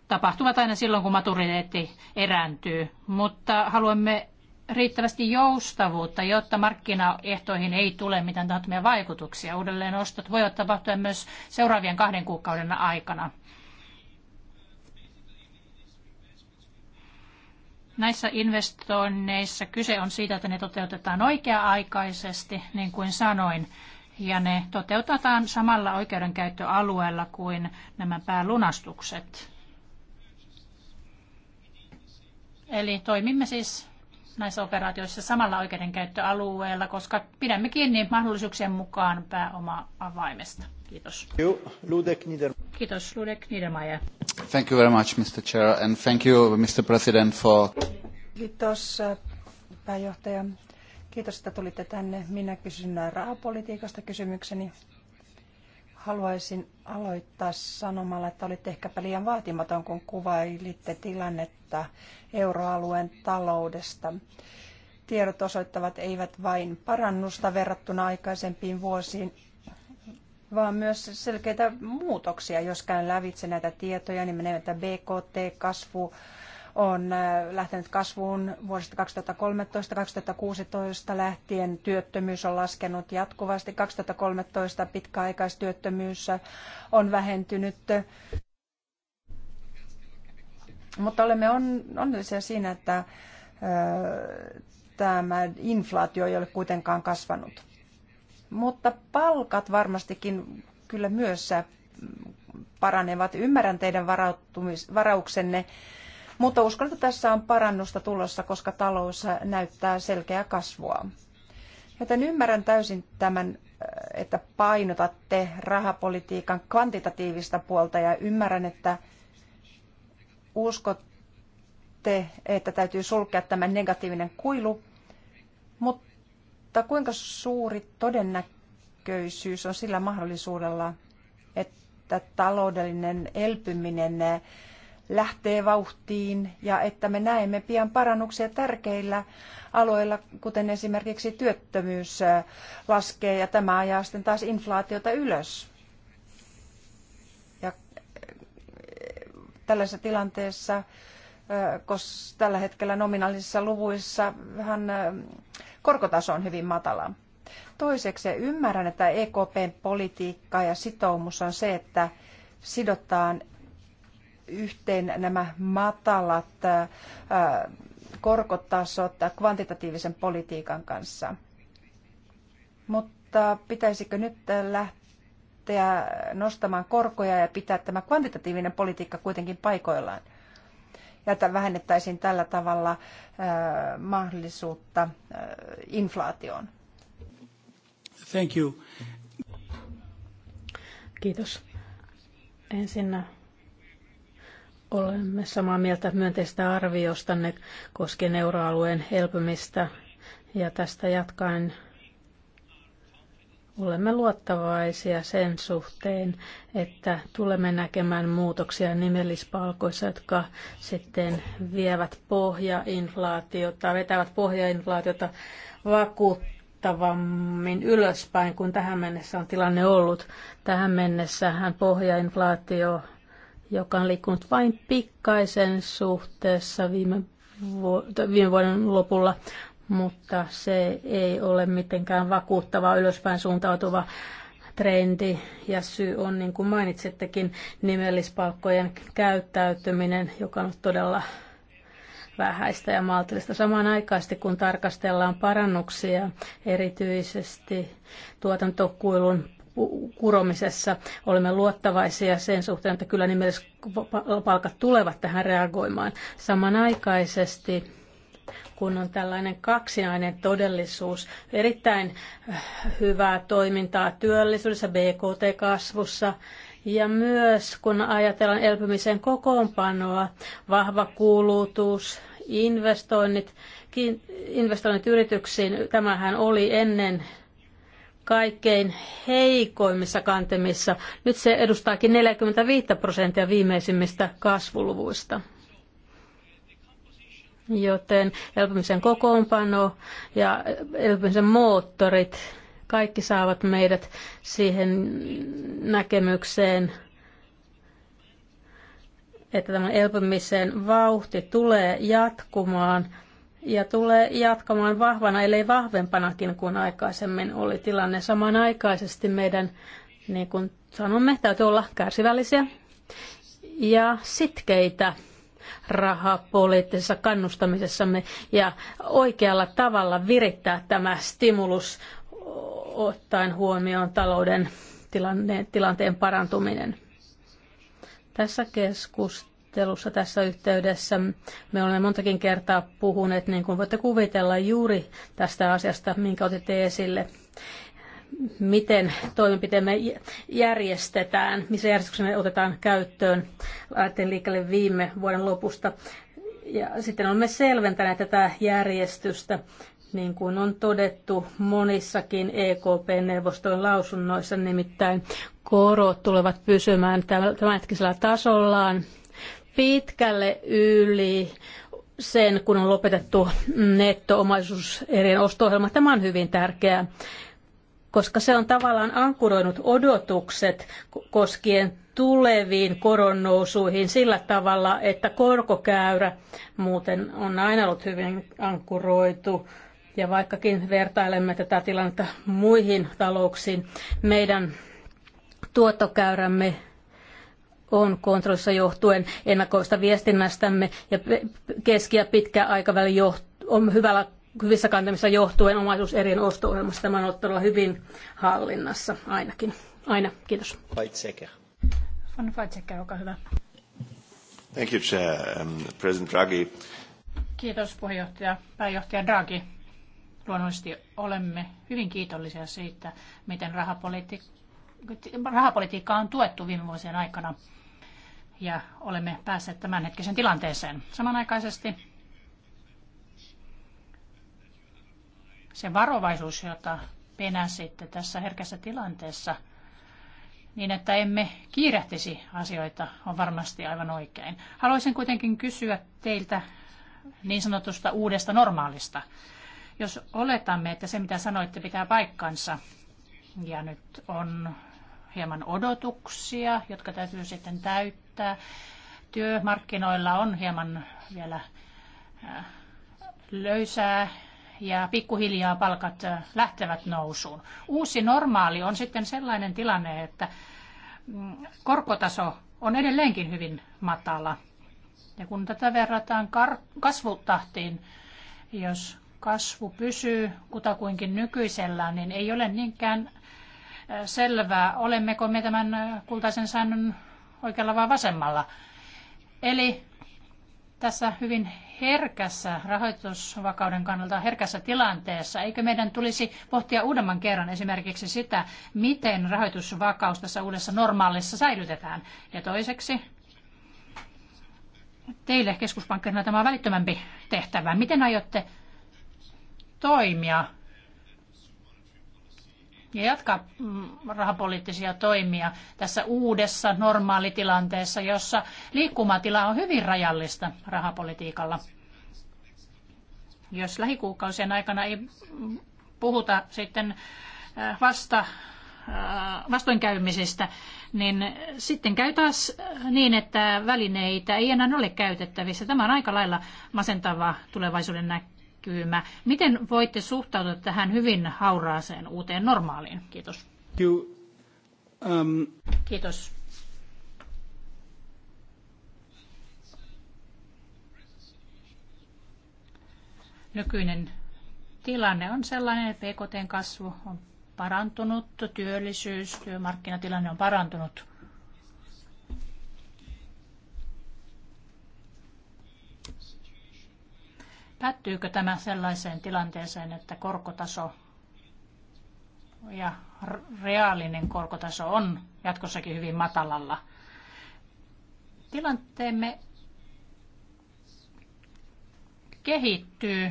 tapahtuvat aina silloin, kun maturiteetti erääntyy, mutta haluamme riittävästi joustavuutta, jotta markkinaehtoihin ei tule mitään tahattomia vaikutuksia. Uudelleen ostot voivat tapahtua myös seuraavien kahden kuukauden aikana. Näissä investoinneissa kyse on siitä, että ne toteutetaan oikea-aikaisesti, niin kuin sanoin, ja ne toteutetaan samalla oikeudenkäyttöalueella kuin nämä päälunastukset. Eli toimimme siis näissä operaatioissa samalla oikeudenkäyttöalueella, koska pidämme kiinni mahdollisuuksien mukaan pääoma-avaimesta. Kiitos. Ludek Kiitos, Ludek Niedermayer. Thank you very much, Mr. Chair, and thank you, Mr. President, for... Kiitos, pääjohtaja. Kiitos, että tulitte tänne. Minä kysyn rahapolitiikasta kysymykseni. Haluaisin aloittaa sanomalla, että olitte ehkäpä liian vaatimaton, kun kuvailitte tilannetta euroalueen taloudesta. Tiedot osoittavat eivät vain parannusta verrattuna aikaisempiin vuosiin, vaan myös selkeitä muutoksia. Jos käyn lävitse näitä tietoja, niin menee, että BKT-kasvu on äh, lähtenyt kasvuun vuodesta 2013-2016 lähtien. Työttömyys on laskenut jatkuvasti. 2013 pitkäaikaistyöttömyys on vähentynyt. Mutta olemme onnellisia siinä, että äh, tämä inflaatio ei ole kuitenkaan kasvanut. Mutta palkat varmastikin kyllä myös äh, paranevat. Ymmärrän teidän varauksenne mutta uskon, että tässä on parannusta tulossa, koska talous näyttää selkeää kasvua. Joten ymmärrän täysin tämän, äh, että painotatte rahapolitiikan kvantitatiivista puolta ja ymmärrän, että uskotte, että täytyy sulkea tämä negatiivinen kuilu, mutta kuinka suuri todennäköisyys on sillä mahdollisuudella, että taloudellinen elpyminen lähtee vauhtiin ja että me näemme pian parannuksia tärkeillä aloilla, kuten esimerkiksi työttömyys äh, laskee ja tämä ajaa sitten taas inflaatiota ylös. Ja äh, tällaisessa tilanteessa, äh, koska tällä hetkellä nominaalisissa luvuissa vähän korkotaso on hyvin matala. Toiseksi ymmärrän, että EKPn politiikka ja sitoumus on se, että sidotaan yhteen nämä matalat äh, korkotasot kvantitatiivisen politiikan kanssa. Mutta pitäisikö nyt lähteä nostamaan korkoja ja pitää tämä kvantitatiivinen politiikka kuitenkin paikoillaan? Ja että vähennettäisiin tällä tavalla äh, mahdollisuutta äh, inflaatioon. Thank you. Kiitos. Ensinnä Olemme samaa mieltä myönteistä arviostanne koskien euroalueen elpymistä ja tästä jatkaen olemme luottavaisia sen suhteen, että tulemme näkemään muutoksia nimellispalkoissa, jotka sitten vievät pohjainflaatiota, vetävät pohjainflaatiota vakuuttavammin ylöspäin kuin tähän mennessä on tilanne ollut. Tähän mennessähän pohjainflaatio joka on liikkunut vain pikkaisen suhteessa viime, vu- viime vuoden lopulla, mutta se ei ole mitenkään vakuuttava ylöspäin suuntautuva trendi ja syy on, niin kuin mainitsittekin, nimellispalkkojen käyttäytyminen, joka on todella vähäistä ja maltillista. aikaisesti, kun tarkastellaan parannuksia, erityisesti tuotantokuilun kuromisessa. Olemme luottavaisia sen suhteen, että kyllä nimellispalkat tulevat tähän reagoimaan. Samanaikaisesti kun on tällainen kaksinainen todellisuus, erittäin äh, hyvää toimintaa työllisyydessä, BKT-kasvussa ja myös kun ajatellaan elpymisen kokoonpanoa, vahva kulutus, investoinnit, investoinnit yrityksiin, tämähän oli ennen kaikkein heikoimmissa kantemissa. Nyt se edustaakin 45 prosenttia viimeisimmistä kasvuluvuista. Joten elpymisen kokoonpano ja elpymisen moottorit, kaikki saavat meidät siihen näkemykseen, että tämän elpymisen vauhti tulee jatkumaan ja tulee jatkamaan vahvana, ellei vahvempanakin kuin aikaisemmin oli tilanne. Samanaikaisesti meidän, niin kuin sanomme, täytyy olla kärsivällisiä ja sitkeitä rahapoliittisessa kannustamisessamme ja oikealla tavalla virittää tämä stimulus ottaen huomioon talouden tilanteen parantuminen. Tässä keskustelussa keskustelussa tässä yhteydessä. Me olemme montakin kertaa puhuneet, niin kuin voitte kuvitella, juuri tästä asiasta, minkä otitte esille miten toimenpiteemme järjestetään, missä järjestyksessä me otetaan käyttöön. Laitettiin liikkeelle viime vuoden lopusta. Ja sitten olemme selventäneet tätä järjestystä, niin kuin on todettu monissakin EKP-neuvoston lausunnoissa, nimittäin korot tulevat pysymään tämänhetkisellä tasollaan pitkälle yli sen, kun on lopetettu netto-omaisuuserien osto-ohjelma. Tämä on hyvin tärkeää, koska se on tavallaan ankuroinut odotukset koskien tuleviin koronnousuihin sillä tavalla, että korkokäyrä muuten on aina ollut hyvin ankkuroitu. Ja vaikkakin vertailemme tätä tilannetta muihin talouksiin, meidän tuottokäyrämme on kontrollissa johtuen ennakoista viestinnästämme ja keski- ja pitkä aikaväli on hyvällä hyvissä kantamissa johtuen omaisuuserien osto-ohjelmassa. Tämä on ollut hyvin hallinnassa ainakin. Aina. Kiitos. Weizsäcker. Van Weizsäcker, olkaa hyvä. Thank you, Chair. Um, President Draghi. Kiitos puheenjohtaja, pääjohtaja Draghi. Luonnollisesti olemme hyvin kiitollisia siitä, miten rahapolitiikka rahapolitiikkaa on tuettu viime vuosien aikana ja olemme päässeet tämänhetkisen tilanteeseen. Samanaikaisesti se varovaisuus, jota penäsitte tässä herkässä tilanteessa, niin että emme kiirehtisi asioita, on varmasti aivan oikein. Haluaisin kuitenkin kysyä teiltä niin sanotusta uudesta normaalista. Jos oletamme, että se mitä sanoitte pitää paikkansa, ja nyt on hieman odotuksia, jotka täytyy sitten täyttää. Työmarkkinoilla on hieman vielä äh, löysää ja pikkuhiljaa palkat äh, lähtevät nousuun. Uusi normaali on sitten sellainen tilanne, että mm, korkotaso on edelleenkin hyvin matala. Ja kun tätä verrataan kasvutahtiin, jos kasvu pysyy kutakuinkin nykyisellään, niin ei ole niinkään selvää, olemmeko me tämän kultaisen säännön oikealla vai vasemmalla. Eli tässä hyvin herkässä rahoitusvakauden kannalta herkässä tilanteessa, eikö meidän tulisi pohtia uudemman kerran esimerkiksi sitä, miten rahoitusvakaus tässä uudessa normaalissa säilytetään. Ja toiseksi, teille keskuspankkina tämä on välittömämpi tehtävä. Miten aiotte toimia ja jatkaa mm, rahapoliittisia toimia tässä uudessa normaalitilanteessa, jossa liikkumatila on hyvin rajallista rahapolitiikalla. Jos lähikuukausien aikana ei puhuta sitten äh, vasta äh, vastoinkäymisistä, niin sitten käy taas äh, niin, että välineitä ei enää ole käytettävissä. Tämä on aika lailla masentava tulevaisuuden näkymä. Miten voitte suhtautua tähän hyvin hauraaseen uuteen normaaliin? Kiitos. You, um... Kiitos. Nykyinen tilanne on sellainen, että pkt kasvu on parantunut, työllisyys, työmarkkinatilanne on parantunut – Päättyykö tämä sellaiseen tilanteeseen, että korkotaso ja reaalinen korkotaso on jatkossakin hyvin matalalla? Tilanteemme kehittyy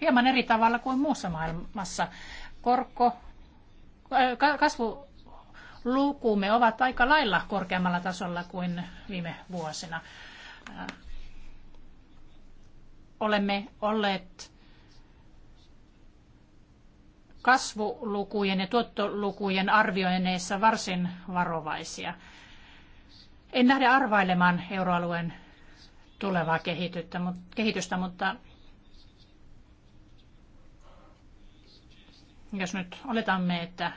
hieman eri tavalla kuin muussa maailmassa. Korko, äh, kasvulukumme ovat aika lailla korkeammalla tasolla kuin viime vuosina. Äh, olemme olleet kasvulukujen ja tuottolukujen arvioinneissa varsin varovaisia. En lähde arvailemaan euroalueen tulevaa kehitystä, mutta jos nyt oletamme, että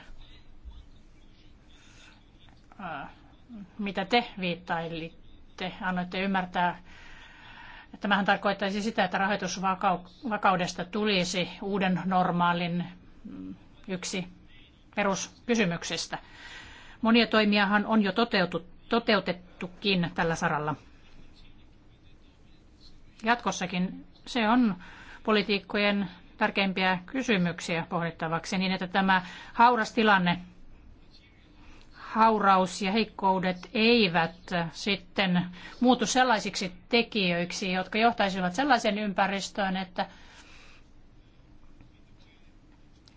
mitä te viittailitte, annoitte ymmärtää Tämähän tarkoittaisi sitä, että rahoitusvakaudesta tulisi uuden normaalin mm, yksi peruskysymyksistä. Monia toimiahan on jo toteutettukin tällä saralla. Jatkossakin se on politiikkojen tärkeimpiä kysymyksiä pohdittavaksi niin, että tämä hauras tilanne hauraus ja heikkoudet eivät sitten muutu sellaisiksi tekijöiksi, jotka johtaisivat sellaiseen ympäristöön, että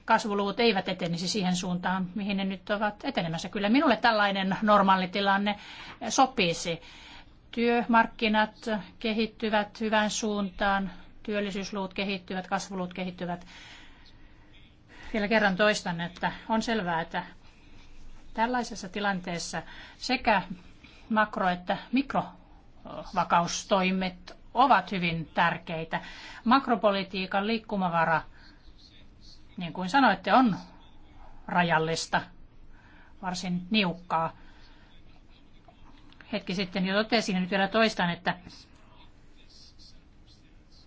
kasvuluvut eivät etenisi siihen suuntaan, mihin ne nyt ovat etenemässä. Kyllä minulle tällainen normaali tilanne sopisi. Työmarkkinat kehittyvät hyvään suuntaan, työllisyysluvut kehittyvät, kasvuluvut kehittyvät. Vielä kerran toistan, että on selvää, että Tällaisessa tilanteessa sekä makro- että mikrovakaustoimet ovat hyvin tärkeitä. Makropolitiikan liikkumavara, niin kuin sanoitte, on rajallista, varsin niukkaa. Hetki sitten jo totesin ja nyt vielä toistan, että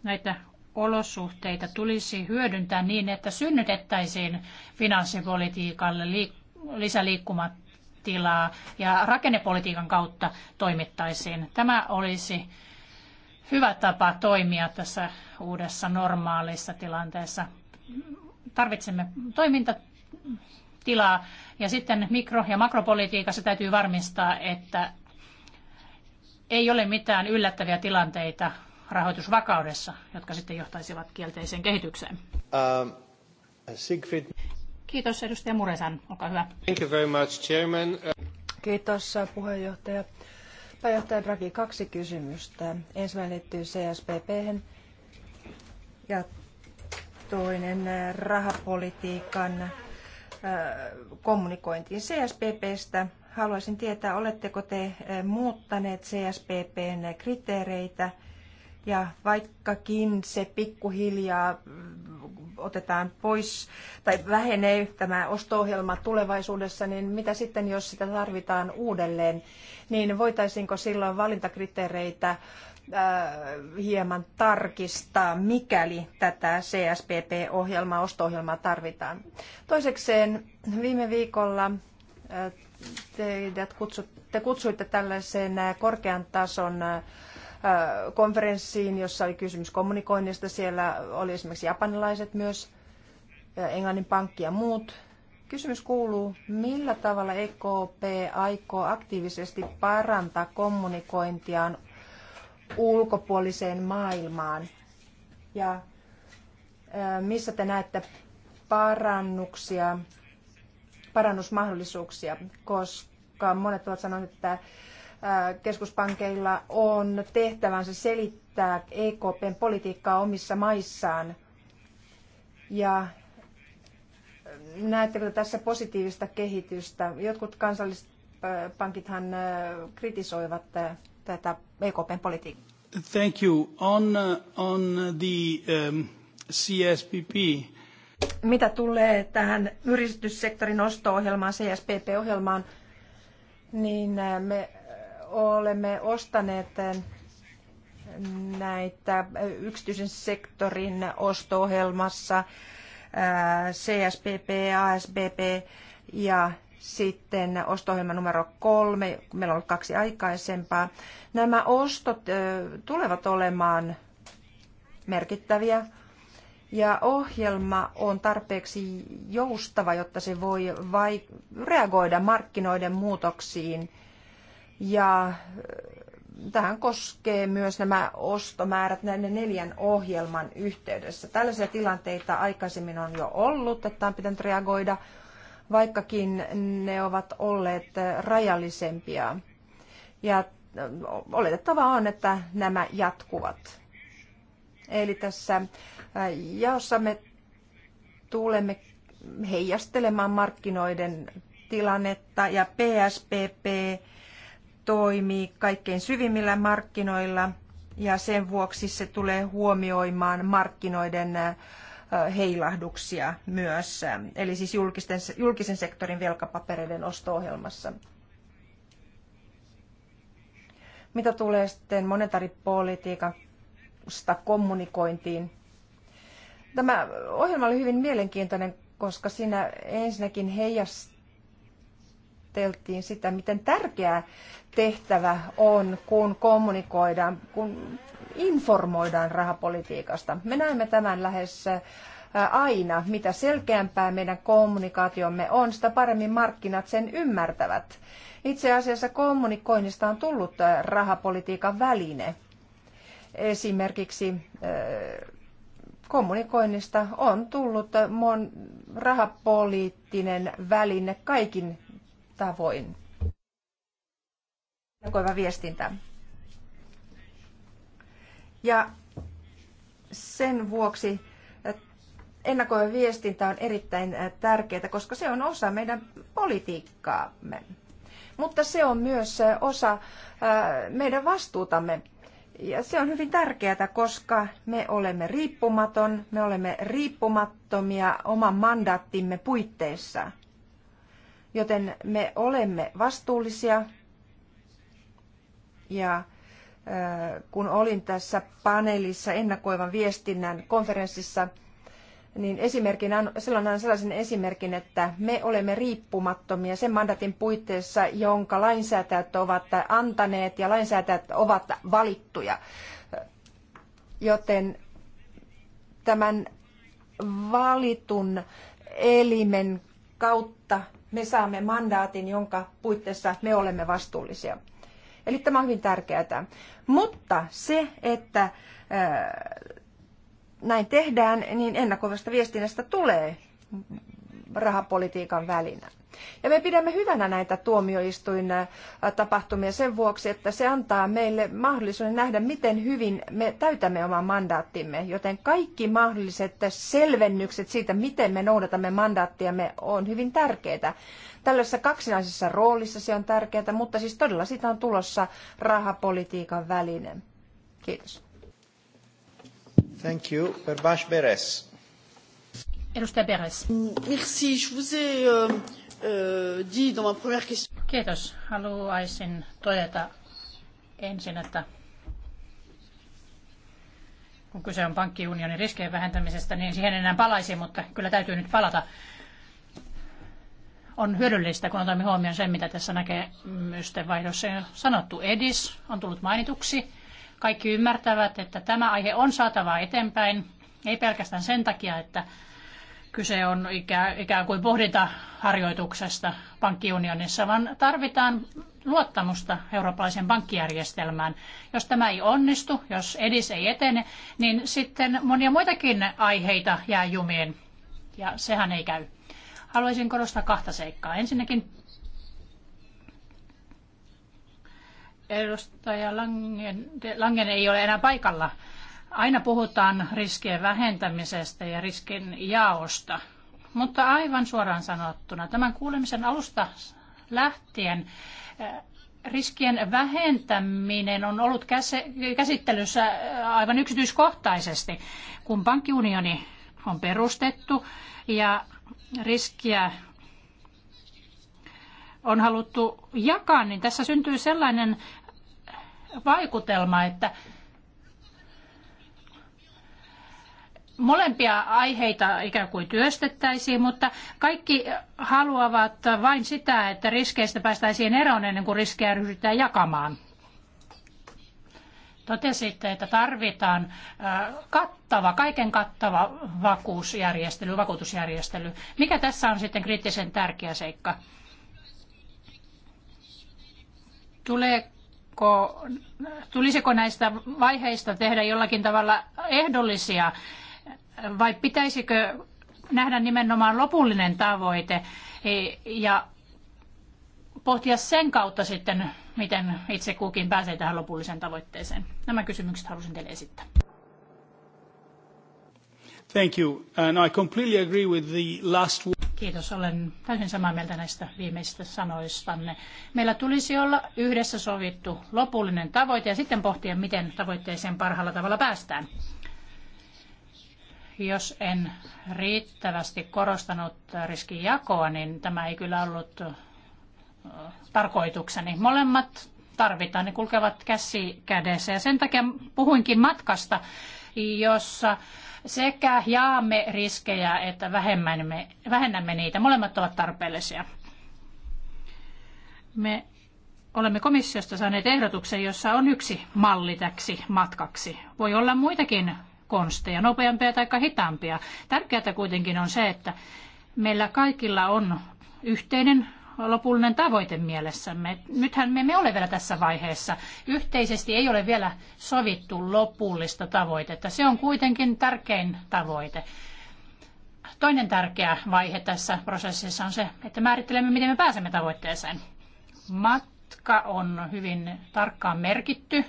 näitä olosuhteita tulisi hyödyntää niin, että synnytettäisiin finanssipolitiikalle liikkumavaraa lisäliikkumatilaa ja rakennepolitiikan kautta toimittaisiin. Tämä olisi hyvä tapa toimia tässä uudessa normaalissa tilanteessa. Tarvitsemme toimintatilaa ja sitten mikro- ja makropolitiikassa täytyy varmistaa, että ei ole mitään yllättäviä tilanteita rahoitusvakaudessa, jotka sitten johtaisivat kielteiseen kehitykseen. Uh, Siegfried. Kiitos edustaja Muresan, olkaa hyvä. Thank you very much, Chairman. Kiitos puheenjohtaja. Pääjohtaja Draghi, kaksi kysymystä. Ensimmäinen liittyy CSPP ja toinen äh, rahapolitiikan äh, kommunikointiin CSPPstä. Haluaisin tietää, oletteko te äh, muuttaneet CSPPn kriteereitä ja vaikkakin se pikkuhiljaa otetaan pois tai vähenee tämä osto-ohjelma tulevaisuudessa, niin mitä sitten, jos sitä tarvitaan uudelleen, niin voitaisiinko silloin valintakriteereitä äh, hieman tarkistaa, mikäli tätä CSPP-ohjelmaa, osto-ohjelmaa tarvitaan. Toisekseen viime viikolla äh, teidät te kutsuitte tällaiseen äh, korkean tason konferenssiin, jossa oli kysymys kommunikoinnista. Siellä oli esimerkiksi japanilaiset myös, Englannin pankki ja muut. Kysymys kuuluu, millä tavalla EKP aikoo aktiivisesti parantaa kommunikointiaan ulkopuoliseen maailmaan? Ja missä te näette parannuksia, parannusmahdollisuuksia, koska monet ovat sanoneet, että keskuspankeilla on tehtävänsä selittää EKPn politiikkaa omissa maissaan. Ja näettekö tässä positiivista kehitystä? Jotkut kansalliset pankithan kritisoivat tätä EKPn politiikkaa. Thank you. On, on the um, CSPP. Mitä tulee tähän yrityssektorin osto-ohjelmaan, CSPP-ohjelmaan, niin me olemme ostaneet näitä yksityisen sektorin osto-ohjelmassa CSPP, ASBP ja sitten ostohjelma numero kolme, meillä on ollut kaksi aikaisempaa. Nämä ostot tulevat olemaan merkittäviä ja ohjelma on tarpeeksi joustava, jotta se voi vai- reagoida markkinoiden muutoksiin – ja äh, tähän koskee myös nämä ostomäärät näiden neljän ohjelman yhteydessä. Tällaisia tilanteita aikaisemmin on jo ollut, että on pitänyt reagoida, vaikkakin ne ovat olleet äh, rajallisempia. Ja äh, oletettavaa on, että nämä jatkuvat. Eli tässä jaossa me tulemme heijastelemaan markkinoiden tilannetta ja PSPP toimii kaikkein syvimmillä markkinoilla ja sen vuoksi se tulee huomioimaan markkinoiden heilahduksia myös, eli siis julkisten, julkisen sektorin velkapapereiden osto-ohjelmassa. Mitä tulee sitten monetaripolitiikasta kommunikointiin? Tämä ohjelma oli hyvin mielenkiintoinen, koska siinä ensinnäkin heijastetaan korosteltiin sitä, miten tärkeä tehtävä on, kun kommunikoidaan, kun informoidaan rahapolitiikasta. Me näemme tämän lähes aina. Mitä selkeämpää meidän kommunikaatiomme on, sitä paremmin markkinat sen ymmärtävät. Itse asiassa kommunikoinnista on tullut rahapolitiikan väline. Esimerkiksi kommunikoinnista on tullut mon rahapoliittinen väline kaikin tavoin. Jakoiva viestintä. Ja sen vuoksi äh, ennakoiva viestintä on erittäin äh, tärkeää, koska se on osa meidän politiikkaamme. Mutta se on myös äh, osa meidän vastuutamme. Ja se on hyvin tärkeää, koska me olemme riippumaton, me olemme riippumattomia oman mandaattimme puitteissa. Joten me olemme vastuullisia. Ja kun olin tässä paneelissa ennakoivan viestinnän konferenssissa, niin esimerkkinä, silloin annan sellaisen esimerkin, että me olemme riippumattomia sen mandatin puitteissa, jonka lainsäätäjät ovat antaneet ja lainsäätäjät ovat valittuja. Joten tämän valitun elimen kautta me saamme mandaatin, jonka puitteissa me olemme vastuullisia. Eli tämä on hyvin tärkeää. Mutta se, että näin tehdään, niin ennakoivasta viestinnästä tulee rahapolitiikan väline. Ja me pidämme hyvänä näitä tuomioistuin äh, tapahtumia sen vuoksi, että se antaa meille mahdollisuuden nähdä, miten hyvin me täytämme oman mandaattimme. Joten kaikki mahdolliset selvennykset siitä, miten me noudatamme mandaattiamme, on hyvin tärkeitä. Tällaisessa kaksinaisessa roolissa se on tärkeää, mutta siis todella siitä on tulossa rahapolitiikan väline. Kiitos. Thank you. Beres. Edustaja Beres. Merci, je vous ai euh, euh, dit dans ma première question. Kiitos. Haluaisin todeta ensin, että kun kyse on pankkiunionin riskien vähentämisestä, niin siihen enää palaisi, mutta kyllä täytyy nyt palata. On hyödyllistä, kun otamme huomioon sen, mitä tässä näkemysten vaihdossa on sanottu. Edis on tullut mainituksi. Kaikki ymmärtävät, että tämä aihe on saatava eteenpäin, ei pelkästään sen takia, että kyse on ikään kuin pohdinta harjoituksesta pankkiunionissa, vaan tarvitaan luottamusta eurooppalaiseen pankkijärjestelmään. Jos tämä ei onnistu, jos edis ei etene, niin sitten monia muitakin aiheita jää jumiin, ja sehän ei käy. Haluaisin korostaa kahta seikkaa. Ensinnäkin edustaja Langen, Langen ei ole enää paikalla Aina puhutaan riskien vähentämisestä ja riskin jaosta, mutta aivan suoraan sanottuna tämän kuulemisen alusta lähtien eh, riskien vähentäminen on ollut käsittelyssä eh, aivan yksityiskohtaisesti, kun pankkiunioni on perustettu ja riskiä on haluttu jakaa, niin tässä syntyy sellainen vaikutelma, että molempia aiheita ikään kuin työstettäisiin, mutta kaikki haluavat vain sitä, että riskeistä päästäisiin eroon ennen kuin riskejä ryhdytään jakamaan. Totesitte, että tarvitaan kattava, kaiken kattava vakuusjärjestely, vakuutusjärjestely. Mikä tässä on sitten kriittisen tärkeä seikka? Tuleeko tulisiko näistä vaiheista tehdä jollakin tavalla ehdollisia vai pitäisikö nähdä nimenomaan lopullinen tavoite e, ja pohtia sen kautta sitten, miten itse kukin pääsee tähän lopulliseen tavoitteeseen? Nämä kysymykset halusin teille esittää. Thank you. And I completely agree with the last... Kiitos, olen täysin samaa mieltä näistä viimeisistä sanoistanne. Meillä tulisi olla yhdessä sovittu lopullinen tavoite ja sitten pohtia, miten tavoitteeseen parhaalla tavalla päästään. Jos en riittävästi korostanut riskijakoa, niin tämä ei kyllä ollut tarkoitukseni. Molemmat tarvitaan, ne kulkevat käsi kädessä. Ja sen takia puhuinkin matkasta, jossa sekä jaamme riskejä että vähennämme, vähennämme niitä. Molemmat ovat tarpeellisia. Me olemme komissiosta saaneet ehdotuksen, jossa on yksi malli täksi matkaksi. Voi olla muitakin konsteja, nopeampia tai hitaampia. Tärkeää kuitenkin on se, että meillä kaikilla on yhteinen lopullinen tavoite mielessämme. Nythän me emme ole vielä tässä vaiheessa. Yhteisesti ei ole vielä sovittu lopullista tavoitetta. Se on kuitenkin tärkein tavoite. Toinen tärkeä vaihe tässä prosessissa on se, että määrittelemme, miten me pääsemme tavoitteeseen. Matka on hyvin tarkkaan merkitty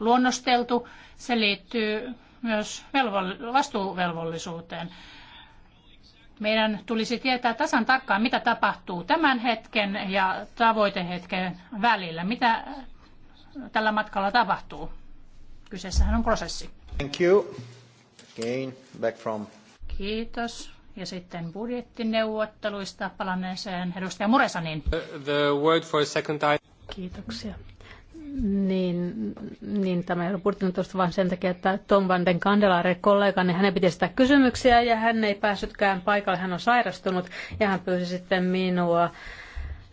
luonnosteltu. Se liittyy myös vastuuvelvollisuuteen. Meidän tulisi tietää tasan tarkkaan, mitä tapahtuu tämän hetken ja tavoitehetken välillä. Mitä tällä matkalla tapahtuu? Kyseessähän on prosessi. Thank you. Again, back from... Kiitos. Ja sitten budjettineuvotteluista palanneeseen edustaja Muresanin. The word for a second time. Kiitoksia niin, niin tämä ei ollut tuosta vaan sen takia, että Tom van den Kandelare kollega, niin hänen piti sitä kysymyksiä ja hän ei päässytkään paikalle, hän on sairastunut ja hän pyysi sitten minua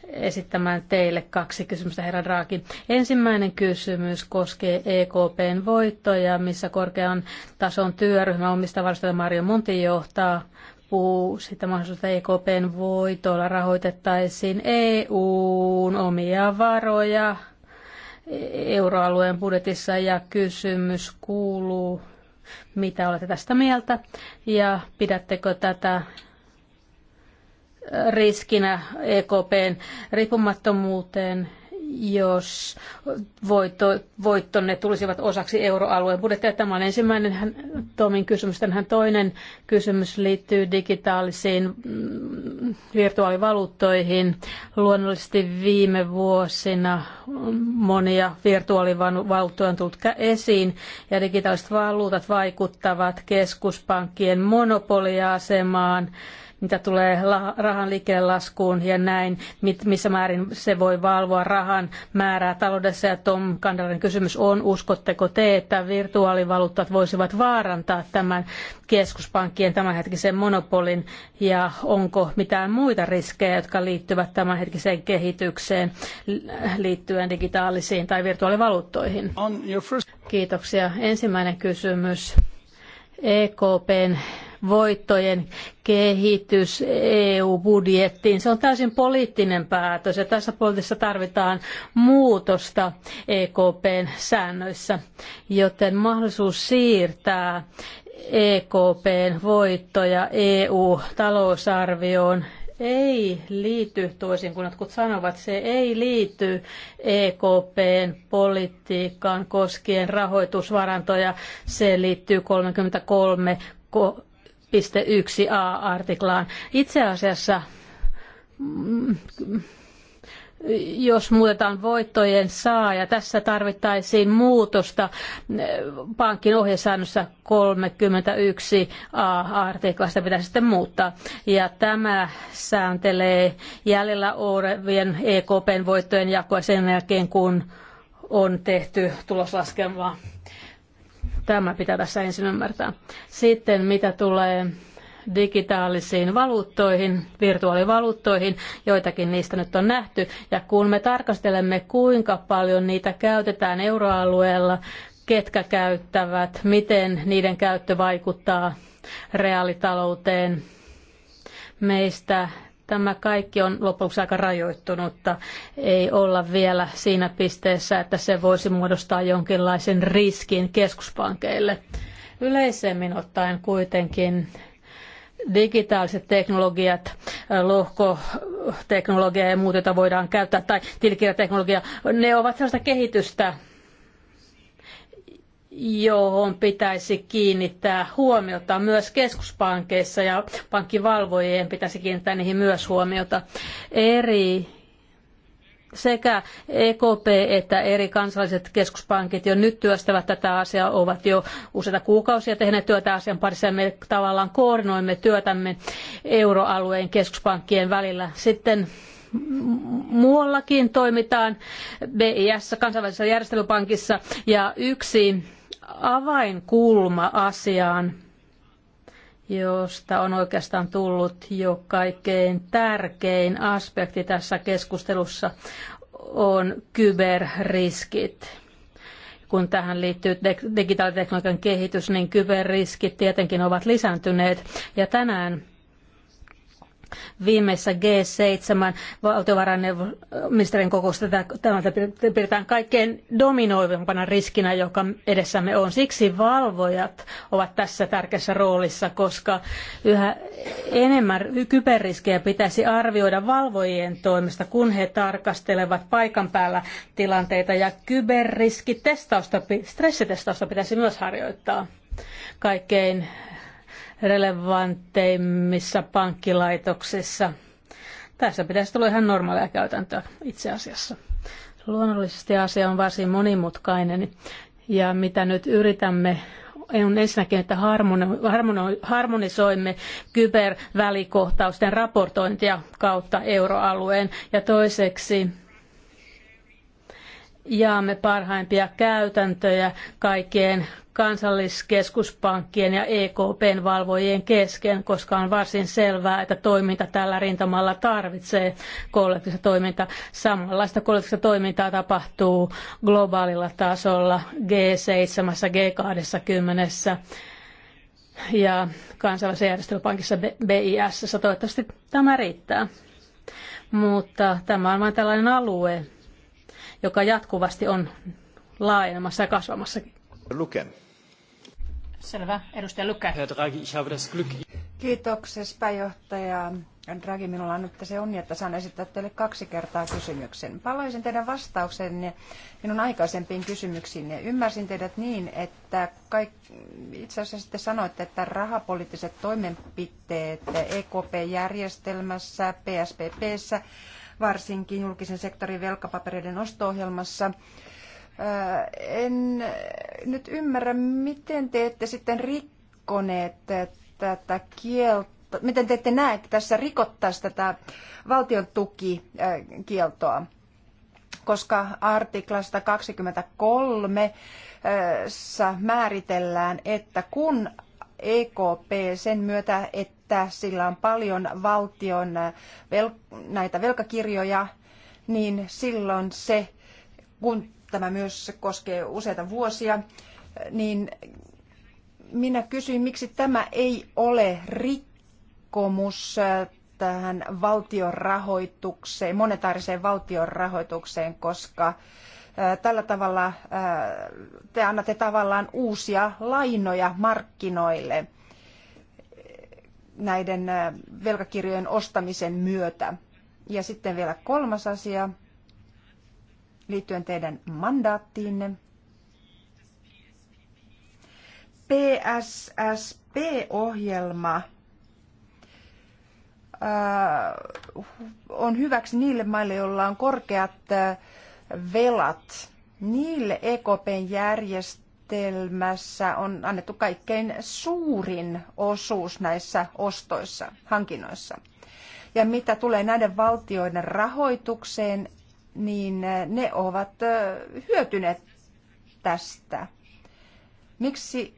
esittämään teille kaksi kysymystä, herra Draaki. Ensimmäinen kysymys koskee EKPn voittoja, missä korkean tason työryhmä omista varoista Mario Monti johtaa puhuu sitä mahdollisuutta EKPn e voitolla rahoitettaisiin EUn omia varoja euroalueen budjetissa ja kysymys kuuluu, mitä olette tästä mieltä ja pidättekö tätä riskinä EKPn riippumattomuuteen jos voitto, voittonne tulisivat osaksi euroalueen budjettia. Tämä on ensimmäinen hän, Tomin kysymys. Tämän toinen kysymys liittyy digitaalisiin mm, virtuaalivaluuttoihin. Luonnollisesti viime vuosina monia virtuaalivaluuttoja on tullut esiin ja digitaaliset valuutat vaikuttavat keskuspankkien monopoliasemaan mitä tulee rahan liikkeelle laskuun ja näin, missä määrin se voi valvoa rahan määrää taloudessa. Ja Tom Kandarin kysymys on, uskotteko te, että virtuaalivaluuttat voisivat vaarantaa tämän keskuspankkien tämänhetkisen monopolin ja onko mitään muita riskejä, jotka liittyvät tämänhetkiseen kehitykseen liittyen digitaalisiin tai virtuaalivaluuttoihin? Kiitoksia. Ensimmäinen kysymys. EKPn voittojen kehitys EU-budjettiin. Se on täysin poliittinen päätös ja tässä poliittisessa tarvitaan muutosta EKPn säännöissä, joten mahdollisuus siirtää EKPn voittoja EU-talousarvioon ei liity, toisin kuin jotkut sanovat, se ei liity EKPn politiikkaan koskien rahoitusvarantoja. Se liittyy 33 1a-artiklaan. Itse asiassa mm, jos muutetaan voittojen saaja, tässä tarvittaisiin muutosta mm, pankin ohjesäännössä 31 artiklasta pitäisi sitten muuttaa. Ja tämä sääntelee jäljellä olevien EKPn voittojen jakoa sen jälkeen, kun on tehty tuloslaskelmaa. Tämä pitää tässä ensin ymmärtää. Sitten mitä tulee digitaalisiin valuuttoihin, virtuaalivaluuttoihin, joitakin niistä nyt on nähty. Ja kun me tarkastelemme, kuinka paljon niitä käytetään euroalueella, ketkä käyttävät, miten niiden käyttö vaikuttaa reaalitalouteen, meistä tämä kaikki on lopuksi aika rajoittunutta. Ei olla vielä siinä pisteessä, että se voisi muodostaa jonkinlaisen riskin keskuspankeille. Yleisemmin ottaen kuitenkin digitaaliset teknologiat, lohkoteknologia ja muut, joita voidaan käyttää, tai tilikirjateknologia, ne ovat sellaista kehitystä, johon pitäisi kiinnittää huomiota myös keskuspankeissa ja pankkivalvojien pitäisi kiinnittää niihin myös huomiota. Eri sekä EKP että eri kansalliset keskuspankit jo nyt työstävät tätä asiaa, ovat jo useita kuukausia tehneet työtä asian parissa ja me tavallaan koordinoimme työtämme euroalueen keskuspankkien välillä. Sitten muuallakin toimitaan BIS, kansainvälisessä järjestelypankissa, ja yksi avainkulma asiaan, josta on oikeastaan tullut jo kaikkein tärkein aspekti tässä keskustelussa, on kyberriskit kun tähän liittyy digitaaliteknologian kehitys, niin kyberriskit tietenkin ovat lisääntyneet. Ja tänään viimeisessä G7 valtiovarainministerin kokousta tämä pidetään kaikkein dominoivimpana riskinä, joka edessämme on. Siksi valvojat ovat tässä tärkeässä roolissa, koska yhä enemmän kyberriskejä pitäisi arvioida valvojien toimesta, kun he tarkastelevat paikan päällä tilanteita ja kyberriskitestausta, stressitestausta pitäisi myös harjoittaa kaikkein relevanteimmissa pankkilaitoksissa. Tässä pitäisi tulla ihan normaalia käytäntöä itse asiassa. Luonnollisesti asia on varsin monimutkainen ja mitä nyt yritämme on ensinnäkin, että harmonisoimme kybervälikohtausten raportointia kautta euroalueen ja toiseksi jaamme parhaimpia käytäntöjä kaikkien kansalliskeskuspankkien ja EKPn valvojien kesken, koska on varsin selvää, että toiminta tällä rintamalla tarvitsee kollektiivista toimintaa. Samanlaista kollektiivista toimintaa tapahtuu globaalilla tasolla G7, G20 ja kansainvälisessä järjestelypankissa BIS. Toivottavasti tämä riittää. Mutta tämä on vain tällainen alue, joka jatkuvasti on laajenemassa ja kasvamassa. Luken. Selvä. Edustaja Herr Draghi, ich habe das Glück. pääjohtaja Draghi. Minulla on nyt se onni, että saan esittää teille kaksi kertaa kysymyksen. Palaisin teidän vastauksenne minun aikaisempiin kysymyksiin. Ymmärsin teidät niin, että kaik... itse asiassa sitten sanoitte, että rahapoliittiset toimenpiteet EKP-järjestelmässä, PSPPssä, varsinkin julkisen sektorin velkapapereiden osto-ohjelmassa, en nyt ymmärrä, miten te ette sitten rikkoneet tätä kieltoa, miten te ette näe, että tässä rikottaisi tätä valtion tukikieltoa, koska artiklasta 23 määritellään, että kun EKP sen myötä, että sillä on paljon valtion vel, näitä velkakirjoja, niin silloin se, kun tämä myös koskee useita vuosia, niin minä kysyin, miksi tämä ei ole rikkomus tähän valtion monetaariseen valtion koska tällä tavalla te annatte tavallaan uusia lainoja markkinoille näiden velkakirjojen ostamisen myötä. Ja sitten vielä kolmas asia, liittyen teidän mandaattiinne. PSSP-ohjelma äh, on hyväksi niille maille, joilla on korkeat äh, velat. Niille EKPn järjestelmässä on annettu kaikkein suurin osuus näissä ostoissa, hankinnoissa. Ja mitä tulee näiden valtioiden rahoitukseen, niin eh, ne ovat eh, hyötyneet tästä. Miksi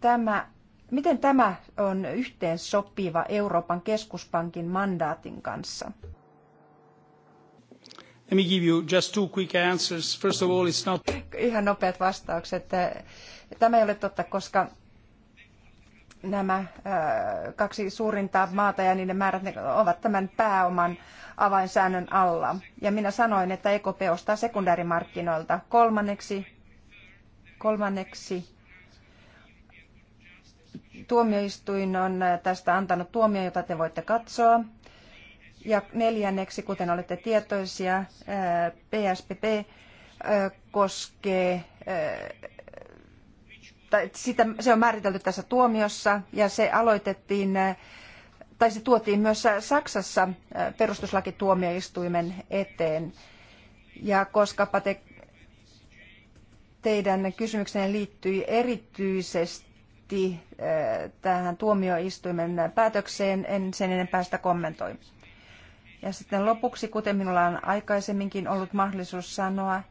tämä, miten tämä on yhteen sopiva Euroopan keskuspankin mandaatin kanssa? Let me give you just two quick answers. First of all, it's not... Ihan nopeat vastaukset. Tämä ei ole totta, koska nämä äh, kaksi suurinta maata ja niiden määrät ovat tämän pääoman avainsäännön alla. Ja minä sanoin, että EKP ostaa sekundäärimarkkinoilta. Kolmanneksi, kolmanneksi tuomioistuin on tästä antanut tuomion, jota te voitte katsoa. Ja neljänneksi, kuten olette tietoisia, PSPP äh, äh, koskee sitä, se on määritelty tässä tuomiossa ja se aloitettiin eh, tai se tuotiin myös Saksassa eh, perustuslakituomioistuimen eteen. Ja koska te, teidän kysymykseen liittyi erityisesti eh, tähän tuomioistuimen päätökseen, en sen enempää sitä kommentoi. Ja sitten lopuksi, kuten minulla on aikaisemminkin ollut mahdollisuus sanoa,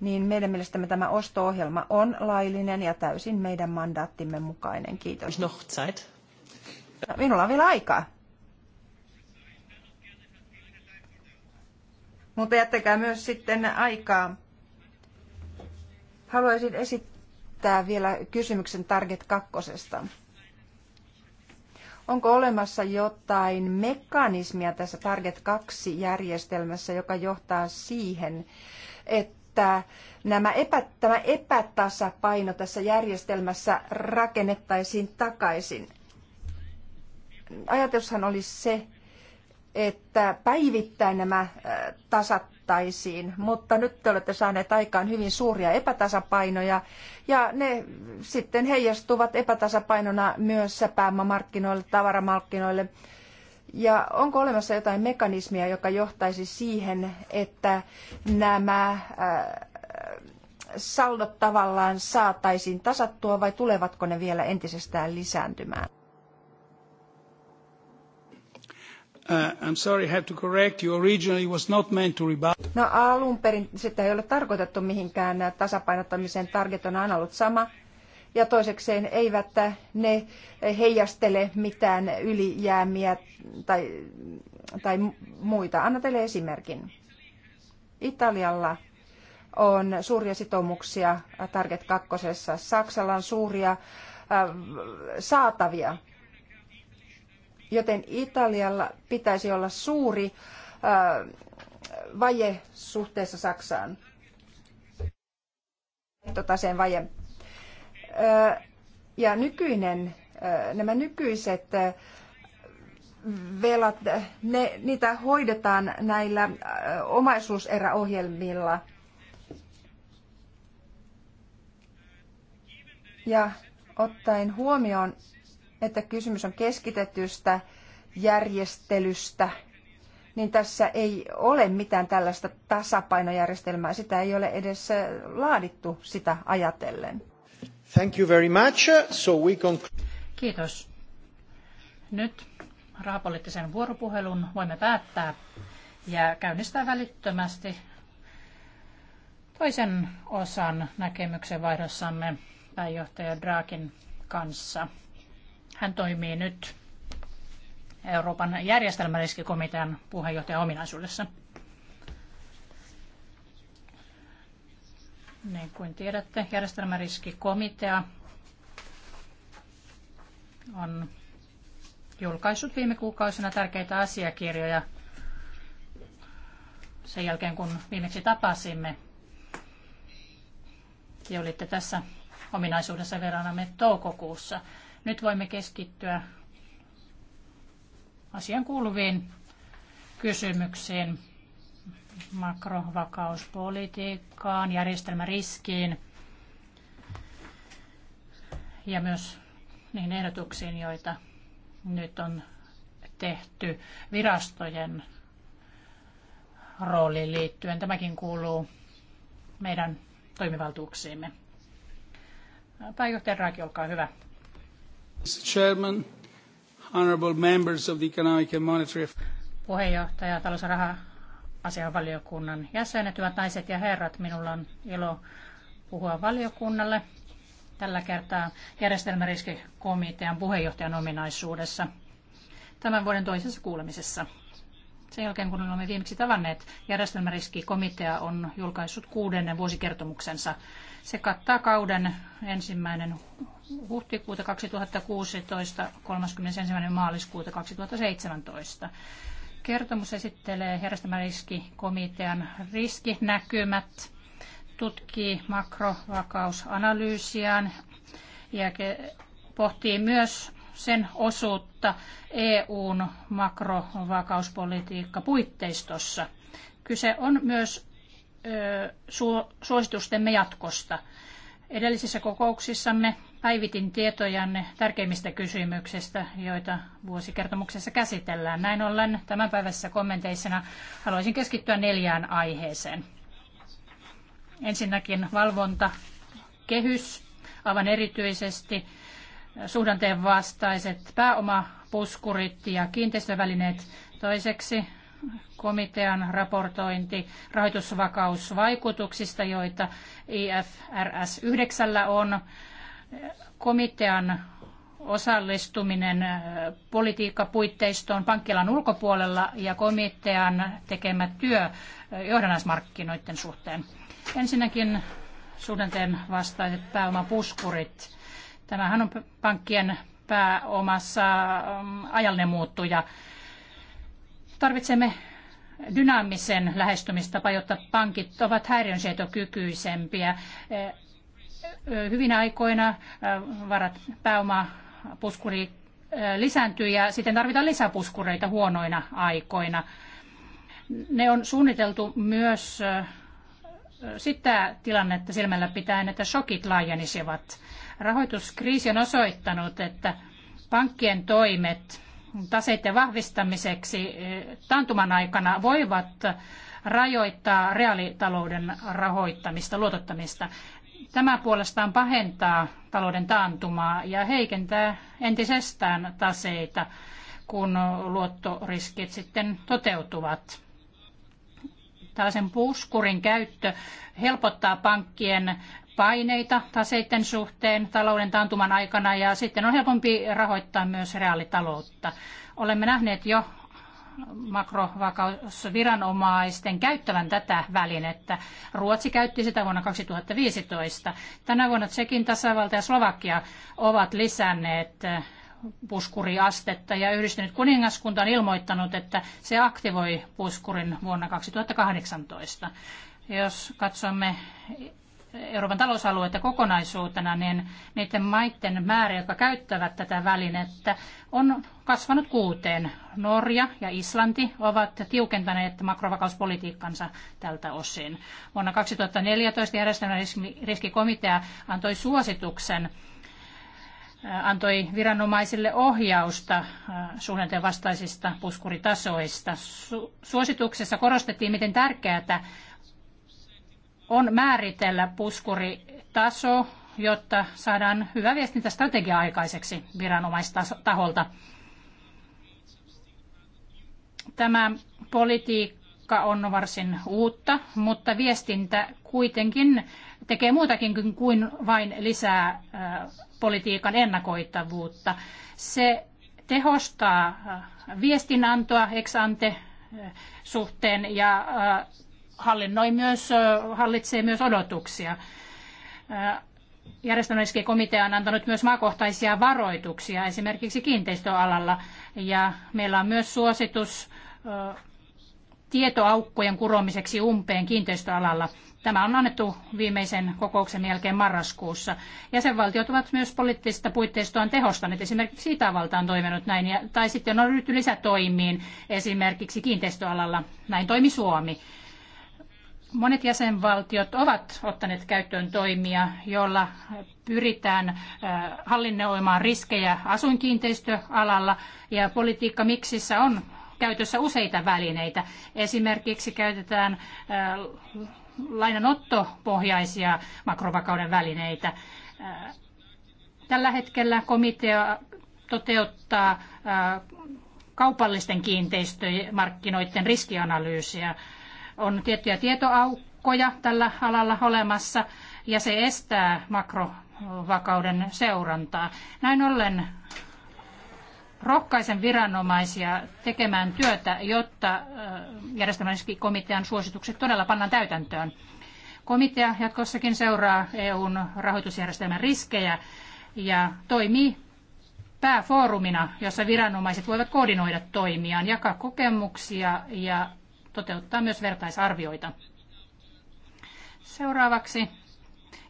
niin meidän mielestämme tämä osto-ohjelma on laillinen ja täysin meidän mandaattimme mukainen. Kiitos. Noch Zeit. No, minulla on vielä aikaa. Mutta jättäkää myös sitten aikaa. Haluaisin esittää vielä kysymyksen Target 2. Onko olemassa jotain mekanismia tässä Target 2-järjestelmässä, joka johtaa siihen, että että nämä epä, tämä epätasapaino tässä järjestelmässä rakennettaisiin takaisin. Ajatushan oli se, että päivittäin nämä äh, tasattaisiin, mutta nyt te olette saaneet aikaan hyvin suuria epätasapainoja ja ne sitten heijastuvat epätasapainona myös pääomamarkkinoille, tavaramarkkinoille, ja onko olemassa jotain mekanismia, joka johtaisi siihen, että nämä äh, saldot tavallaan saataisiin tasattua vai tulevatko ne vielä entisestään lisääntymään? Uh, I'm sorry, I have to correct you. Originally was not meant to rebound. No alun perin sitä ei ole tarkoitettu mihinkään äh, tasapainottamisen Target on aina ollut sama ja toisekseen eivät ne heijastele mitään ylijäämiä tai, tai muita. Anna teille esimerkin. Italialla on suuria sitoumuksia Target 2. Saksalla on suuria äh, saatavia, joten Italialla pitäisi olla suuri äh, vaje suhteessa Saksaan. sen vaje. Ja nykyinen, nämä nykyiset velat, ne, niitä hoidetaan näillä omaisuuseräohjelmilla. Ja ottaen huomioon, että kysymys on keskitetystä järjestelystä, niin tässä ei ole mitään tällaista tasapainojärjestelmää. Sitä ei ole edes laadittu sitä ajatellen. Kiitos. Nyt rahapoliittisen vuoropuhelun voimme päättää ja käynnistää välittömästi toisen osan näkemyksen vaihdossamme pääjohtaja Draakin kanssa. Hän toimii nyt Euroopan järjestelmäriskikomitean puheenjohtajan ominaisuudessa. Niin kuin tiedätte, järjestelmäriskikomitea on julkaissut viime kuukausina tärkeitä asiakirjoja sen jälkeen, kun viimeksi tapasimme. Te olitte tässä ominaisuudessa verranamme toukokuussa. Nyt voimme keskittyä asian kuuluviin kysymyksiin makrovakauspolitiikkaan, järjestelmäriskiin ja myös niihin ehdotuksiin, joita nyt on tehty virastojen rooliin liittyen. Tämäkin kuuluu meidän toimivaltuuksiimme. Pääjohtaja Raaki, olkaa hyvä. Mr. Chairman, honorable members of the Economic and Monetary Puheenjohtaja, talous- ja raha- asianvaliokunnan jäsenet, hyvät naiset ja herrat. Minulla on ilo puhua valiokunnalle tällä kertaa järjestelmäriskikomitean puheenjohtajan ominaisuudessa tämän vuoden toisessa kuulemisessa. Sen jälkeen, kun olemme viimeksi tavanneet, järjestelmäriskikomitea on julkaissut kuudennen vuosikertomuksensa. Se kattaa kauden ensimmäinen huhtikuuta 2016, 31. maaliskuuta 2017. Kertomus esittelee järjestelmäriskikomitean riskinäkymät, tutkii makrovakausanalyysiään ja pohtii myös sen osuutta EUn makrovakauspolitiikka puitteistossa. Kyse on myös suositustemme jatkosta. Edellisissä kokouksissamme päivitin tietojanne tärkeimmistä kysymyksistä, joita vuosikertomuksessa käsitellään. Näin ollen tämän päivässä kommenteissana haluaisin keskittyä neljään aiheeseen. Ensinnäkin valvonta, kehys, aivan erityisesti suhdanteen vastaiset pääomapuskurit ja kiinteistövälineet. Toiseksi komitean raportointi rahoitusvakausvaikutuksista, joita IFRS 9 on komitean osallistuminen äh, politiikkapuitteistoon pankkilan ulkopuolella ja komitean tekemä työ äh, johdannaismarkkinoiden suhteen. Ensinnäkin suhdanteen vastaiset pääomapuskurit. Tämähän on pankkien pääomassa mm, ajallinen muuttuja. Tarvitsemme dynaamisen lähestymistapa, jotta pankit ovat häiriönsietokykyisempiä äh, hyvinä aikoina varat pääoma puskuri lisääntyy ja sitten tarvitaan lisäpuskureita huonoina aikoina. Ne on suunniteltu myös sitä tilannetta silmällä pitäen, että shokit laajenisivat. Rahoituskriisi on osoittanut, että pankkien toimet taseiden vahvistamiseksi taantuman aikana voivat rajoittaa reaalitalouden rahoittamista, luotottamista. Tämä puolestaan pahentaa talouden taantumaa ja heikentää entisestään taseita, kun luottoriskit sitten toteutuvat. Tällaisen puskurin käyttö helpottaa pankkien paineita taseiden suhteen talouden taantuman aikana ja sitten on helpompi rahoittaa myös reaalitaloutta. Olemme nähneet jo makrovakausviranomaisten käyttävän tätä välinettä. Ruotsi käytti sitä vuonna 2015. Tänä vuonna Tsekin tasavalta ja Slovakia ovat lisänneet eh, puskuriastetta ja yhdistynyt kuningaskunta on ilmoittanut, että se aktivoi puskurin vuonna 2018. Jos katsomme Euroopan talousalueita kokonaisuutena, niin niiden maiden määrä, jotka käyttävät tätä välinettä, on kasvanut kuuteen. Norja ja Islanti ovat tiukentaneet makrovakauspolitiikkansa tältä osin. Vuonna 2014 järjestelmän riskikomitea antoi suosituksen antoi viranomaisille ohjausta suhdanteen vastaisista puskuritasoista. Suosituksessa korostettiin, miten tärkeää on määritellä puskuritaso, jotta saadaan hyvä viestintästrategia aikaiseksi viranomaistaholta. Tämä politiikka on varsin uutta, mutta viestintä kuitenkin tekee muutakin kuin vain lisää politiikan ennakoitavuutta. Se tehostaa viestinantoa ex ante suhteen ja hallinnoi myös, hallitsee myös odotuksia. Järjestelmällisesti komitea on antanut myös maakohtaisia varoituksia esimerkiksi kiinteistöalalla ja meillä on myös suositus tietoaukkojen kuromiseksi umpeen kiinteistöalalla. Tämä on annettu viimeisen kokouksen jälkeen marraskuussa. Jäsenvaltiot ovat myös poliittista puitteistoaan tehostaneet. Esimerkiksi Itävalta on toiminut näin, ja, tai sitten on ryhty lisätoimiin esimerkiksi kiinteistöalalla. Näin toimi Suomi. Monet jäsenvaltiot ovat ottaneet käyttöön toimia, joilla pyritään äh, hallinnoimaan riskejä asuinkiinteistöalalla ja politiikka miksissä on käytössä useita välineitä. Esimerkiksi käytetään äh, lainanottopohjaisia makrovakauden välineitä. Äh, tällä hetkellä komitea toteuttaa kaupallisten kiinteistömarkkinoiden riskianalyysiä on tiettyjä tietoaukkoja tällä alalla olemassa ja se estää makrovakauden seurantaa. Näin ollen rohkaisen viranomaisia tekemään työtä, jotta järjestelmäkomitean suositukset todella pannaan täytäntöön. Komitea jatkossakin seuraa EUn rahoitusjärjestelmän riskejä ja toimii pääfoorumina, jossa viranomaiset voivat koordinoida toimiaan, jakaa kokemuksia ja toteuttaa myös vertaisarvioita. Seuraavaksi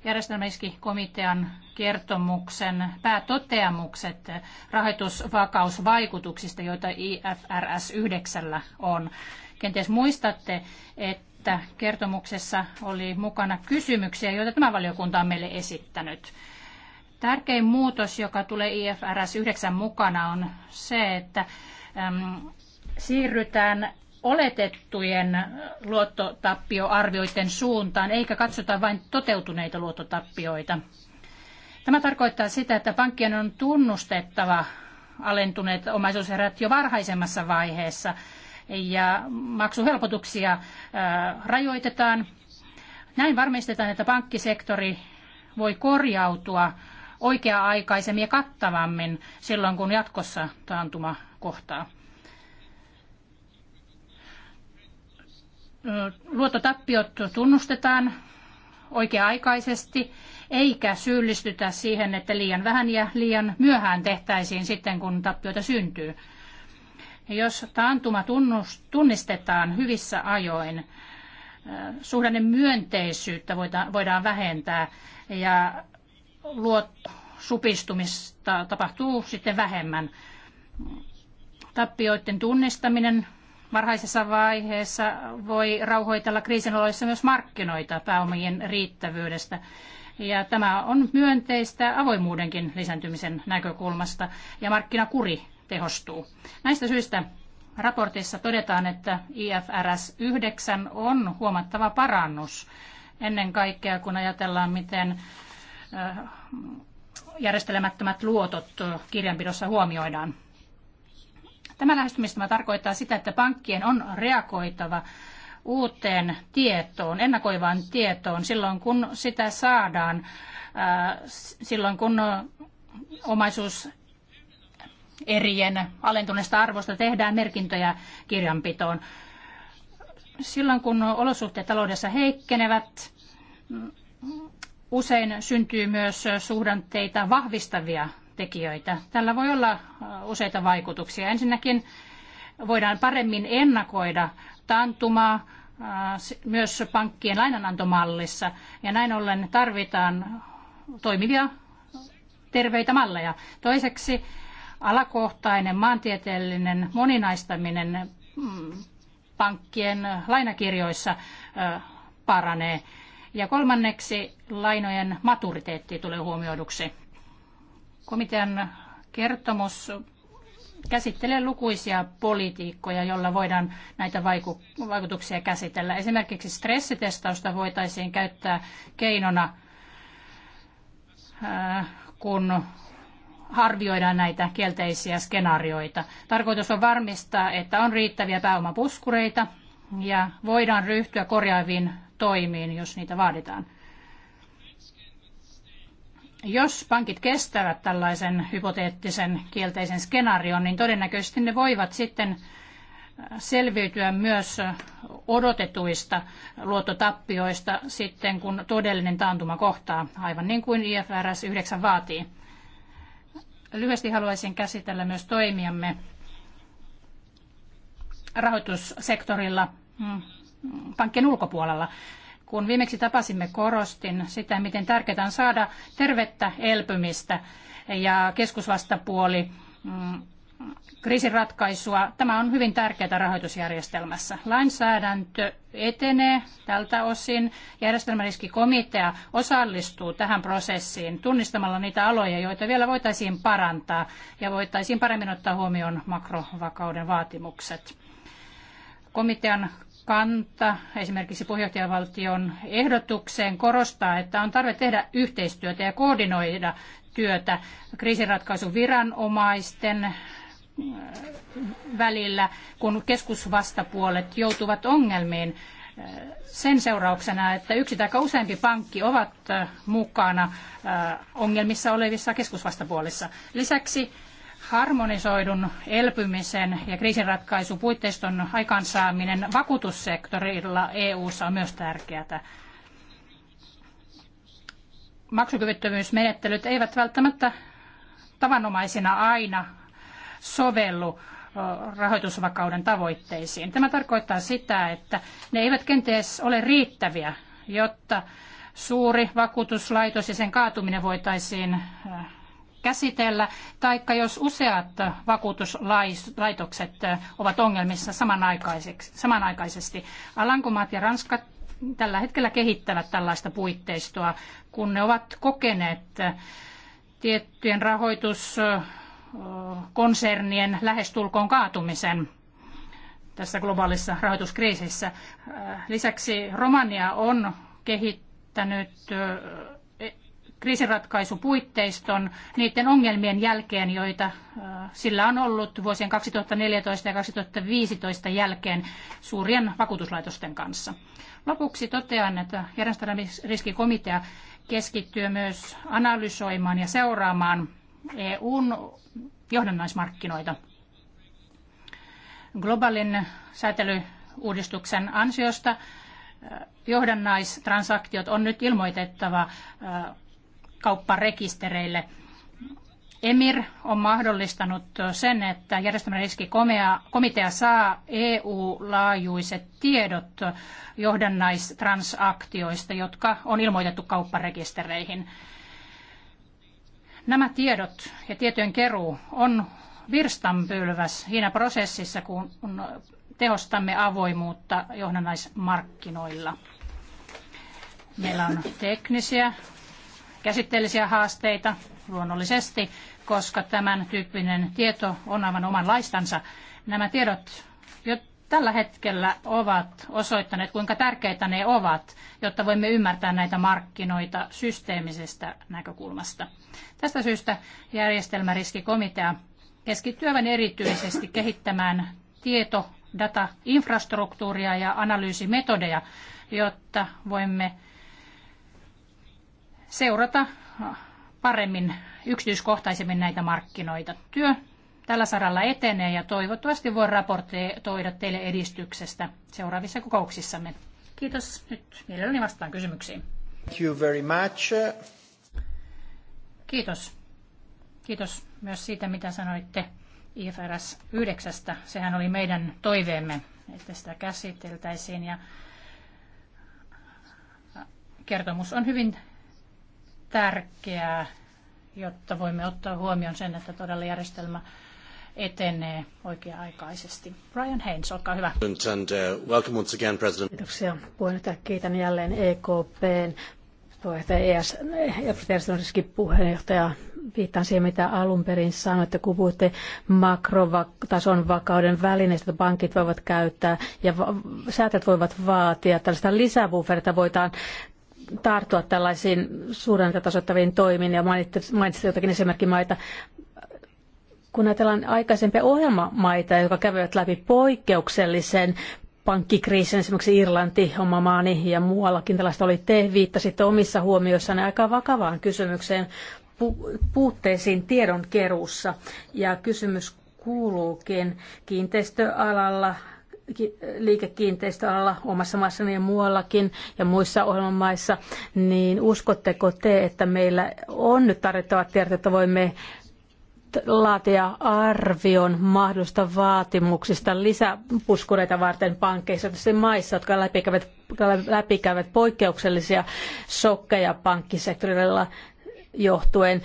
järjestelmäiskikomitean kertomuksen päätoteamukset rahoitusvakausvaikutuksista, joita IFRS 9 on. Kenties muistatte, että kertomuksessa oli mukana kysymyksiä, joita tämä valiokunta on meille esittänyt. Tärkein muutos, joka tulee IFRS 9 mukana, on se, että siirrytään oletettujen luottotappioarvioiden suuntaan, eikä katsota vain toteutuneita luottotappioita. Tämä tarkoittaa sitä, että pankkien on tunnustettava alentuneet omaisuuserät jo varhaisemmassa vaiheessa ja maksuhelpotuksia äh, rajoitetaan. Näin varmistetaan, että pankkisektori voi korjautua oikea-aikaisemmin ja kattavammin silloin, kun jatkossa taantuma kohtaa. luottotappiot tunnustetaan oikea-aikaisesti, eikä syyllistytä siihen, että liian vähän ja liian myöhään tehtäisiin sitten, kun tappioita syntyy. Jos taantuma tunnistetaan hyvissä ajoin, suhdanne myönteisyyttä voidaan vähentää ja luot supistumista tapahtuu sitten vähemmän. Tappioiden tunnistaminen varhaisessa vaiheessa voi rauhoitella kriisinoloissa myös markkinoita pääomien riittävyydestä. Ja tämä on myönteistä avoimuudenkin lisääntymisen näkökulmasta ja markkinakuri tehostuu. Näistä syistä raportissa todetaan, että IFRS 9 on huomattava parannus ennen kaikkea, kun ajatellaan, miten järjestelemättömät luotot kirjanpidossa huomioidaan. Tämä lähestymistapa tarkoittaa sitä, että pankkien on reagoitava uuteen tietoon, ennakoivaan tietoon silloin, kun sitä saadaan, äh, silloin kun äh, omaisuus erien alentuneesta arvosta tehdään merkintöjä kirjanpitoon. Silloin kun olosuhteet taloudessa heikkenevät, mm, usein syntyy myös suhdanteita vahvistavia tekijöitä. Tällä voi olla äh, useita vaikutuksia. Ensinnäkin voidaan paremmin ennakoida taantumaa äh, myös pankkien lainanantomallissa. Ja näin ollen tarvitaan toimivia terveitä malleja. Toiseksi alakohtainen maantieteellinen moninaistaminen mm, pankkien lainakirjoissa äh, paranee. Ja kolmanneksi lainojen maturiteetti tulee huomioiduksi. Komitean kertomus käsittelee lukuisia politiikkoja, joilla voidaan näitä vaikutuksia käsitellä. Esimerkiksi stressitestausta voitaisiin käyttää keinona, äh, kun arvioidaan näitä kielteisiä skenaarioita. Tarkoitus on varmistaa, että on riittäviä pääomapuskureita ja voidaan ryhtyä korjaaviin toimiin, jos niitä vaaditaan. Jos pankit kestävät tällaisen hypoteettisen kielteisen skenaarion, niin todennäköisesti ne voivat sitten äh, selviytyä myös äh, odotetuista luottotappioista sitten, kun todellinen taantuma kohtaa, aivan niin kuin IFRS 9 vaatii. Lyhyesti haluaisin käsitellä myös toimiamme rahoitussektorilla mm, pankkien ulkopuolella. Kun viimeksi tapasimme, korostin sitä, miten tärkeää on saada tervettä elpymistä ja keskusvastapuoli mm, kriisiratkaisua. Tämä on hyvin tärkeää rahoitusjärjestelmässä. Lainsäädäntö etenee tältä osin. Järjestelmäriskikomitea osallistuu tähän prosessiin tunnistamalla niitä aloja, joita vielä voitaisiin parantaa ja voitaisiin paremmin ottaa huomioon makrovakauden vaatimukset. Komitean kanta esimerkiksi puheenjohtajavaltion ehdotukseen korostaa, että on tarve tehdä yhteistyötä ja koordinoida työtä kriisinratkaisuviranomaisten äh, välillä, kun keskusvastapuolet joutuvat ongelmiin äh, sen seurauksena, että yksi tai useampi pankki ovat äh, mukana ongelmissa olevissa keskusvastapuolissa. Lisäksi harmonisoidun elpymisen ja kriisinratkaisupuitteiston aikaansaaminen vakuutussektorilla EU:ssa on myös tärkeää. Maksukyvyttömyysmenettelyt eivät välttämättä tavanomaisina aina sovellu rahoitusvakauden tavoitteisiin. Tämä tarkoittaa sitä, että ne eivät kenties ole riittäviä, jotta suuri vakuutuslaitos ja sen kaatuminen voitaisiin käsitellä, taikka jos useat vakuutuslaitokset ovat ongelmissa samanaikaisesti. Alankomaat ja Ranska tällä hetkellä kehittävät tällaista puitteistoa, kun ne ovat kokeneet tiettyjen rahoituskonsernien lähestulkoon kaatumisen tässä globaalissa rahoituskriisissä. Lisäksi Romania on kehittänyt kriisiratkaisupuitteiston niiden ongelmien jälkeen, joita äh, sillä on ollut vuosien 2014 ja 2015 jälkeen suurien vakuutuslaitosten kanssa. Lopuksi totean, että järjestelmäriskikomitea keskittyy myös analysoimaan ja seuraamaan EUn johdannaismarkkinoita. Globaalin säätelyuudistuksen ansiosta äh, johdannaistransaktiot on nyt ilmoitettava äh, kaupparekistereille. Emir on mahdollistanut sen, että järjestelmän riskikomitea saa EU-laajuiset tiedot johdannaistransaktioista, jotka on ilmoitettu kaupparekistereihin. Nämä tiedot ja tietojen keruu on virstanpylväs siinä prosessissa, kun tehostamme avoimuutta johdannaismarkkinoilla. Meillä on teknisiä käsitteellisiä haasteita luonnollisesti, koska tämän tyyppinen tieto on aivan omanlaistansa. Nämä tiedot jo tällä hetkellä ovat osoittaneet, kuinka tärkeitä ne ovat, jotta voimme ymmärtää näitä markkinoita systeemisestä näkökulmasta. Tästä syystä järjestelmäriskikomitea keskittyy aivan erityisesti kehittämään tieto, data, infrastruktuuria ja analyysimetodeja, jotta voimme seurata äh, paremmin yksityiskohtaisemmin näitä markkinoita. Työ tällä saralla etenee ja toivottavasti voi raportoida teille edistyksestä seuraavissa kokouksissamme. Kiitos. Nyt mielelläni vastaan kysymyksiin. Thank you very much. Kiitos. Kiitos myös siitä, mitä sanoitte IFRS 9. Sehän oli meidän toiveemme, että sitä käsiteltäisiin. Ja kertomus on hyvin tärkeää, jotta voimme ottaa huomioon sen, että todella järjestelmä etenee oikea-aikaisesti. Brian Haynes, olkaa hyvä. And, uh, welcome once again, President. Kiitoksia puheenjohtaja. Kiitän jälleen EKPn puheenjohtaja e e ES, puheenjohtaja. Viittaan siihen, mitä alun perin sanoitte, kun puhutte makrotason vakauden välineistä, että pankit voivat käyttää ja säätöt voivat vaatia. Tällaista lisäbufferta voidaan tarttua tällaisiin suhdannetasoittaviin toimiin ja mainitsitte jotakin esimerkkimaita. Kun ajatellaan aikaisempia ohjelmamaita, jotka kävivät läpi poikkeuksellisen pankkikriisin, esimerkiksi Irlanti, oma maani ja muuallakin tällaista oli, te viittasitte omissa huomioissanne aika vakavaan kysymykseen puutteisiin tiedonkeruussa. Ja kysymys kuuluukin kiinteistöalalla, liikekiinteistöalalla omassa maassani ja muuallakin ja muissa ohjelmamaissa, niin uskotteko te, että meillä on nyt tarjottavat tiedot, että voimme laatia arvion mahdollista vaatimuksista lisäpuskureita varten pankkeissa tässä maissa, jotka läpikävät, läpikävät poikkeuksellisia sokkeja pankkisektorilla johtuen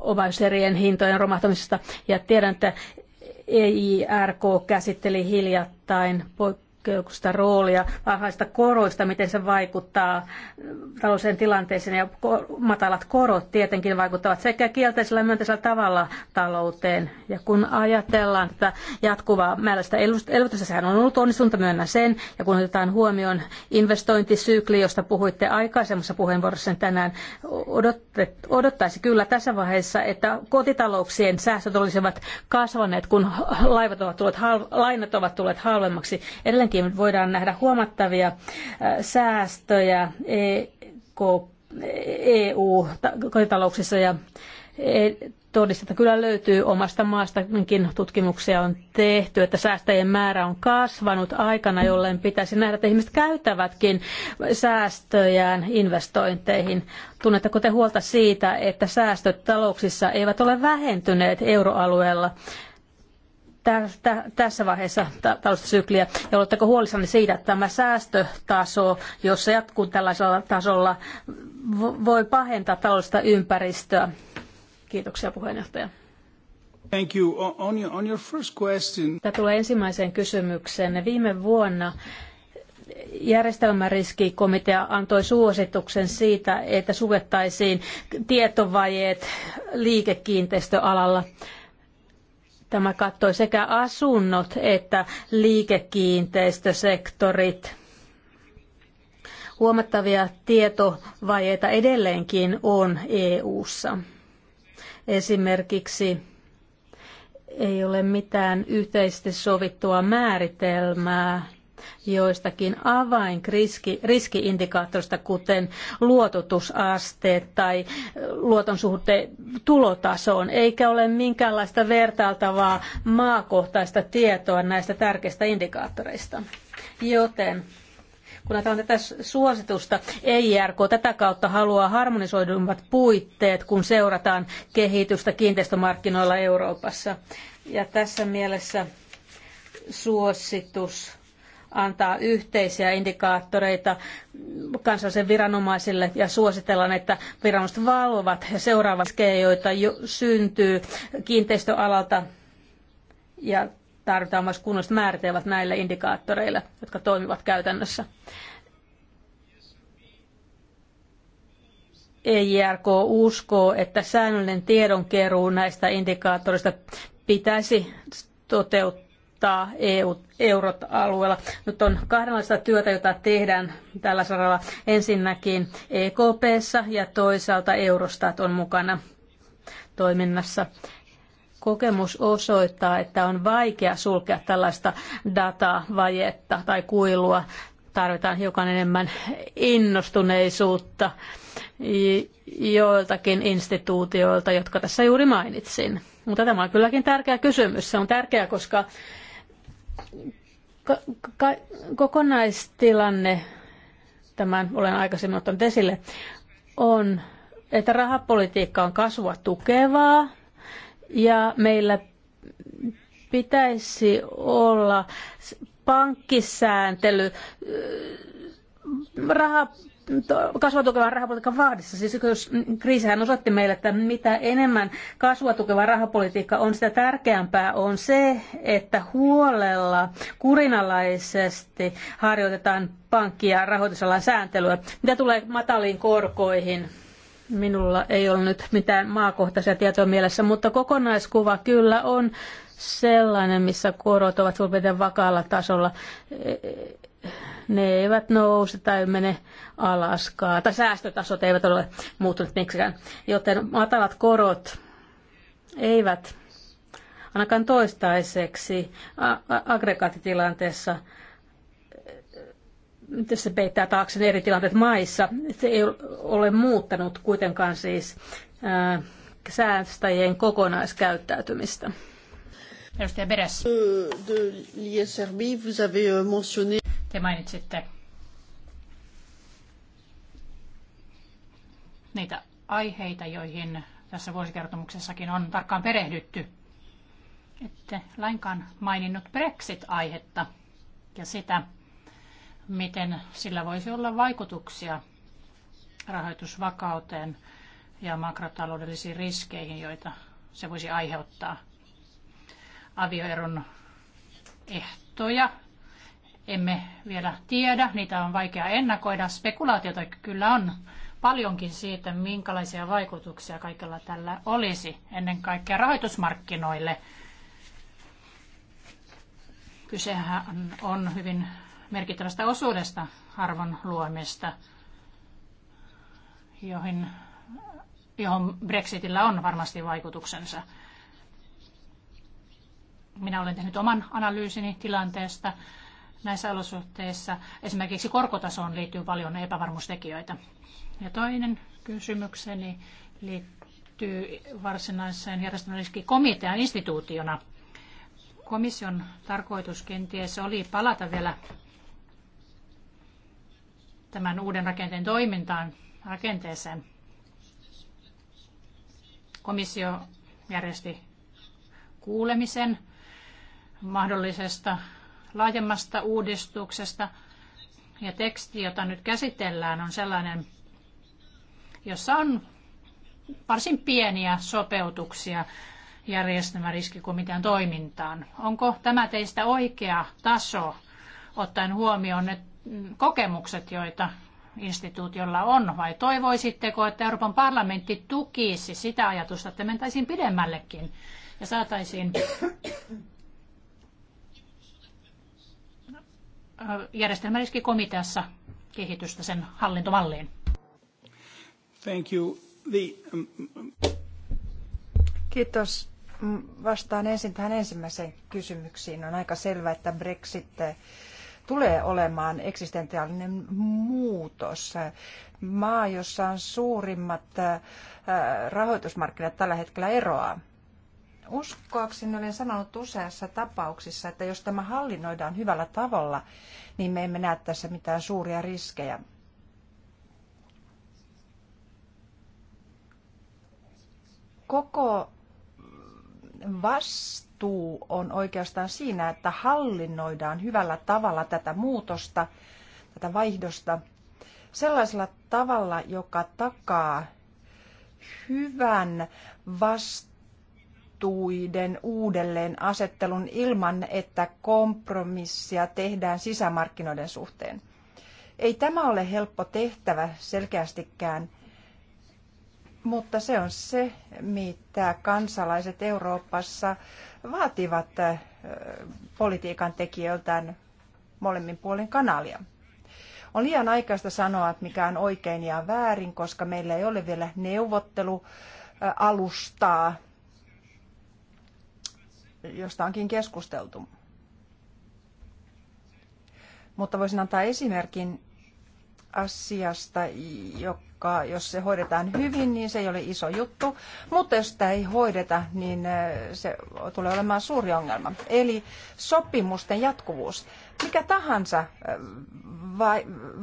omaisuuserien hintojen romahtamisesta. Ja tiedän, että EIRK käsitteli hiljattain köykusta roolia, varhaisista koroista, miten se vaikuttaa taloudelliseen tilanteeseen ja matalat korot tietenkin vaikuttavat sekä kielteisellä että myönteisellä tavalla talouteen. Ja kun ajatellaan tätä jatkuvaa määrästä elvytystä, sehän on ollut onnistunut, myönnä sen, ja kun otetaan huomioon investointisykli, josta puhuitte aikaisemmassa puheenvuorossa tänään, odottaisi kyllä tässä vaiheessa, että kotitalouksien säästöt olisivat kasvaneet, kun laivat ovat tulleet, lainat ovat tulleet halvemmaksi. Edelleen Kuitenkin voidaan nähdä huomattavia äh, säästöjä EU-kotitalouksissa e ja e, todistetta kyllä löytyy omasta maastakin tutkimuksia on tehty, että säästäjien määrä on kasvanut aikana, jolloin pitäisi nähdä, että ihmiset käytävätkin säästöjään investointeihin. Tunnetteko te huolta siitä, että säästöt talouksissa eivät ole vähentyneet euroalueella? tässä vaiheessa tällaista sykliä, ja oletteko huolissanne siitä, että tämä säästötaso, jos se jatkuu tällaisella tasolla, voi pahentaa taloudellista ympäristöä? Kiitoksia puheenjohtaja. Thank you. On your, on your first question. Tämä tulee ensimmäiseen kysymykseen. Niin viime vuonna järjestelmäriskikomitea antoi suosituksen siitä, että suvettaisiin tietovajeet liikekiinteistöalalla. Tämä kattoi sekä asunnot että liikekiinteistösektorit. Huomattavia tietovajeita edelleenkin on EU:ssa. Esimerkiksi ei ole mitään yhteisesti sovittua määritelmää joistakin riski, riskiindikaattorista, kuten luototusasteet tai eh, luoton suhde tulotasoon, eikä ole minkäänlaista vertailtavaa maakohtaista tietoa näistä tärkeistä indikaattoreista. Joten kun ajatellaan tätä suositusta, EIRK tätä kautta haluaa harmonisoidummat puitteet, kun seurataan kehitystä kiinteistömarkkinoilla Euroopassa. Ja tässä mielessä suositus antaa yhteisiä indikaattoreita kansallisen viranomaisille ja suositellaan, että viranomaiset valvovat ja seuraavat riskejä, joita jo syntyy kiinteistöalalta ja tarvitaan myös kunnolliset määritelmät näille indikaattoreille, jotka toimivat käytännössä. EJRK uskoo, että säännöllinen tiedonkeruu näistä indikaattoreista pitäisi toteuttaa voittaa EU, eurot alueella. Nyt on kahdenlaista työtä, jota tehdään tällä saralla. Ensinnäkin EKPssä ja toisaalta Eurostat on mukana toiminnassa. Kokemus osoittaa, että on vaikea sulkea tällaista datavajetta tai kuilua. Tarvitaan hiukan enemmän innostuneisuutta joiltakin instituutioilta, jotka tässä juuri mainitsin. Mutta tämä on kylläkin tärkeä kysymys. Se on tärkeä, koska kokonaistilanne, tämän olen aikaisemmin ottanut esille, on, että rahapolitiikka on kasvua tukevaa ja meillä pitäisi olla pankkisääntely, raha, kasvua tukevan rahapolitiikan vahdissa. Siis jos kriisihän osoitti meille, että mitä enemmän kasvua tukeva rahapolitiikka on, sitä tärkeämpää on se, että huolella kurinalaisesti harjoitetaan pankki- ja rahoitusalan sääntelyä. Mitä tulee mataliin korkoihin, minulla ei ole nyt mitään maakohtaisia tietoja mielessä, mutta kokonaiskuva kyllä on sellainen, missä korot ovat suurin vakaalla tasolla ne eivät nouse tai mene alaskaan, tai säästötasot eivät ole muuttuneet miksikään. Joten matalat korot eivät ainakaan toistaiseksi aggregaattitilanteessa se peittää taakse eri tilanteet maissa. Se ei ole muuttanut kuitenkaan siis ää, säästäjien kokonaiskäyttäytymistä. Edustaja Beres. De te mainitsitte niitä aiheita, joihin tässä vuosikertomuksessakin on tarkkaan perehdytty. Ette lainkaan maininnut Brexit-aihetta ja sitä, miten sillä voisi olla vaikutuksia rahoitusvakauteen ja makrotaloudellisiin riskeihin, joita se voisi aiheuttaa. Avioeron ehtoja emme vielä tiedä, niitä on vaikea ennakoida. Spekulaatiota kyllä on paljonkin siitä, minkälaisia vaikutuksia kaikella tällä olisi, ennen kaikkea rahoitusmarkkinoille. Kysehän on hyvin merkittävästä osuudesta arvon luomista, joihin, johon Brexitillä on varmasti vaikutuksensa. Minä olen tehnyt oman analyysini tilanteesta näissä olosuhteissa esimerkiksi korkotasoon liittyy paljon epävarmuustekijöitä. Ja toinen kysymykseni liittyy varsinaiseen järjestelmäriskikomitean instituutiona. Komission tarkoitus kenties oli palata vielä tämän uuden rakenteen toimintaan, rakenteeseen. Komissio järjesti kuulemisen mahdollisesta laajemmasta uudistuksesta. Ja teksti, jota nyt käsitellään, on sellainen, jossa on varsin pieniä sopeutuksia järjestelmäriskikomitean toimintaan. Onko tämä teistä oikea taso, ottaen huomioon ne kokemukset, joita instituutiolla on, vai toivoisitteko, että Euroopan parlamentti tukisi sitä ajatusta, että mentäisiin pidemmällekin ja saataisiin järjestelmäriskikomiteassa kehitystä sen hallintomalliin. Thank you. The, um, Kiitos. Vastaan ensin tähän ensimmäiseen kysymyksiin. On aika selvää, että Brexit eh, tulee olemaan eksistentiaalinen muutos. Maa, jossa on suurimmat eh, eh, rahoitusmarkkinat tällä hetkellä eroaa. Uskoakseni niin olen sanonut useassa tapauksissa, että jos tämä hallinnoidaan hyvällä tavalla, niin me emme näe tässä mitään suuria riskejä. Koko vastuu on oikeastaan siinä, että hallinnoidaan hyvällä tavalla tätä muutosta, tätä vaihdosta sellaisella tavalla, joka takaa hyvän vastuun etuiden uudelleen asettelun ilman, että kompromissia tehdään sisämarkkinoiden suhteen. Ei tämä ole helppo tehtävä selkeästikään, mutta se on se, mitä kansalaiset Euroopassa vaativat politiikan tekijöiltään molemmin puolin kanalia. On liian aikaista sanoa, että mikä on oikein ja väärin, koska meillä ei ole vielä neuvottelu alustaa josta onkin keskusteltu. Mutta voisin antaa esimerkin asiasta, joka, jos se hoidetaan hyvin, niin se ei ole iso juttu. Mutta jos sitä ei hoideta, niin äh, se tulee olemaan suuri ongelma. Eli sopimusten jatkuvuus. Mikä tahansa äh,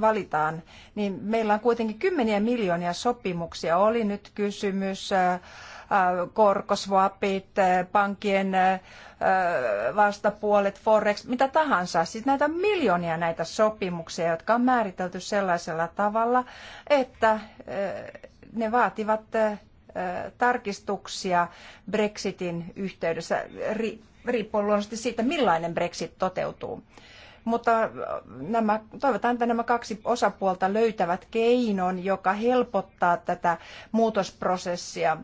valitaan, niin meillä on kuitenkin kymmeniä miljoonia sopimuksia. Oli nyt kysymys äh, korkoswapit, pankkien vastapuolet, forex, mitä tahansa. Siis näitä on miljoonia näitä sopimuksia, jotka on määritelty sellaisella tavalla, että ne vaativat tarkistuksia Brexitin yhteydessä, riippuen luonnollisesti siitä, millainen Brexit toteutuu. Mutta nämä, toivotaan, että nämä kaksi osapuolta löytävät keinon, joka helpottaa tätä muutosprosessia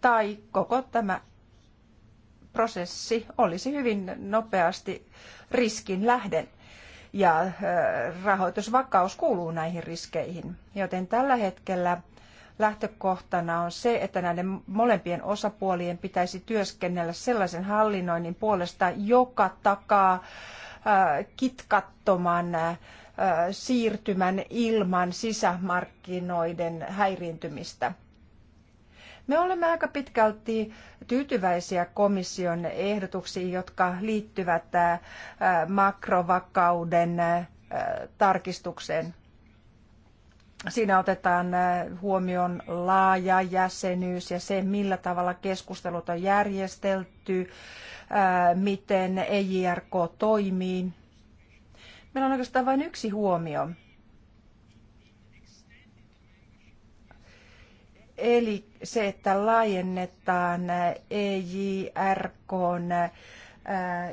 tai koko tämä prosessi olisi hyvin nopeasti riskin lähden. Ja rahoitusvakaus kuuluu näihin riskeihin. Joten tällä hetkellä lähtökohtana on se, että näiden molempien osapuolien pitäisi työskennellä sellaisen hallinnoinnin puolesta, joka takaa kitkattoman siirtymän ilman sisämarkkinoiden häiriintymistä. Me olemme aika pitkälti tyytyväisiä komission ehdotuksiin, jotka liittyvät makrovakauden tarkistukseen. Siinä otetaan huomioon laaja jäsenyys ja se, millä tavalla keskustelut on järjestelty, miten EJRK toimii. Meillä on oikeastaan vain yksi huomio. Eli se, että laajennetaan EJRKn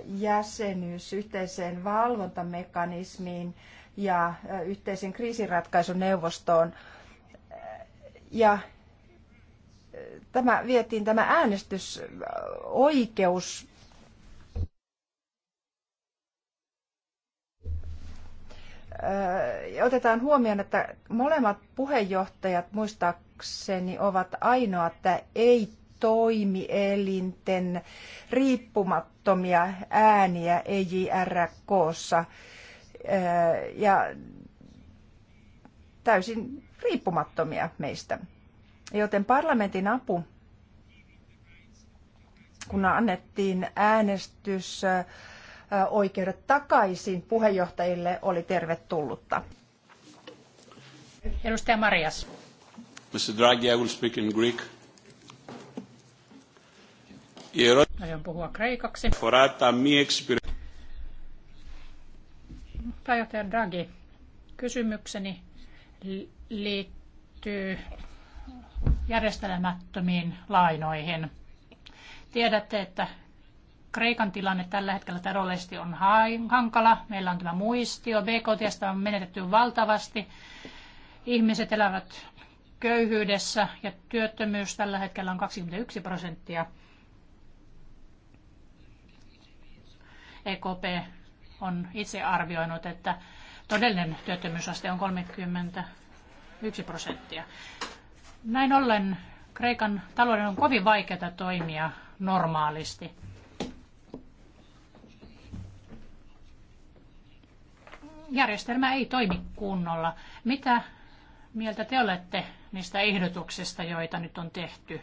jäsenyys yhteiseen valvontamekanismiin ja yhteisen kriisinratkaisuneuvostoon. Ja tämä vietiin tämä äänestysoikeus otetaan huomioon, että molemmat puheenjohtajat muistaakseni ovat ainoat ei toimielinten riippumattomia ääniä EJRKssa ja täysin riippumattomia meistä. Joten parlamentin apu, kun annettiin äänestys oikeudet takaisin puheenjohtajille oli tervetullutta. Edustaja Marias. Mr. Draghi, I will speak in Greek. Aion puhua kreikaksi. Pääjohtaja Draghi, kysymykseni liittyy järjestelemättömiin lainoihin. Tiedätte, että Kreikan tilanne tällä hetkellä taloudellisesti on hankala. Meillä on tämä muistio. BKT on menetetty valtavasti. Ihmiset elävät köyhyydessä ja työttömyys tällä hetkellä on 21 prosenttia. EKP on itse arvioinut, että todellinen työttömyysaste on 31 prosenttia. Näin ollen Kreikan talouden on kovin vaikeaa toimia normaalisti. järjestelmä ei toimi kunnolla. Mitä mieltä te olette niistä ehdotuksista, joita nyt on tehty?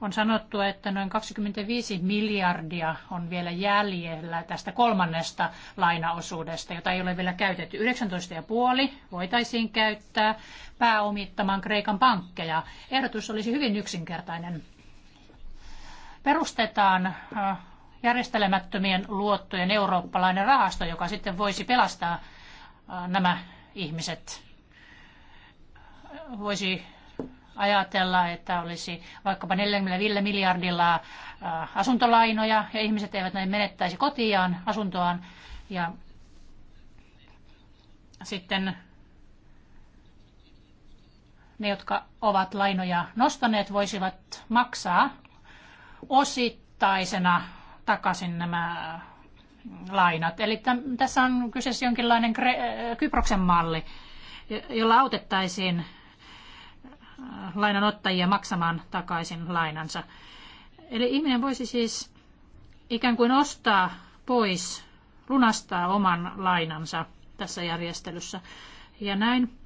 On sanottu, että noin 25 miljardia on vielä jäljellä tästä kolmannesta lainaosuudesta, jota ei ole vielä käytetty. 19,5 voitaisiin käyttää pääomittamaan Kreikan pankkeja. Ehdotus olisi hyvin yksinkertainen. Perustetaan äh, järjestelemättömien luottojen eurooppalainen rahasto, joka sitten voisi pelastaa äh, nämä ihmiset. Voisi ajatella, että olisi vaikkapa 45 miljardilla äh, asuntolainoja ja ihmiset eivät näin menettäisi kotiaan, asuntoaan. Ja sitten ne, jotka ovat lainoja nostaneet, voisivat maksaa osittaisena takaisin nämä lainat. Eli tämän, tässä on kyseessä jonkinlainen äh, Kyproksen malli, jolla autettaisiin äh, lainanottajia maksamaan takaisin lainansa. Eli ihminen voisi siis ikään kuin ostaa pois, lunastaa oman lainansa tässä järjestelyssä. Ja näin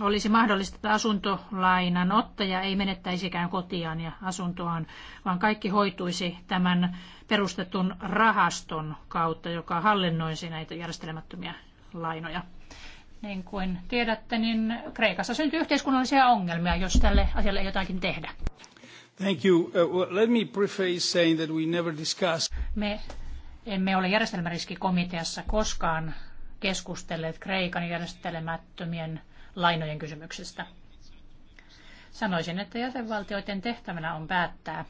olisi mahdollista, että asuntolainan ottaja ei menettäisikään kotiaan ja asuntoaan, vaan kaikki hoituisi tämän perustetun rahaston kautta, joka hallinnoisi näitä järjestelemättömiä lainoja. Niin kuin tiedätte, niin Kreikassa syntyy yhteiskunnallisia ongelmia, jos tälle asialle ei jotakin tehdä. Thank you. Uh, let me preface saying that we never discuss... Me emme ole järjestelmäriskikomiteassa koskaan keskustelleet Kreikan järjestelemättömien lainojen kysymyksistä. Sanoisin, että jäsenvaltioiden tehtävänä on päättää,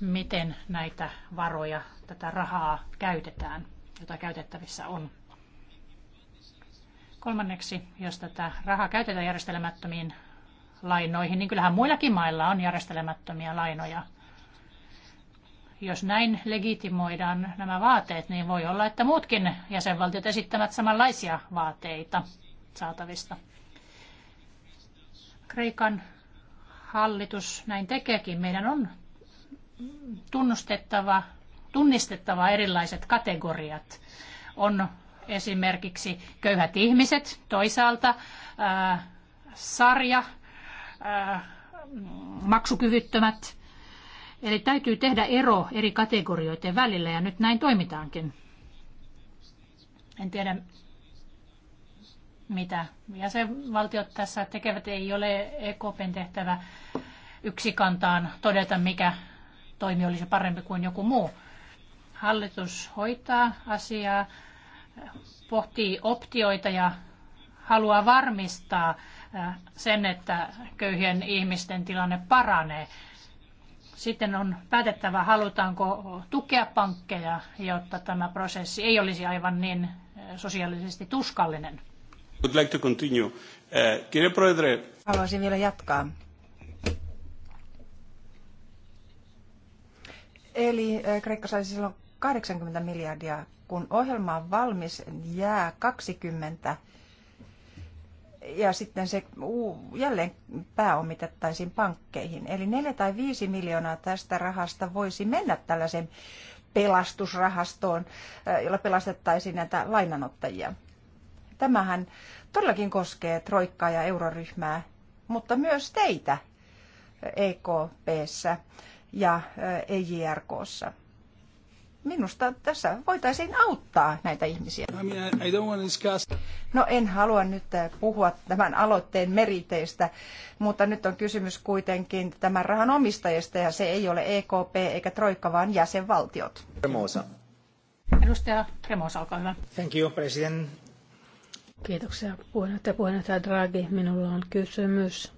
miten näitä varoja, tätä rahaa käytetään, jota käytettävissä on. Kolmanneksi, jos tätä rahaa käytetään järjestelemättömiin lainoihin, niin kyllähän muillakin mailla on järjestelemättömiä lainoja – jos näin legitimoidaan nämä vaateet, niin voi olla, että muutkin jäsenvaltiot esittävät samanlaisia vaateita saatavista. Kreikan hallitus näin tekeekin. Meidän on tunnustettava, tunnistettava erilaiset kategoriat. On esimerkiksi köyhät ihmiset, toisaalta äh, sarja, äh, maksukyvyttömät Eli täytyy tehdä ero eri kategorioiden välillä ja nyt näin toimitaankin. En tiedä, mitä jäsenvaltiot tässä tekevät. Ei ole EKPn tehtävä yksikantaan todeta, mikä toimi olisi parempi kuin joku muu. Hallitus hoitaa asiaa, pohtii optioita ja haluaa varmistaa sen, että köyhien ihmisten tilanne paranee. Sitten on päätettävä, halutaanko tukea pankkeja, jotta tämä prosessi ei olisi aivan niin eh, sosiaalisesti tuskallinen. Would like to continue. Uh, Haluaisin vielä jatkaa. Eli eh, Kreikka saisi silloin 80 miljardia, kun ohjelma on valmis, jää 20 ja sitten se jälleen pääomitettaisiin pankkeihin. Eli 4 tai 5 miljoonaa tästä rahasta voisi mennä tällaiseen pelastusrahastoon, jolla pelastettaisiin näitä lainanottajia. Tämähän todellakin koskee Troikkaa ja euroryhmää, mutta myös teitä EKPssä ja EJRKssa. Minusta tässä voitaisiin auttaa näitä ihmisiä. No en halua nyt äh, puhua tämän aloitteen meriteistä, mutta nyt on kysymys kuitenkin tämän rahan omistajista ja se ei ole EKP eikä Troikka, vaan jäsenvaltiot. Remosa. Edustaja Remosa, olkaa hyvä. Thank you, president. Kiitoksia puheenjohtaja, puheenjohtaja Draghi. Minulla on kysymys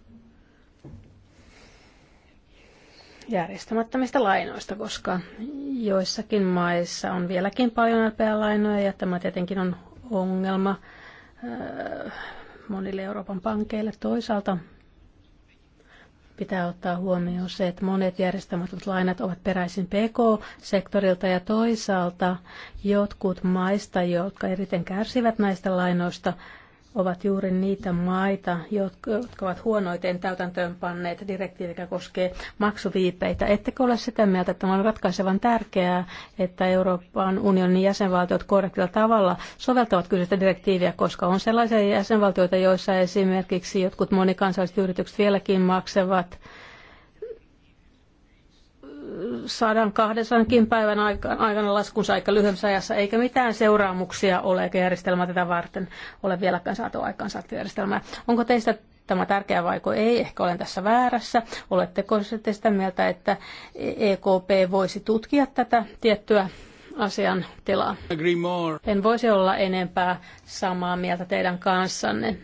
järjestämättömistä lainoista, koska joissakin maissa on vieläkin paljon LPA-lainoja ja tämä tietenkin on ongelma äh, monille Euroopan pankeille. Toisaalta pitää ottaa huomioon se, että monet järjestämättömät lainat ovat peräisin PK-sektorilta ja toisaalta jotkut maista, jotka eriten kärsivät näistä lainoista, ovat juuri niitä maita, jotka, jotka ovat huonoiten täytäntöönpanneet direktiivi, joka koskee maksuviipeitä. Ettekö ole sitä mieltä, että on ratkaisevan tärkeää, että Euroopan unionin jäsenvaltiot korrektilla tavalla soveltavat kyseistä direktiiviä, koska on sellaisia jäsenvaltioita, joissa esimerkiksi jotkut monikansalliset yritykset vieläkin maksavat saadaan 200 päivän aikana laskunsa aika lyhyessä ajassa, eikä mitään seuraamuksia ole, eikä järjestelmää tätä varten ole vieläkään saatu aikaan saatu järjestelmää. Onko teistä tämä tärkeä vaiko ei, ehkä olen tässä väärässä. Oletteko sitten sitä mieltä, että EKP voisi tutkia tätä tiettyä asian tilaa? En voisi olla enempää samaa mieltä teidän kanssanne.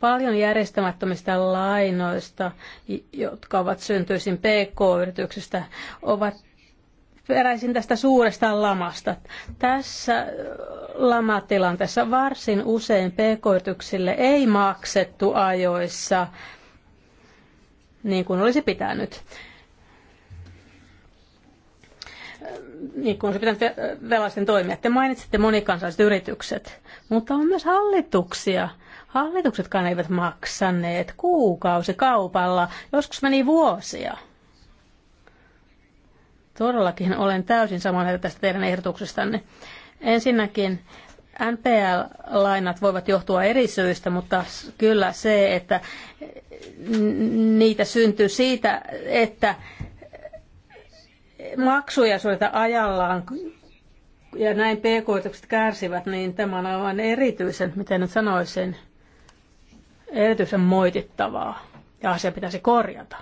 paljon järjestämättömistä lainoista, jotka ovat syntyisin PK-yrityksistä, ovat peräisin tästä suuresta lamasta. Tässä lamatilanteessa varsin usein pk-yrityksille ei maksettu ajoissa niin kuin olisi pitänyt. Niin kuin olisi pitänyt velaisten toimia. Te mainitsitte monikansalliset yritykset, mutta on myös hallituksia – Hallituksetkaan eivät maksaneet kaupalla joskus meni vuosia. Todellakin olen täysin samaa mieltä tästä teidän ehdotuksestanne. Ensinnäkin NPL-lainat voivat johtua eri syistä, mutta kyllä se, että niitä syntyy siitä, että maksuja suorita ajallaan ja näin pk kärsivät, niin tämä on aivan erityisen, miten nyt sanoisin, erityisen moitittavaa ja asia pitäisi korjata.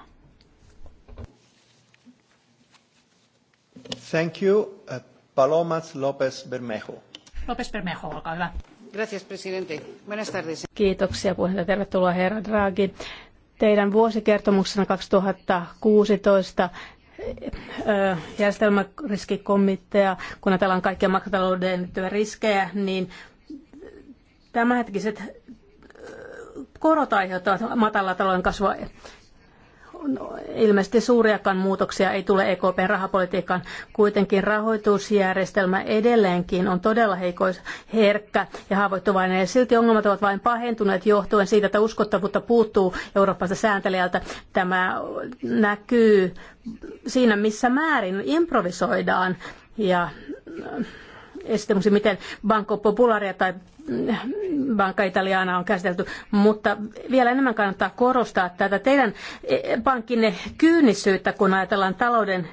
Thank you. Eh, Palomas López Bermejo. López Bermejo, olkaa hyvä. Gracias, presidente. Buenas tardes. Kiitoksia puheenjohtaja. Tervetuloa herra Draghi. Teidän vuosikertomuksena 2016 eh, järjestelmäriskikomitea, kun ajatellaan kaikkia makrotalouden riskejä, niin tämänhetkiset korot aiheuttavat matalaa talouden kasvua. No, ilmeisesti suuriakaan muutoksia ei tule EKPn rahapolitiikkaan. Kuitenkin rahoitusjärjestelmä edelleenkin on todella heikois, herkkä ja haavoittuvainen. Ja silti ongelmat ovat vain pahentuneet johtuen siitä, että uskottavuutta puuttuu Euroopasta sääntelijältä. Tämä näkyy siinä, missä määrin improvisoidaan ja esimerkiksi miten Banco Popularia tai Banca Italiana on käsitelty, mutta vielä enemmän kannattaa korostaa tätä teidän eh, pankkinne kyynisyyttä, kun ajatellaan talouden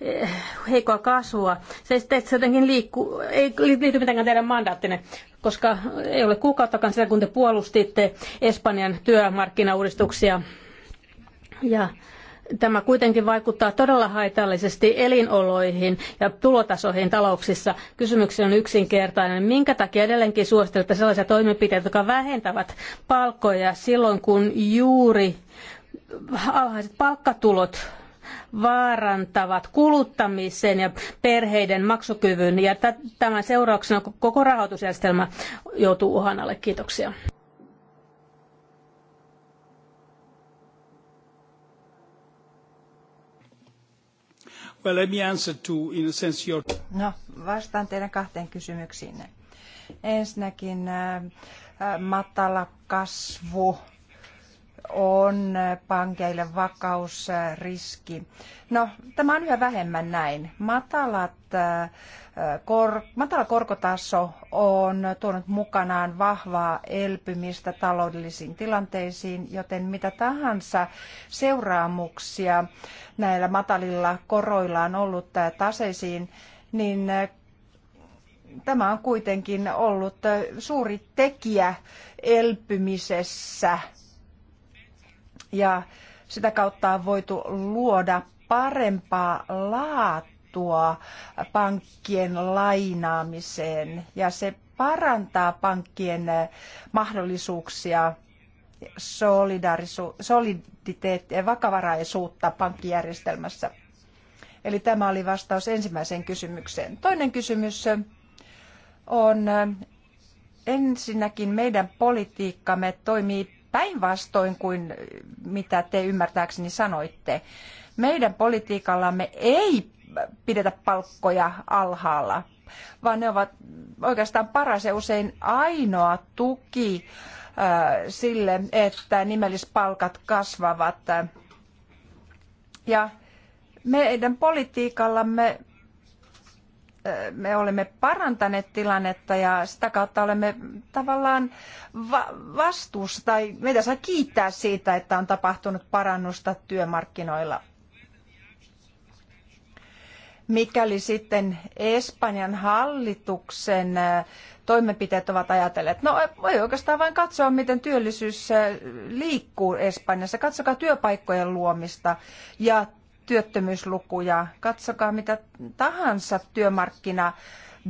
eh, heikkoa kasvua. Se, se jotenkin liikku, ei liity mitenkään teidän mandaattinne, koska ei ole kuukauttakaan sitä, kun te puolustitte Espanjan työmarkkinauudistuksia. Ja Tämä kuitenkin vaikuttaa todella haitallisesti elinoloihin ja tulotasoihin talouksissa. Kysymykseni on yksinkertainen. Minkä takia edelleenkin suosittelette sellaisia toimenpiteitä, jotka vähentävät palkkoja silloin, kun juuri alhaiset palkkatulot vaarantavat kuluttamisen ja perheiden maksukyvyn ja tämän seurauksena koko rahoitusjärjestelmä joutuu uhan alle. Kiitoksia. Well, let me answer to, in a sense, your... No, vastaan teidän kahteen kysymyksiinne. Ensinnäkin äh, äh, matala kasvu on pankeille vakausriski. No, tämä on yhä vähemmän näin. Matalat, äh, kor, matala korkotaso on tuonut mukanaan vahvaa elpymistä taloudellisiin tilanteisiin, joten mitä tahansa seuraamuksia näillä matalilla koroilla on ollut äh, taseisiin, niin äh, tämä on kuitenkin ollut suuri tekijä elpymisessä ja sitä kautta on voitu luoda parempaa laatua pankkien lainaamiseen ja se parantaa pankkien eh, mahdollisuuksia soliditeettia ja vakavaraisuutta pankkijärjestelmässä. Eli tämä oli vastaus ensimmäiseen kysymykseen. Toinen kysymys eh, on eh, ensinnäkin meidän politiikkamme toimii päinvastoin kuin eh, mitä te ymmärtääkseni sanoitte. Meidän politiikallamme ei pidetä palkkoja alhaalla, vaan ne ovat oikeastaan paras ja usein ainoa tuki eh, sille, että nimellispalkat kasvavat. Ja meidän politiikallamme me olemme parantaneet tilannetta ja sitä kautta olemme tavallaan va- vastuussa tai meitä saa kiittää siitä, että on tapahtunut parannusta työmarkkinoilla. Mikäli sitten Espanjan hallituksen äh, toimenpiteet ovat ajatelleet, no voi oikeastaan vain katsoa, miten työllisyys äh, liikkuu Espanjassa. Katsokaa työpaikkojen luomista ja työttömyyslukuja, katsokaa mitä tahansa työmarkkina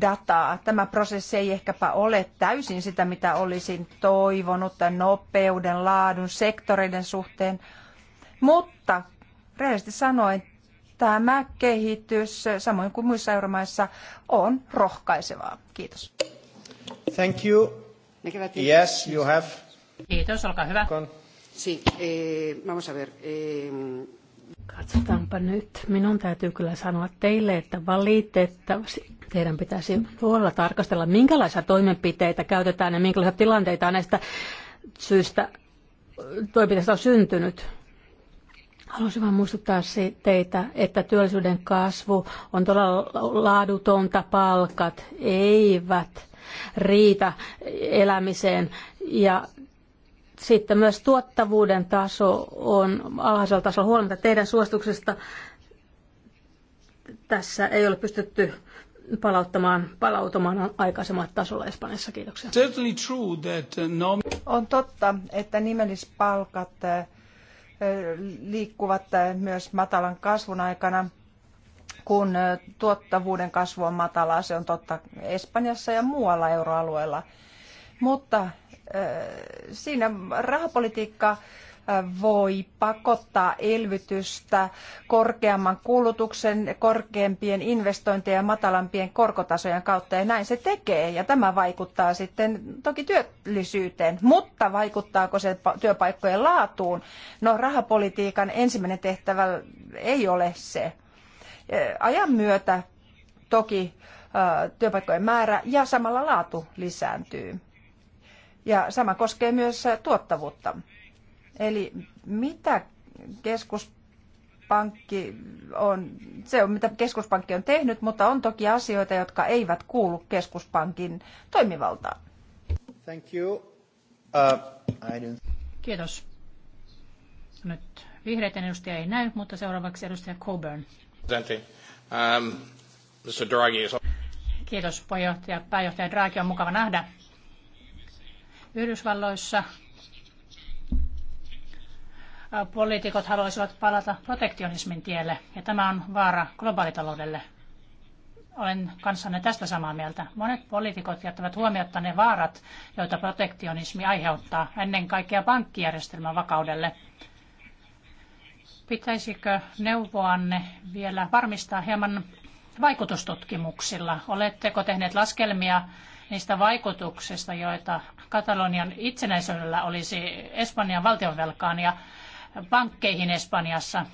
dataa. Tämä prosessi ei ehkäpä ole täysin sitä, mitä olisin toivonut tämän nopeuden, laadun, sektoreiden suhteen, mutta rehellisesti sanoen tämä kehitys, samoin kuin muissa euromaissa, on rohkaisevaa. Kiitos. Thank you. Yes, you have. Kiitos, olkaa hyvä. Sí, eh, vamos a ver. Eh, Katsotaanpa nyt. Minun täytyy kyllä sanoa teille, että valitettavasti teidän pitäisi huolella tarkastella, minkälaisia toimenpiteitä käytetään ja minkälaisia tilanteita näistä syistä toimenpiteistä on syntynyt. Haluaisin vain muistuttaa teitä, että työllisyyden kasvu on todella laadutonta, palkat eivät riitä elämiseen ja sitten myös tuottavuuden taso on alhaisella tasolla huolimatta teidän suosituksesta. Tässä ei ole pystytty palauttamaan, palautumaan aikaisemmalle tasolle Espanjassa. Kiitoksia. Uh, on totta, että nimellispalkat uh, liikkuvat uh, myös matalan kasvun aikana, kun tuottavuuden kasvu on matalaa. Se on totta Espanjassa ja muualla euroalueella. Mutta siinä rahapolitiikka voi pakottaa elvytystä korkeamman kulutuksen, korkeampien investointien ja matalampien korkotasojen kautta. Ja näin se tekee. Ja tämä vaikuttaa sitten toki työllisyyteen. Mutta vaikuttaako se työpaikkojen laatuun? No rahapolitiikan ensimmäinen tehtävä ei ole se. Ajan myötä toki työpaikkojen määrä ja samalla laatu lisääntyy. Ja sama koskee myös tuottavuutta. Eli mitä keskuspankki on, se on mitä keskuspankki on tehnyt, mutta on toki asioita, jotka eivät kuulu keskuspankin toimivaltaan. Thank you. Uh, Kiitos. Nyt vihreiden edustaja ei näy, mutta seuraavaksi edustaja Coburn. Um, Mr. Draghi is... Kiitos puheenjohtaja. Pääjohtaja Draghi on mukava nähdä Yhdysvalloissa poliitikot haluaisivat palata protektionismin tielle, ja tämä on vaara globaalitaloudelle. Olen kanssanne tästä samaa mieltä. Monet poliitikot jättävät huomiota ne vaarat, joita protektionismi aiheuttaa ennen kaikkea pankkijärjestelmän vakaudelle. Pitäisikö neuvoanne vielä varmistaa hieman vaikutustutkimuksilla? Oletteko tehneet laskelmia niistä vaikutuksista, joita Katalonian itsenäisyydellä olisi Espanjan valtionvelkaan ja pankkeihin Espanjassa.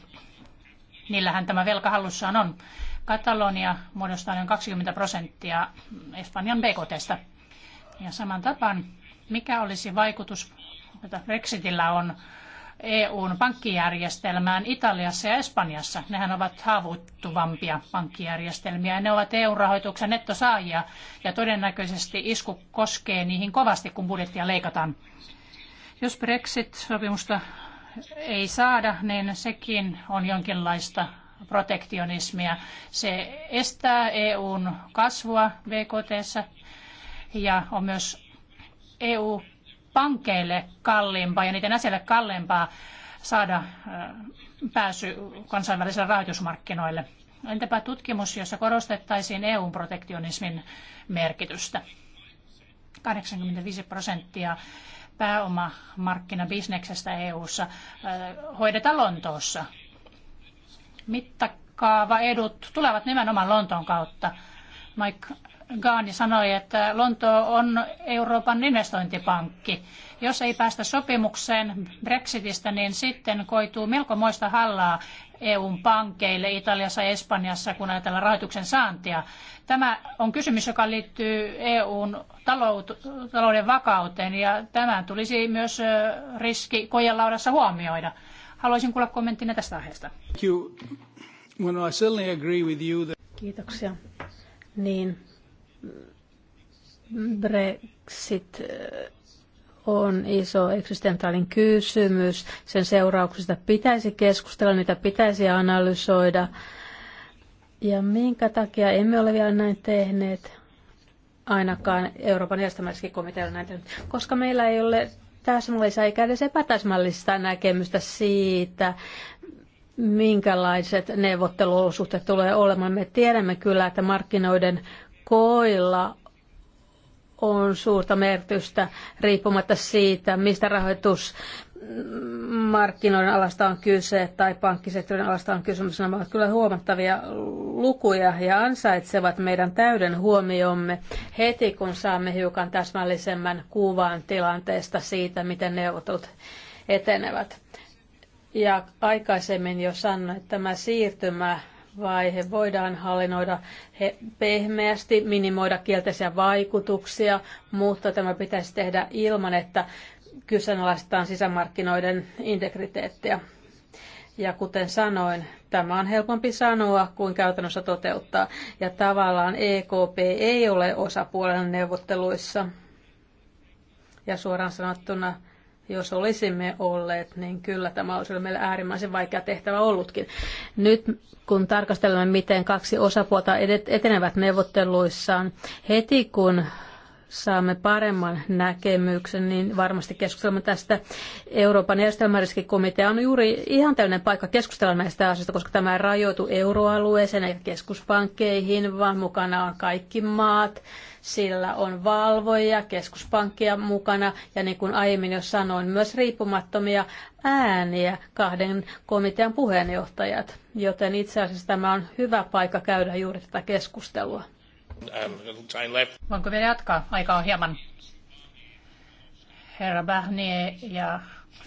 Niillähän tämä velka hallussaan on. Katalonia muodostaa noin 20 prosenttia Espanjan BKTstä. Ja saman tapaan, mikä olisi vaikutus, jota Brexitillä on EUn pankkijärjestelmään Italiassa ja Espanjassa. Nehän ovat haavoittuvampia pankkijärjestelmiä. Ne ovat EU-rahoituksen nettosaajia ja todennäköisesti isku koskee niihin kovasti, kun budjettia leikataan. Jos Brexit-sopimusta ei saada, niin sekin on jonkinlaista protektionismia. Se estää EUn kasvua BKTssä ja on myös EU pankeille kalliimpaa ja niiden asialle kalliimpaa saada pääsy kansainvälisille rahoitusmarkkinoille. Entäpä tutkimus, jossa korostettaisiin EU-protektionismin merkitystä? 85 prosenttia pääomamarkkinabisneksestä EU-ssa hoidetaan Lontoossa. Mittakaava edut tulevat nimenomaan Lontoon kautta. Mike Gaani sanoi, että Lonto on Euroopan investointipankki. Jos ei päästä sopimukseen Brexitistä, niin sitten koituu melkomoista hallaa EUn pankeille Italiassa ja Espanjassa, kun ajatellaan rahoituksen saantia. Tämä on kysymys, joka liittyy EUn talouden vakauteen ja tämä tulisi myös riski kojelaudassa huomioida. Haluaisin kuulla kommenttinne tästä aiheesta. Kiitoksia. Niin, Brexit eh, on iso eksistentaalinen kysymys. Sen seurauksista pitäisi keskustella, niitä pitäisi analysoida. Ja minkä takia emme ole vielä näin tehneet, ainakaan Euroopan järjestelmällisesti komitealla näin tehnyt, koska meillä ei ole täsmällistä eikä edes epätäsmällistä näkemystä siitä, minkälaiset neuvotteluolosuhteet tulee olemaan. Me tiedämme kyllä, että markkinoiden koilla on suurta merkitystä riippumatta siitä, mistä rahoitus markkinoiden alasta on kyse tai pankkisektorin alasta on kysymys. Nämä ovat kyllä huomattavia lukuja ja ansaitsevat meidän täyden huomiomme heti, kun saamme hiukan täsmällisemmän kuvan tilanteesta siitä, miten neuvotut etenevät. Ja aikaisemmin jo sanoin, että tämä siirtymä vaihe voidaan hallinnoida pehmeästi, minimoida kielteisiä vaikutuksia, mutta tämä pitäisi tehdä ilman, että kyseenalaistetaan sisämarkkinoiden integriteettiä. Ja kuten sanoin, tämä on helpompi sanoa kuin käytännössä toteuttaa. Ja tavallaan EKP ei ole osapuolen neuvotteluissa. Ja suoraan sanottuna jos olisimme olleet, niin kyllä tämä olisi meille äärimmäisen vaikea tehtävä ollutkin. Nyt kun tarkastelemme, miten kaksi osapuolta etenevät neuvotteluissaan, heti kun saamme paremman näkemyksen, niin varmasti keskustelemme tästä. Euroopan järjestelmäriskikomitea on juuri ihan täyden paikka keskustella näistä asioista, koska tämä ei rajoitu euroalueeseen eikä keskuspankkeihin, vaan mukana on kaikki maat, sillä on valvojia, keskuspankkia mukana ja niin kuin aiemmin jo sanoin, myös riippumattomia ääniä kahden komitean puheenjohtajat. Joten itse asiassa tämä on hyvä paikka käydä juuri tätä keskustelua. Um, Voinko vielä jatkaa? Aika on hieman. Herra Bernier ja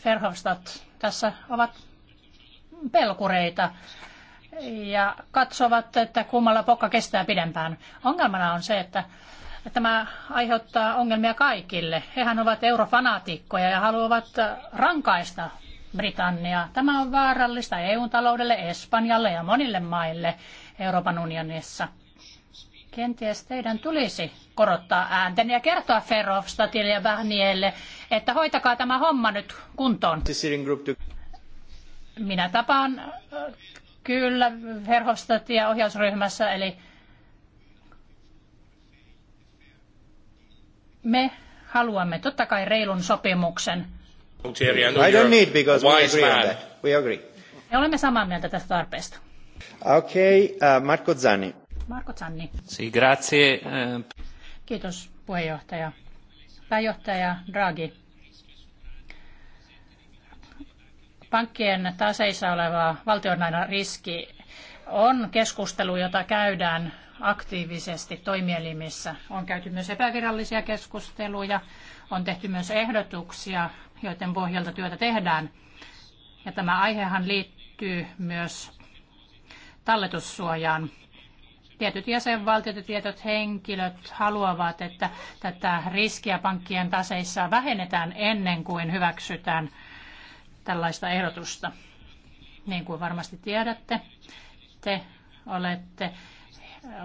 Verhofstadt tässä ovat pelkureita ja katsovat, että kummalla pokka kestää pidempään. Ongelmana on se, että Tämä aiheuttaa ongelmia kaikille. Hehän ovat eurofanaatikkoja ja haluavat rankaista Britanniaa. Tämä on vaarallista EU-taloudelle, Espanjalle ja monille maille Euroopan unionissa. Kenties teidän tulisi korottaa ääntäni ja kertoa Ferrovstatille ja Vähnielle, että hoitakaa tämä homma nyt kuntoon. Minä tapaan kyllä Verhofstadtia ohjausryhmässä, eli Me haluamme totta kai reilun sopimuksen. I don't need because we agree on that. We agree. Me olemme samaa mieltä tästä tarpeesta. Okei, okay, uh, Marco Zanni. Marco Zanni. Si, grazie. Eh. Kiitos puheenjohtaja. Pääjohtaja Draghi. Pankkien taseissa oleva valtionlainan riski on keskustelu, jota käydään aktiivisesti toimielimissä. On käyty myös epävirallisia keskusteluja, on tehty myös ehdotuksia, joiden pohjalta työtä tehdään. Ja tämä aihehan liittyy myös talletussuojaan. Tietyt jäsenvaltiot ja tietyt henkilöt haluavat, että tätä riskiä pankkien taseissa vähennetään ennen kuin hyväksytään tällaista ehdotusta. Niin kuin varmasti tiedätte, te olette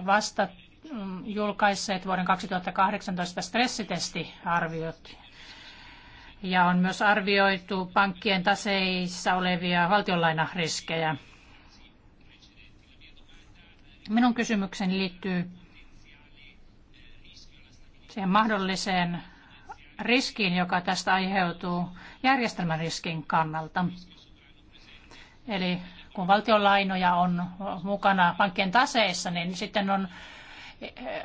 vasta mm, julkaisseet vuoden 2018 stressitestiarviot. Ja on myös arvioitu pankkien taseissa olevia valtionlainariskejä. Minun kysymykseni liittyy siihen mahdolliseen riskiin, joka tästä aiheutuu järjestelmän riskin kannalta. Eli kun lainoja on mukana pankkien taseessa, niin sitten on eh,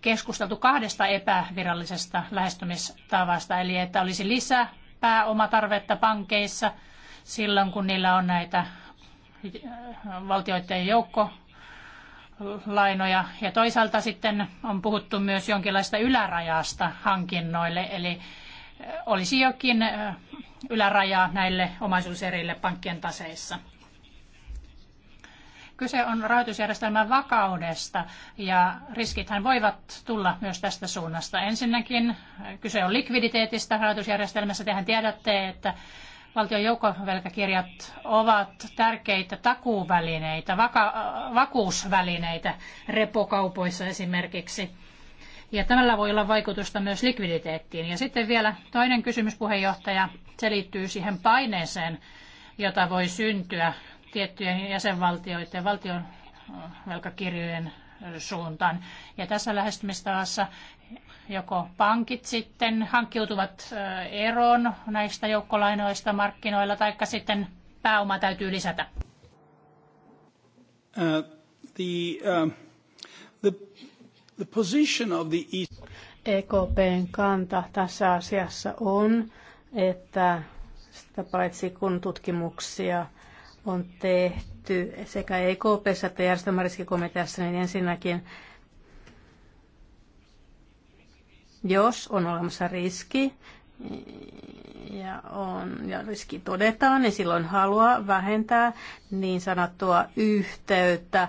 keskusteltu kahdesta epävirallisesta lähestymistavasta, eli että olisi lisää pääomatarvetta pankeissa silloin, kun niillä on näitä eh, valtioiden joukko lainoja. Ja toisaalta sitten on puhuttu myös jonkinlaista ylärajasta hankinnoille, eli eh, olisi jokin yläraja näille omaisuuserille pankkien taseissa. Kyse on rahoitusjärjestelmän vakaudesta ja riskithän voivat tulla myös tästä suunnasta. Ensinnäkin äh, kyse on likviditeetistä rahoitusjärjestelmässä. Tehän tiedätte, että valtion joukkovelkakirjat ovat tärkeitä takuuvälineitä, vaka- vakuusvälineitä repokaupoissa esimerkiksi. Ja tällä voi olla vaikutusta myös likviditeettiin. Ja sitten vielä toinen kysymys, puheenjohtaja. Se liittyy siihen paineeseen, jota voi syntyä tiettyjen jäsenvaltioiden valtion äh, velkakirjojen äh, suuntaan. Ja tässä lähestymistavassa joko pankit sitten hankkiutuvat äh, eroon näistä joukkolainoista markkinoilla, tai sitten pääoma täytyy lisätä. Uh, the, uh, the, the position of the... EKPn e kanta tässä asiassa on, että sitä paitsi kun tutkimuksia – on tehty sekä EKP että järjestelmäriskikomiteassa, niin ensinnäkin jos on olemassa riski ja, on, ja riski todetaan, niin silloin haluaa vähentää niin sanottua yhteyttä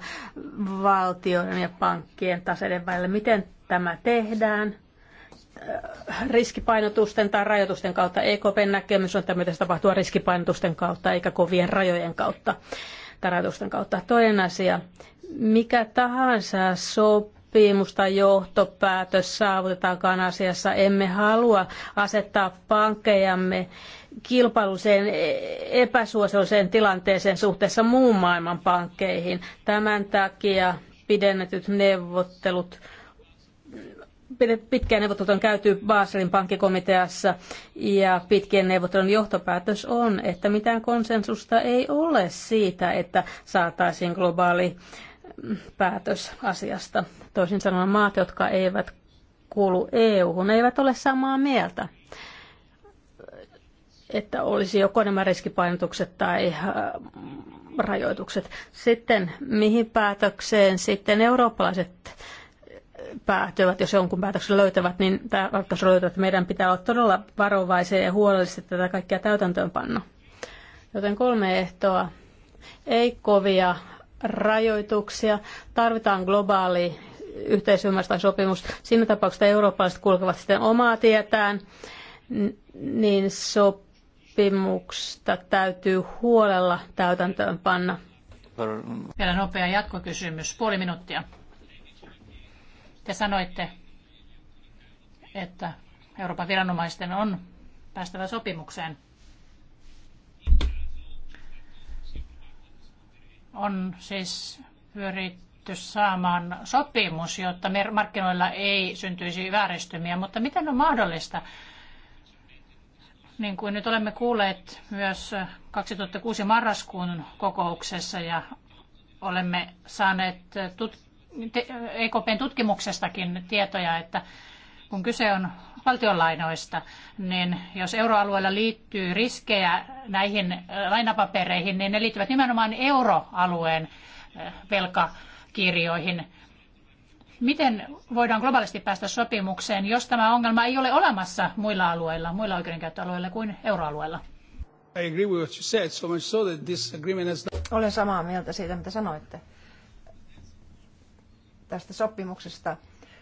valtioiden ja pankkien taseiden välillä. Miten tämä tehdään? riskipainotusten tai rajoitusten kautta. EKPn näkemys on, että mitä tapahtuu riskipainotusten kautta eikä kovien rajojen kautta tai rajoitusten kautta. Toinen asia, mikä tahansa sopimus tai johtopäätös saavutetaankaan asiassa, emme halua asettaa pankkejamme kilpailuseen epäsuosioiseen tilanteeseen suhteessa muun maailman pankkeihin. Tämän takia pidennetyt neuvottelut pitkään neuvottelut on käyty Baselin pankkikomiteassa ja pitkien neuvottelun johtopäätös on, että mitään konsensusta ei ole siitä, että saataisiin globaali mm, päätös asiasta. Toisin sanoen maat, jotka eivät kuulu EU-hun, eivät ole samaa mieltä että olisi joko nämä riskipainotukset tai äh, rajoitukset. Sitten mihin päätökseen sitten eurooppalaiset päätyvät, jos jonkun päätöksen löytävät, niin tämä ratkaisu että Meidän pitää olla todella varovaisia ja huolellisesti tätä kaikkia täytäntöönpanna. Joten kolme ehtoa. Ei kovia rajoituksia. Tarvitaan globaali yhteisymmärrys tai sopimus. Siinä tapauksessa eurooppalaiset kulkevat sitten omaa tietään, niin sopimuksesta täytyy huolella täytäntöön panna. Vielä nopea jatkokysymys, puoli minuuttia. Te sanoitte, että Euroopan viranomaisten on päästävä sopimukseen. On siis pyritty saamaan sopimus, jotta markkinoilla ei syntyisi vääristymiä, mutta miten on mahdollista? Niin kuin nyt olemme kuulleet myös 2006 marraskuun kokouksessa ja olemme saaneet tutkia EKPn e tutkimuksestakin tietoja, että kun kyse on valtionlainoista, niin jos euroalueella liittyy riskejä näihin äh, lainapapereihin, niin ne liittyvät nimenomaan euroalueen äh, velkakirjoihin. Miten voidaan globaalisti päästä sopimukseen, jos tämä ongelma ei ole olemassa muilla alueilla, muilla oikeudenkäyttöalueilla kuin euroalueella? Olen samaa mieltä siitä, mitä sanoitte tästä sopimuksesta.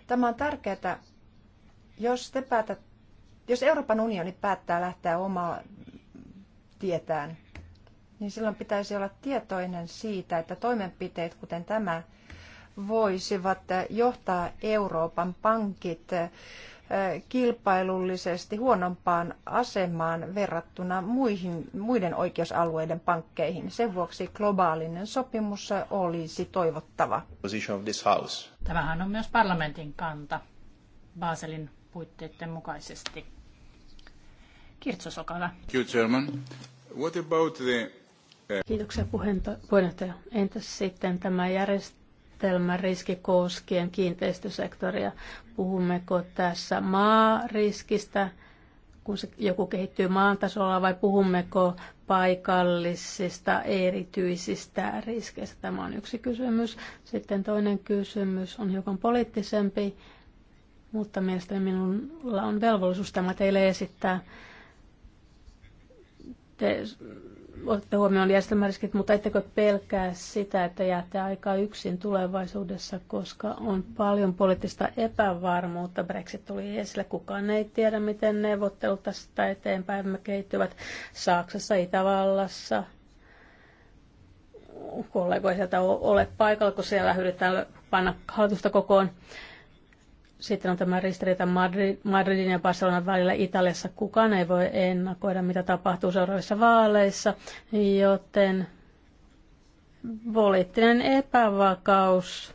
Tämä on tärkeää, jos, te päätät, jos Euroopan unioni päättää lähteä omaa tietään, niin silloin pitäisi olla tietoinen siitä, että toimenpiteet kuten tämä voisivat johtaa Euroopan pankit kilpailullisesti huonompaan asemaan verrattuna muihin, muiden oikeusalueiden pankkeihin. Sen vuoksi globaalinen sopimus olisi toivottava. Tämähän on myös parlamentin kanta Baselin puitteiden mukaisesti. Kirtsos, olkaa What about the... Uh, Kiitoksia puheenjohtaja. Entäs sitten tämä järjest riski koskien kiinteistösektoria. Puhummeko tässä maariskistä, kun se joku kehittyy maan tasolla, vai puhummeko paikallisista erityisistä riskeistä? Tämä on yksi kysymys. Sitten toinen kysymys on hiukan poliittisempi, mutta mielestäni minulla on velvollisuus tämä teille esittää. Te otatte huomioon järjestelmäriskit, mutta ettekö pelkää sitä, että jäätte aika yksin tulevaisuudessa, koska on paljon poliittista epävarmuutta. Brexit tuli esille, kukaan ei tiedä, miten neuvottelut tästä eteenpäin me kehittyvät Saksassa, Itävallassa. Kollegoja sieltä ole paikalla, kun siellä yritetään panna hallitusta kokoon. Sitten on tämä ristiriita Madridin ja Barcelonan välillä Italiassa. Kukaan ei voi ennakoida, mitä tapahtuu seuraavissa vaaleissa, joten poliittinen epävakaus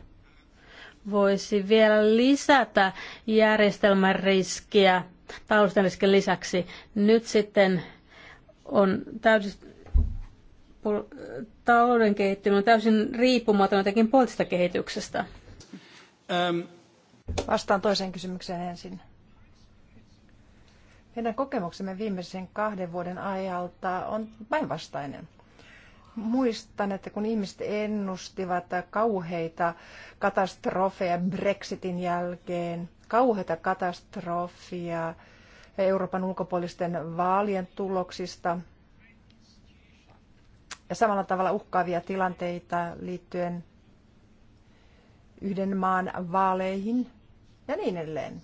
voisi vielä lisätä järjestelmän riskiä taloudellisen riskin lisäksi. Nyt sitten on täysin talouden kehittyminen on täysin riippumaton jotenkin poliittisesta kehityksestä. Um. Vastaan toiseen kysymykseen ensin. Meidän kokemuksemme viimeisen kahden vuoden ajalta on päinvastainen. Muistan, että kun ihmiset ennustivat kauheita katastrofeja Brexitin jälkeen, kauheita katastrofia Euroopan ulkopuolisten vaalien tuloksista ja samalla tavalla uhkaavia tilanteita liittyen yhden maan vaaleihin ja niin edelleen.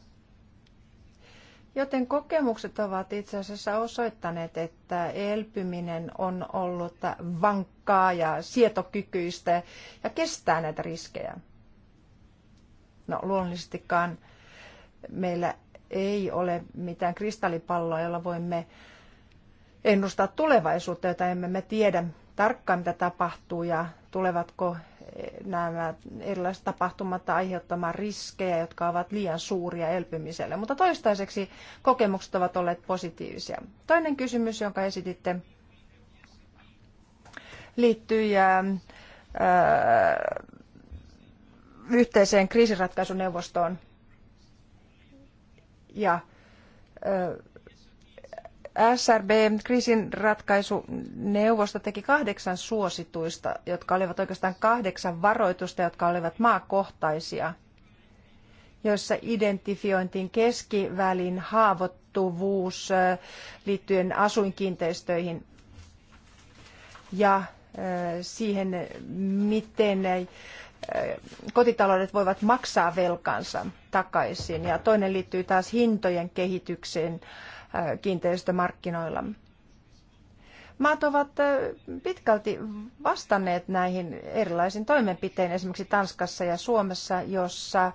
Joten kokemukset ovat itse asiassa osoittaneet, että elpyminen on ollut vankkaa ja sietokykyistä ja kestää näitä riskejä. No luonnollisestikaan meillä ei ole mitään kristallipalloa, jolla voimme ennustaa tulevaisuutta, jota emme me tiedä tarkkaan, mitä tapahtuu ja tulevatko eh, nämä erilaiset tapahtumat aiheuttamaan riskejä, jotka ovat liian suuria elpymiselle. Mutta toistaiseksi kokemukset ovat olleet positiivisia. Toinen kysymys, jonka esititte, liittyy ää, äh, yhteiseen kriisiratkaisuneuvostoon ja ää, äh, SRB, kriisinratkaisuneuvosto, teki kahdeksan suosituista, jotka olivat oikeastaan kahdeksan varoitusta, jotka olivat maakohtaisia, joissa identifiointiin keskivälin haavoittuvuus liittyen asuinkiinteistöihin ja siihen, miten kotitaloudet voivat maksaa velkansa takaisin. Ja toinen liittyy taas hintojen kehitykseen kiinteistömarkkinoilla. Maat ovat pitkälti vastanneet näihin erilaisiin toimenpiteen, esimerkiksi Tanskassa ja Suomessa, jossa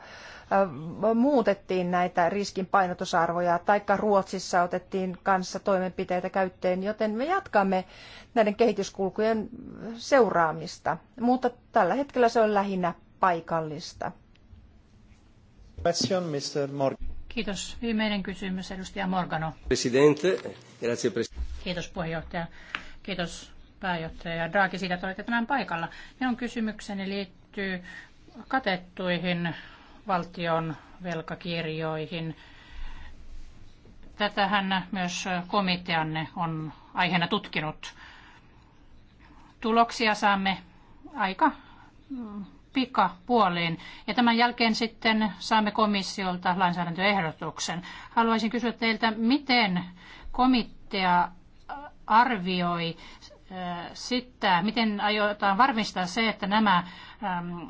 muutettiin näitä riskin painotusarvoja, taikka Ruotsissa otettiin kanssa toimenpiteitä käyttöön, joten me jatkamme näiden kehityskulkujen seuraamista, mutta tällä hetkellä se on lähinnä paikallista. Question, Mr. Morgan. Kiitos. Viimeinen kysymys, edustaja Morgano. Presidente, grazie presidente. Kiitos puheenjohtaja. Kiitos pääjohtaja Draghi siitä, että olette tänään paikalla. Minun kysymykseni liittyy katettuihin valtion velkakirjoihin. Tätähän myös komiteanne on aiheena tutkinut. Tuloksia saamme aika pikapuoliin. Ja tämän jälkeen sitten saamme komissiolta lainsäädäntöehdotuksen. Haluaisin kysyä teiltä, miten komitea arvioi äh, sitä, miten aiotaan varmistaa se, että nämä ähm,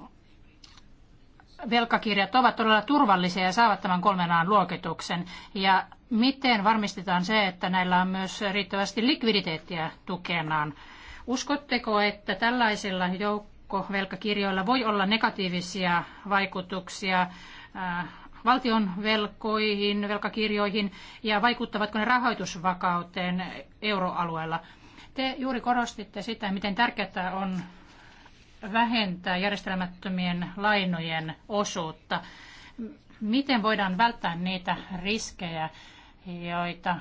velkakirjat ovat todella turvallisia ja saavat tämän kolmenaan luokituksen? Ja miten varmistetaan se, että näillä on myös riittävästi likviditeettiä tukenaan? Uskotteko, että tällaisilla jouk- joukkovelkakirjoilla voi olla negatiivisia vaikutuksia äh, valtion velkoihin, velkakirjoihin ja vaikuttavatko ne rahoitusvakauteen euroalueella. Te juuri korostitte sitä, miten tärkeää on vähentää järjestelmättömien lainojen osuutta. Miten voidaan välttää niitä riskejä, joita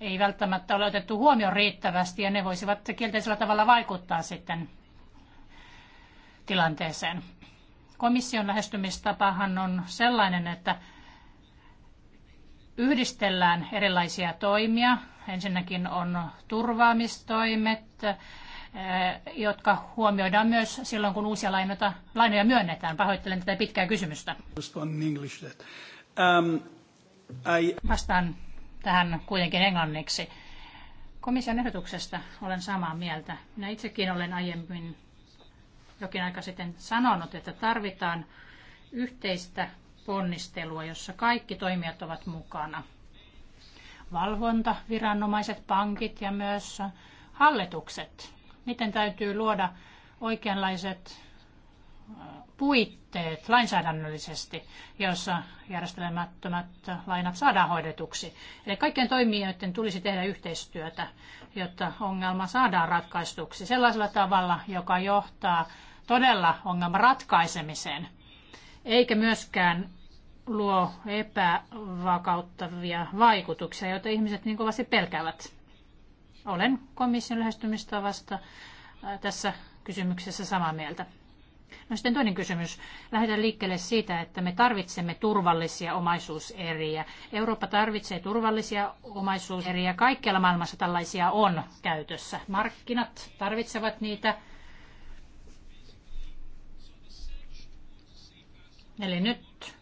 ei välttämättä ole otettu huomioon riittävästi ja ne voisivat kielteisellä tavalla vaikuttaa sitten tilanteeseen. Komission lähestymistapahan on sellainen, että yhdistellään erilaisia toimia. Ensinnäkin on turvaamistoimet, eh, jotka huomioidaan myös silloin, kun uusia lainoita, lainoja myönnetään. Pahoittelen tätä pitkää kysymystä. Um, Vastaan tähän kuitenkin englanniksi. Komission ehdotuksesta olen samaa mieltä. Minä itsekin olen aiemmin jokin aika sitten sanonut, että tarvitaan yhteistä ponnistelua, jossa kaikki toimijat ovat mukana. Valvonta, viranomaiset, pankit ja myös hallitukset. Miten täytyy luoda oikeanlaiset äh, puitteet lainsäädännöllisesti, jossa järjestelemättömät lainat saadaan hoidetuksi. Eli kaikkien toimijoiden tulisi tehdä yhteistyötä, jotta ongelma saadaan ratkaistuksi sellaisella tavalla, joka johtaa todella ongelman ratkaisemiseen, eikä myöskään luo epävakauttavia vaikutuksia, joita ihmiset niin kovasti pelkäävät. Olen komission lähestymistavasta äh, tässä kysymyksessä samaa mieltä. No sitten toinen kysymys. Lähdetään liikkeelle siitä, että me tarvitsemme turvallisia omaisuuseriä. Eurooppa tarvitsee turvallisia omaisuuseriä. Kaikkialla maailmassa tällaisia on käytössä. Markkinat tarvitsevat niitä Eli nyt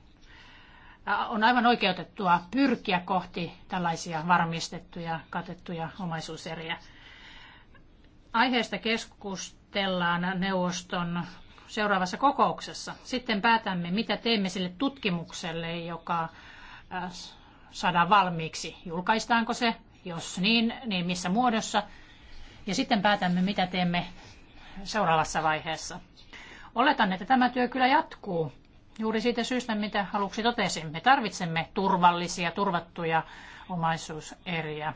äh, on aivan oikeutettua pyrkiä kohti tällaisia varmistettuja, katettuja omaisuuseriä. Aiheesta keskustellaan neuvoston seuraavassa kokouksessa. Sitten päätämme, mitä teemme sille tutkimukselle, joka äh, saadaan valmiiksi. Julkaistaanko se? Jos niin, niin missä muodossa? Ja sitten päätämme, mitä teemme seuraavassa vaiheessa. Oletan, että tämä työ kyllä jatkuu Juuri siitä syystä, mitä aluksi totesin, me tarvitsemme turvallisia, turvattuja omaisuuseriä.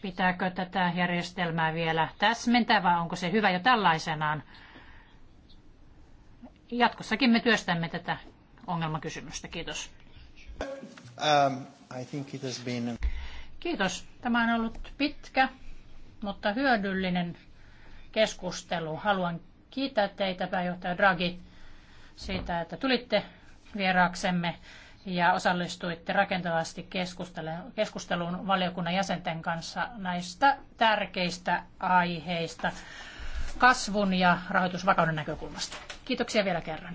Pitääkö tätä järjestelmää vielä täsmentää vai onko se hyvä jo tällaisenaan? Jatkossakin me työstämme tätä ongelmakysymystä. Kiitos. Um, I think it has been... Kiitos. Tämä on ollut pitkä, mutta hyödyllinen keskustelu. Haluan kiittää teitä, pääjohtaja Draghi, siitä, että tulitte vieraaksemme ja osallistuitte rakentavasti keskusteluun valiokunnan jäsenten kanssa näistä tärkeistä aiheista kasvun ja rahoitusvakauden näkökulmasta. Kiitoksia vielä kerran.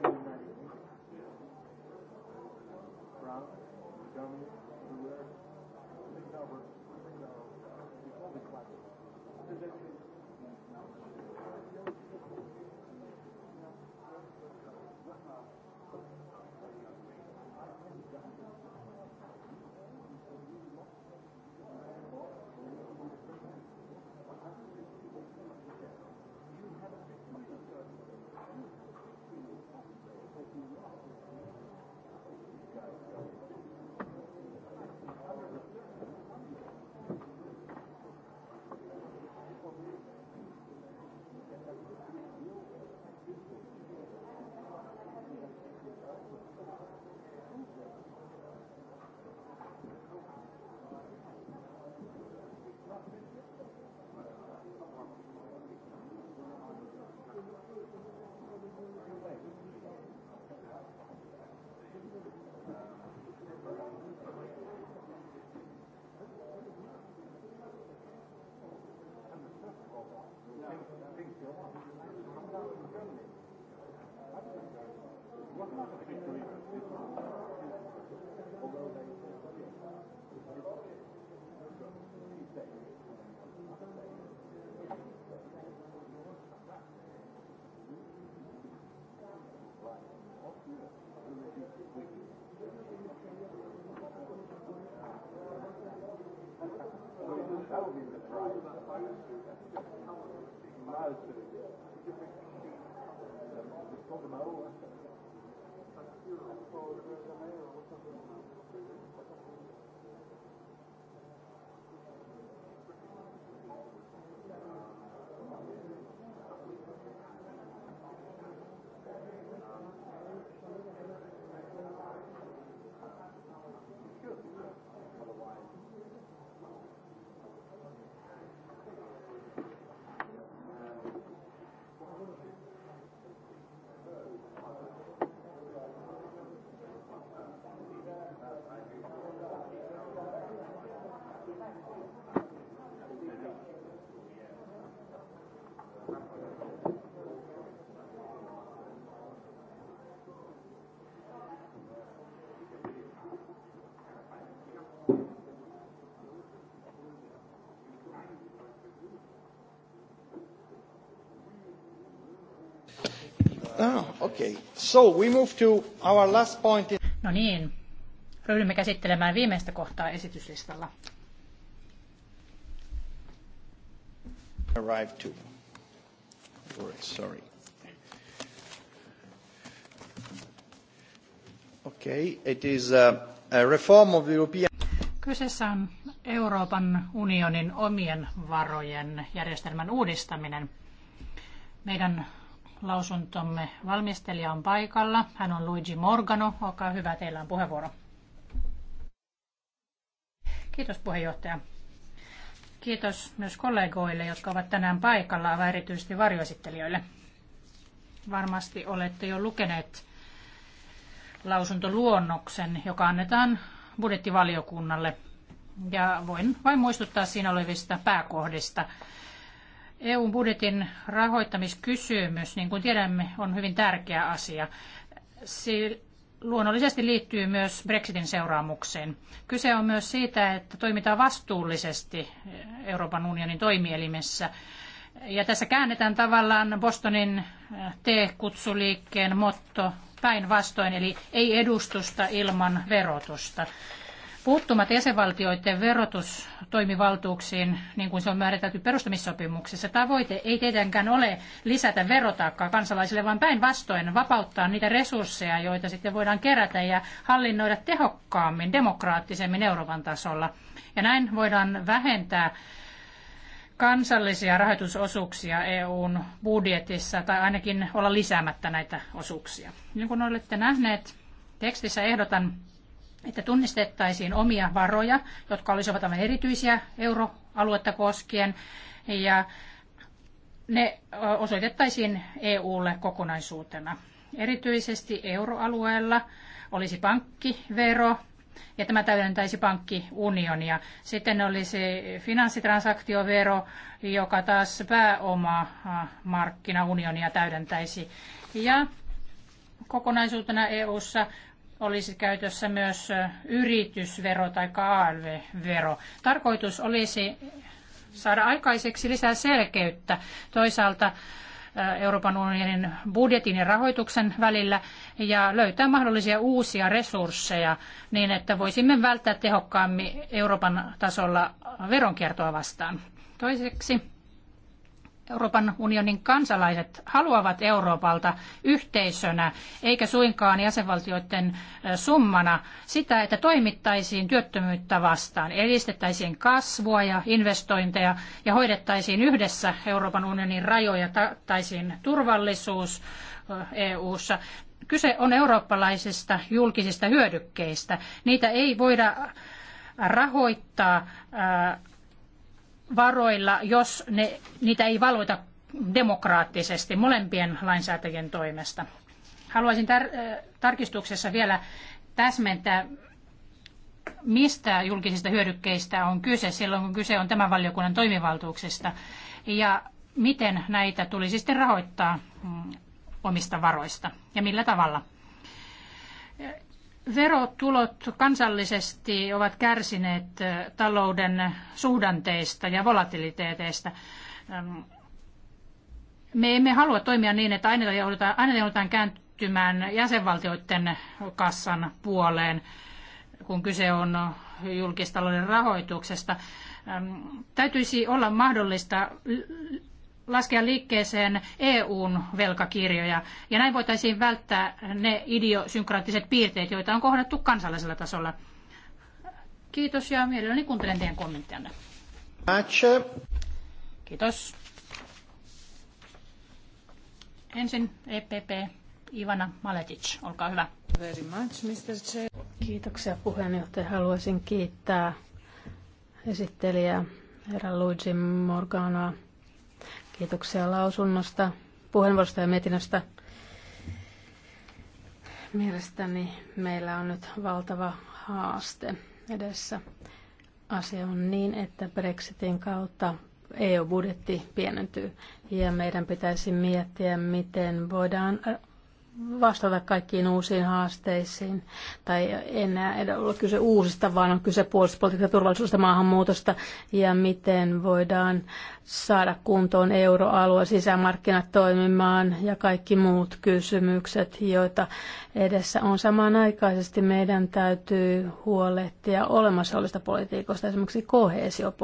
Although they Ah, okay. So we move to our last point in... No niin, ryhdymme käsittelemään viimeistä kohtaa esityslistalla. Arrive to. Sorry. Okay, it is a, a reform of the European... Kyseessä on Euroopan unionin omien varojen järjestelmän uudistaminen. Meidän lausuntomme valmistelija on paikalla. Hän on Luigi Morgano. Olkaa hyvä, teillä on puheenvuoro. Kiitos puheenjohtaja. Kiitos myös kollegoille, jotka ovat tänään paikalla, aivan erityisesti varjoesittelijöille. Varmasti olette jo lukeneet lausuntoluonnoksen, joka annetaan budjettivaliokunnalle. Ja voin vain muistuttaa siinä olevista pääkohdista. EUn budjetin rahoittamiskysymys, niin kuin tiedämme, on hyvin tärkeä asia. Se luonnollisesti liittyy myös Brexitin seuraamukseen. Kyse on myös siitä, että toimitaan vastuullisesti Euroopan unionin toimielimessä. Ja tässä käännetään tavallaan Bostonin T-kutsuliikkeen motto päinvastoin, eli ei edustusta ilman verotusta puuttumat jäsenvaltioiden verotustoimivaltuuksiin, niin kuin se on määritelty perustamissopimuksessa, tavoite ei tietenkään ole lisätä verotaakkaa kansalaisille, vaan päinvastoin vapauttaa niitä resursseja, joita sitten voidaan kerätä ja hallinnoida tehokkaammin, demokraattisemmin Euroopan tasolla. Ja näin voidaan vähentää kansallisia rahoitusosuuksia EUn budjetissa, tai ainakin olla lisäämättä näitä osuuksia. Niin kuin olette nähneet, tekstissä ehdotan että tunnistettaisiin omia varoja, jotka olisivat aivan erityisiä euroaluetta koskien, ja ne osoitettaisiin EUlle kokonaisuutena. Erityisesti euroalueella olisi pankkivero, ja tämä täydentäisi pankkiunionia. Sitten olisi finanssitransaktiovero, joka taas pääoma markkinaunionia täydentäisi. Ja kokonaisuutena EU:ssa olisi käytössä myös yritysvero tai ALV-vero. Tarkoitus olisi saada aikaiseksi lisää selkeyttä toisaalta Euroopan unionin budjetin ja rahoituksen välillä ja löytää mahdollisia uusia resursseja niin, että voisimme välttää tehokkaammin Euroopan tasolla veronkiertoa vastaan. Toiseksi Euroopan unionin kansalaiset haluavat Euroopalta yhteisönä, eikä suinkaan jäsenvaltioiden summana sitä, että toimittaisiin työttömyyttä vastaan, edistettäisiin kasvua ja investointeja ja hoidettaisiin yhdessä Euroopan unionin rajoja, taattaisiin turvallisuus EU-ssa. Kyse on eurooppalaisista julkisista hyödykkeistä. Niitä ei voida rahoittaa äh, varoilla, jos ne, niitä ei valvota demokraattisesti molempien lainsäätäjien toimesta. Haluaisin tar- äh, tarkistuksessa vielä täsmentää, mistä julkisista hyödykkeistä on kyse silloin, kun kyse on tämän valiokunnan toimivaltuuksista ja miten näitä tulisi sitten rahoittaa mm, omista varoista ja millä tavalla. Verotulot kansallisesti ovat kärsineet talouden suhdanteista ja volatiliteeteista. Me emme halua toimia niin, että aina joudutaan, aina joudutaan kääntymään jäsenvaltioiden kassan puoleen, kun kyse on julkistalouden rahoituksesta. Täytyisi olla mahdollista laskea liikkeeseen EUn velkakirjoja. Ja näin voitaisiin välttää ne idiosynkraattiset piirteet, joita on kohdattu kansallisella tasolla. Kiitos ja mielelläni kuuntelen teidän kommenttianne. Kiitos. Ensin EPP Ivana Maletic, olkaa hyvä. Very much, Mr. Chair. Kiitoksia puheenjohtaja. Haluaisin kiittää esittelijää herra Luigi Morganoa Kiitoksia lausunnosta, puheenvuorosta ja mietinnöstä. Mielestäni meillä on nyt valtava haaste edessä. Asia on niin, että Brexitin kautta EU-budjetti pienentyy ja meidän pitäisi miettiä, miten voidaan vastata kaikkiin uusiin haasteisiin. Tai enää ei ole kyse uusista, vaan on kyse puolustuspolitiikasta, turvallisuudesta, maahanmuutosta ja miten voidaan saada kuntoon euroalue, sisämarkkinat toimimaan ja kaikki muut kysymykset, joita edessä on. Samanaikaisesti meidän täytyy huolehtia olemassa olevista politiikoista, esimerkiksi kohesiopolitiikka.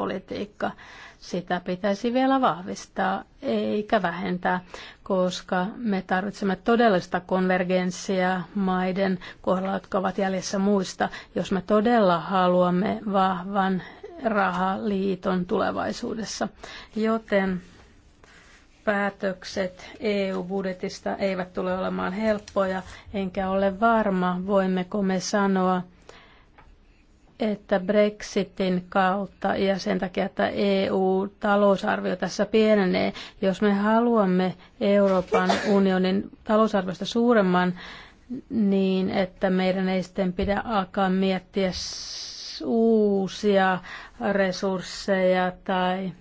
politiikka sitä pitäisi vielä vahvistaa eikä vähentää, koska me tarvitsemme todellista konvergenssia maiden kohdalla, jotka ovat jäljessä muista, jos me todella haluamme vahvan rahaliiton tulevaisuudessa. Joten päätökset EU-budjetista eivät tule olemaan helppoja, enkä ole varma, voimmeko me sanoa, että Brexitin kautta ja sen takia, että EU-talousarvio tässä pienenee, jos me haluamme Euroopan unionin talousarviosta suuremman, niin että meidän ei sitten pidä alkaa miettiä uusia resursseja tai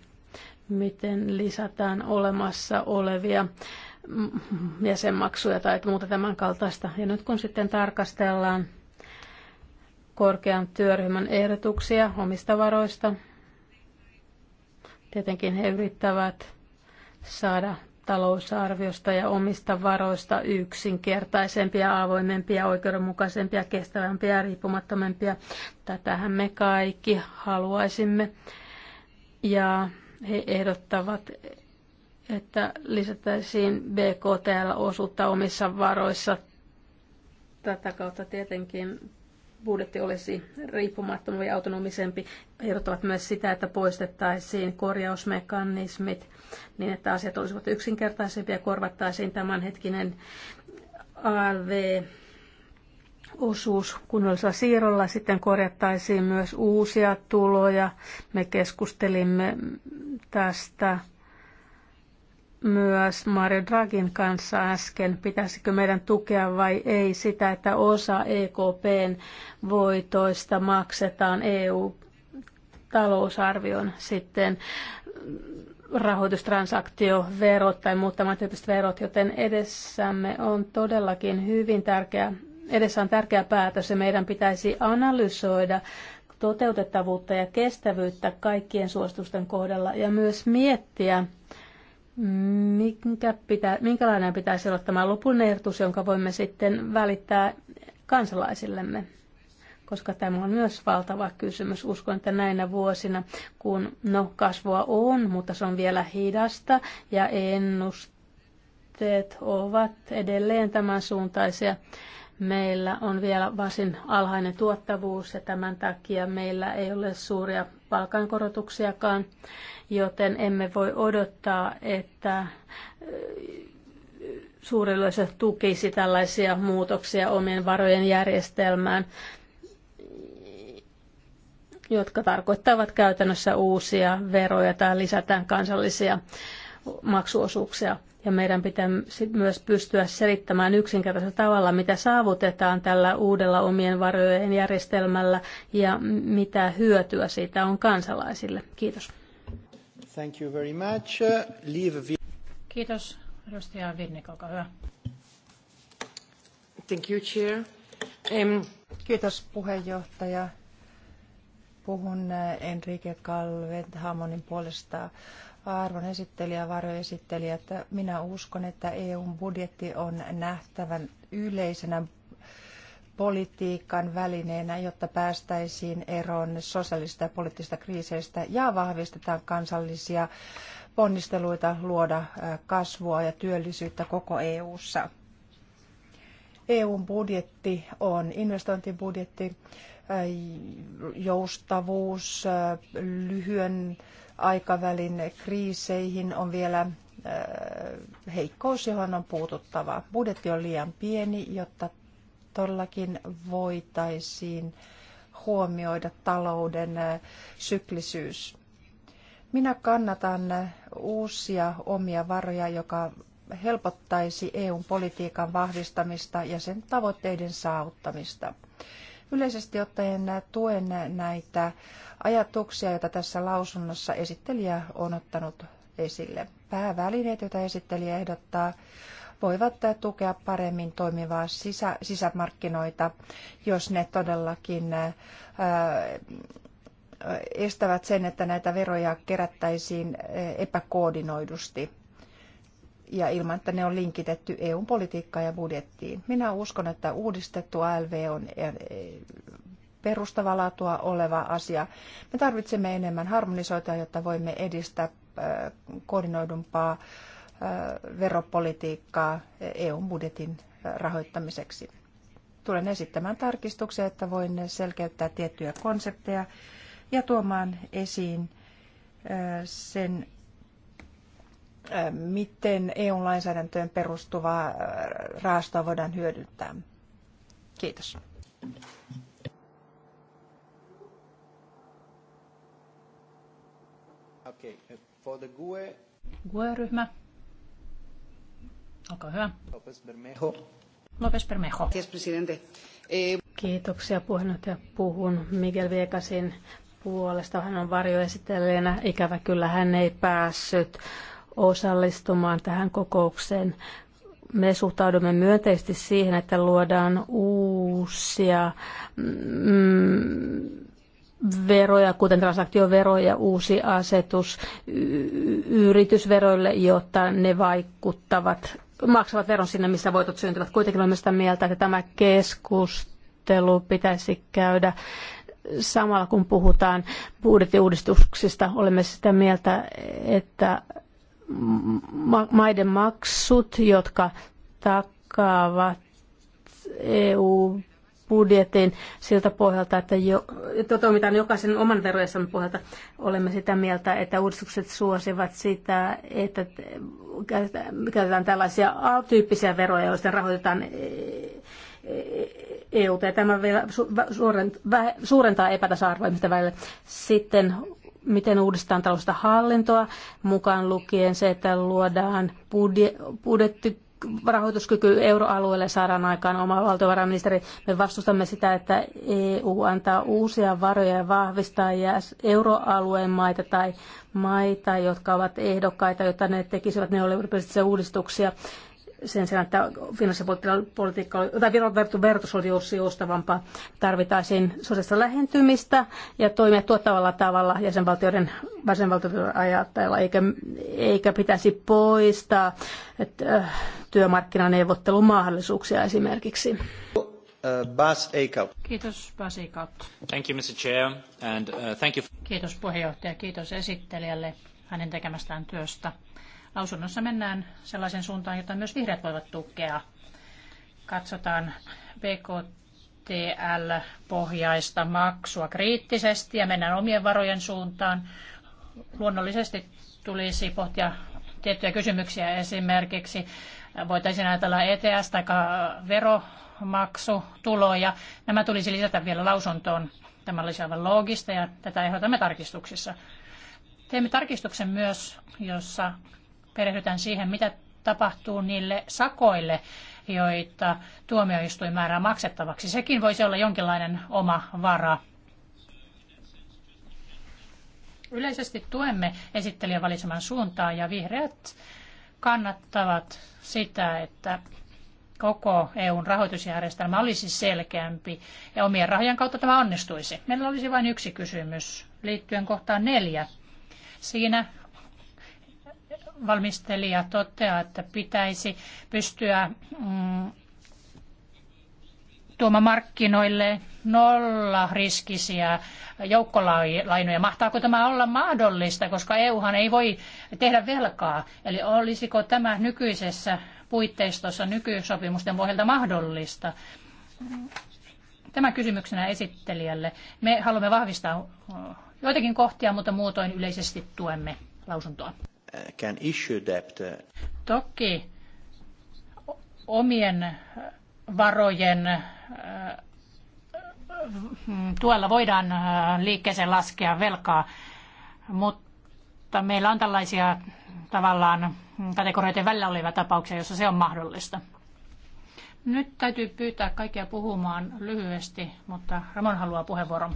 miten lisätään olemassa olevia jäsenmaksuja tai muuta tämän kaltaista. Ja nyt kun sitten tarkastellaan korkean työryhmän ehdotuksia omista varoista. Tietenkin he yrittävät saada talousarviosta ja omista varoista yksinkertaisempia, avoimempia, oikeudenmukaisempia, kestävämpiä ja riippumattomampia. Tätähän me kaikki haluaisimme. Ja he ehdottavat, että lisättäisiin BKTL-osuutta omissa varoissa. Tätä kautta tietenkin budjetti olisi riippumattomampi ja autonomisempi. Ehdottavat myös sitä, että poistettaisiin korjausmekanismit niin, että asiat olisivat yksinkertaisempia ja korvattaisiin tämänhetkinen ALV osuus kunnollisella siirrolla. Sitten korjattaisiin myös uusia tuloja. Me keskustelimme tästä myös Mario Dragin kanssa äsken, pitäisikö meidän tukea vai ei sitä, että osa EKPn voitoista maksetaan EU-talousarvion sitten rahoitustransaktioverot tai muut tyyppiset verot, joten edessämme on todellakin hyvin tärkeä, edessä on tärkeä päätös ja meidän pitäisi analysoida toteutettavuutta ja kestävyyttä kaikkien suositusten kohdalla ja myös miettiä, Minkä pitä, minkälainen pitäisi olla tämä lopun ehdotus, jonka voimme sitten välittää kansalaisillemme? Koska tämä on myös valtava kysymys. Uskon, että näinä vuosina, kun no, kasvua on, mutta se on vielä hidasta ja ennusteet ovat edelleen tämän suuntaisia. Meillä on vielä varsin alhainen tuottavuus ja tämän takia meillä ei ole suuria palkankorotuksiakaan joten emme voi odottaa, että äh, suuri tukisi tällaisia muutoksia omien varojen järjestelmään, jotka tarkoittavat käytännössä uusia veroja tai lisätään kansallisia maksuosuuksia. Ja meidän pitää myös pystyä selittämään yksinkertaisella tavalla, mitä saavutetaan tällä uudella omien varojen järjestelmällä ja mitä hyötyä siitä on kansalaisille. Kiitos. Thank you very much. Liv... Kiitos. Edustaja Virnik, olkaa hyvä. Thank you, Chair. Um... Kiitos puheenjohtaja. Puhun eh, Enrique Calvet Hamonin puolesta arvon esittelijä, varjoesittelijä, että minä uskon, että EUn budjetti on nähtävän yleisenä politiikan välineenä, jotta päästäisiin eroon sosiaalista ja poliittisista kriiseistä ja vahvistetaan kansallisia ponnisteluita luoda kasvua ja työllisyyttä koko EU:ssa. EUn budjetti on investointibudjetti, joustavuus lyhyen aikavälin kriiseihin on vielä heikkous, johon on puututtava. Budjetti on liian pieni, jotta todellakin voitaisiin huomioida talouden syklisyys. Minä kannatan uusia omia varoja, joka helpottaisi EUn politiikan vahvistamista ja sen tavoitteiden saavuttamista. Yleisesti ottaen tuen näitä ajatuksia, joita tässä lausunnossa esittelijä on ottanut esille. Päävälineet, joita esittelijä ehdottaa, voivat tukea paremmin toimivaa sisä, sisämarkkinoita, jos ne todellakin ää, estävät sen, että näitä veroja kerättäisiin epäkoordinoidusti ja ilman, että ne on linkitetty EUn politiikkaan ja budjettiin. Minä uskon, että uudistettu ALV on perustavaa laatua oleva asia. Me tarvitsemme enemmän harmonisoitua, jotta voimme edistää koordinoidumpaa Äh, veropolitiikkaa EU-budjetin äh, rahoittamiseksi. Tulen esittämään tarkistuksia, että voin selkeyttää tiettyjä konsepteja ja tuomaan esiin äh, sen, miten EU-lainsäädäntöön perustuvaa rahastoa voidaan hyödyntää. Kiitos. Okay. For the GUE... GUE-ryhmä. Olkaa hyvä. López Bermejo. López Bermejo. Eh, Kiitoksia puheenjohtaja. Puhun Miguel Viekasin puolesta. Hän on varjoesittelijänä. Ikävä kyllä hän ei päässyt osallistumaan tähän kokoukseen. Me suhtaudumme myönteisesti siihen, että luodaan uusia mm, veroja, kuten transaktioveroja, uusi asetus yritysveroille, jotta ne vaikuttavat maksavat veron sinne, missä voitot syntyvät. Kuitenkin olen sitä mieltä, että tämä keskustelu pitäisi käydä samalla, kun puhutaan budjettiuudistuksista. Olemme sitä mieltä, että maiden maksut, jotka takaavat EU budjetin siltä pohjalta, että jo, että toimitaan jokaisen oman verojamme pohjalta. Olemme sitä mieltä, että uudistukset suosivat sitä, että käytetään tällaisia A-tyyppisiä veroja, joista rahoitetaan EU, e, e, e, ja tämä vielä suurentaa epätasa-arvoa ihmisten välillä. Sitten miten uudistetaan taloudellista hallintoa, mukaan lukien se, että luodaan budje, budjetti, rahoituskyky euroalueelle saadaan aikaan oma valtiovarainministeri. Me vastustamme sitä, että EU antaa uusia varoja ja vahvistaa euroalueen maita tai maita, jotka ovat ehdokkaita, jotta ne tekisivät neoliberalistisia uudistuksia sen sijaan, että finanssipolitiikka tai verotus olisi joustavampaa. Tarvitaisiin sosiaalista lähentymistä ja toimia tuottavalla tavalla jäsenvaltioiden, jäsenvaltioiden ajattajalla, eikä, eikä pitäisi poistaa että, äh, työmarkkinaneuvottelumahdollisuuksia esimerkiksi. Bas Eickhout. Kiitos Bas Eickhout. Thank you, Mr. Chair, and, uh, thank you. Kiitos puheenjohtaja, kiitos esittelijälle hänen tekemästään työstä. Lausunnossa mennään sellaisen suuntaan, jota myös vihreät voivat tukea. Katsotaan BKTL-pohjaista maksua kriittisesti ja mennään omien varojen suuntaan. Luonnollisesti tulisi pohtia tiettyjä kysymyksiä esimerkiksi. Voitaisiin ajatella ETS tai veromaksutuloja. Nämä tulisi lisätä vielä lausuntoon. Tämä olisi aivan loogista ja tätä ehdotamme tarkistuksissa. Teemme tarkistuksen myös, jossa perehdytään siihen, mitä tapahtuu niille sakoille, joita tuomioistuin määrää maksettavaksi. Sekin voisi olla jonkinlainen oma vara. Yleisesti tuemme esittelijän valitseman suuntaa ja vihreät kannattavat sitä, että koko EUn rahoitusjärjestelmä olisi selkeämpi ja omien rahojen kautta tämä onnistuisi. Meillä olisi vain yksi kysymys liittyen kohtaan neljä. Siinä valmistelija toteaa, että pitäisi pystyä mm, tuomaan markkinoille nolla riskisiä joukkolainoja. Mahtaako tämä olla mahdollista, koska EUhan ei voi tehdä velkaa? Eli olisiko tämä nykyisessä puitteistossa nykysopimusten pohjalta mahdollista? Tämä kysymyksenä esittelijälle. Me haluamme vahvistaa joitakin kohtia, mutta muutoin yleisesti tuemme lausuntoa can issue debt. Uh, Toki omien varojen äh, mm, tuella voidaan äh, liikkeeseen laskea velkaa, mutta meillä on tällaisia tavallaan kategorioiden välillä olevia tapauksia, joissa se on mahdollista. Nyt täytyy pyytää kaikkia puhumaan lyhyesti, mutta Ramon haluaa puheenvuoron.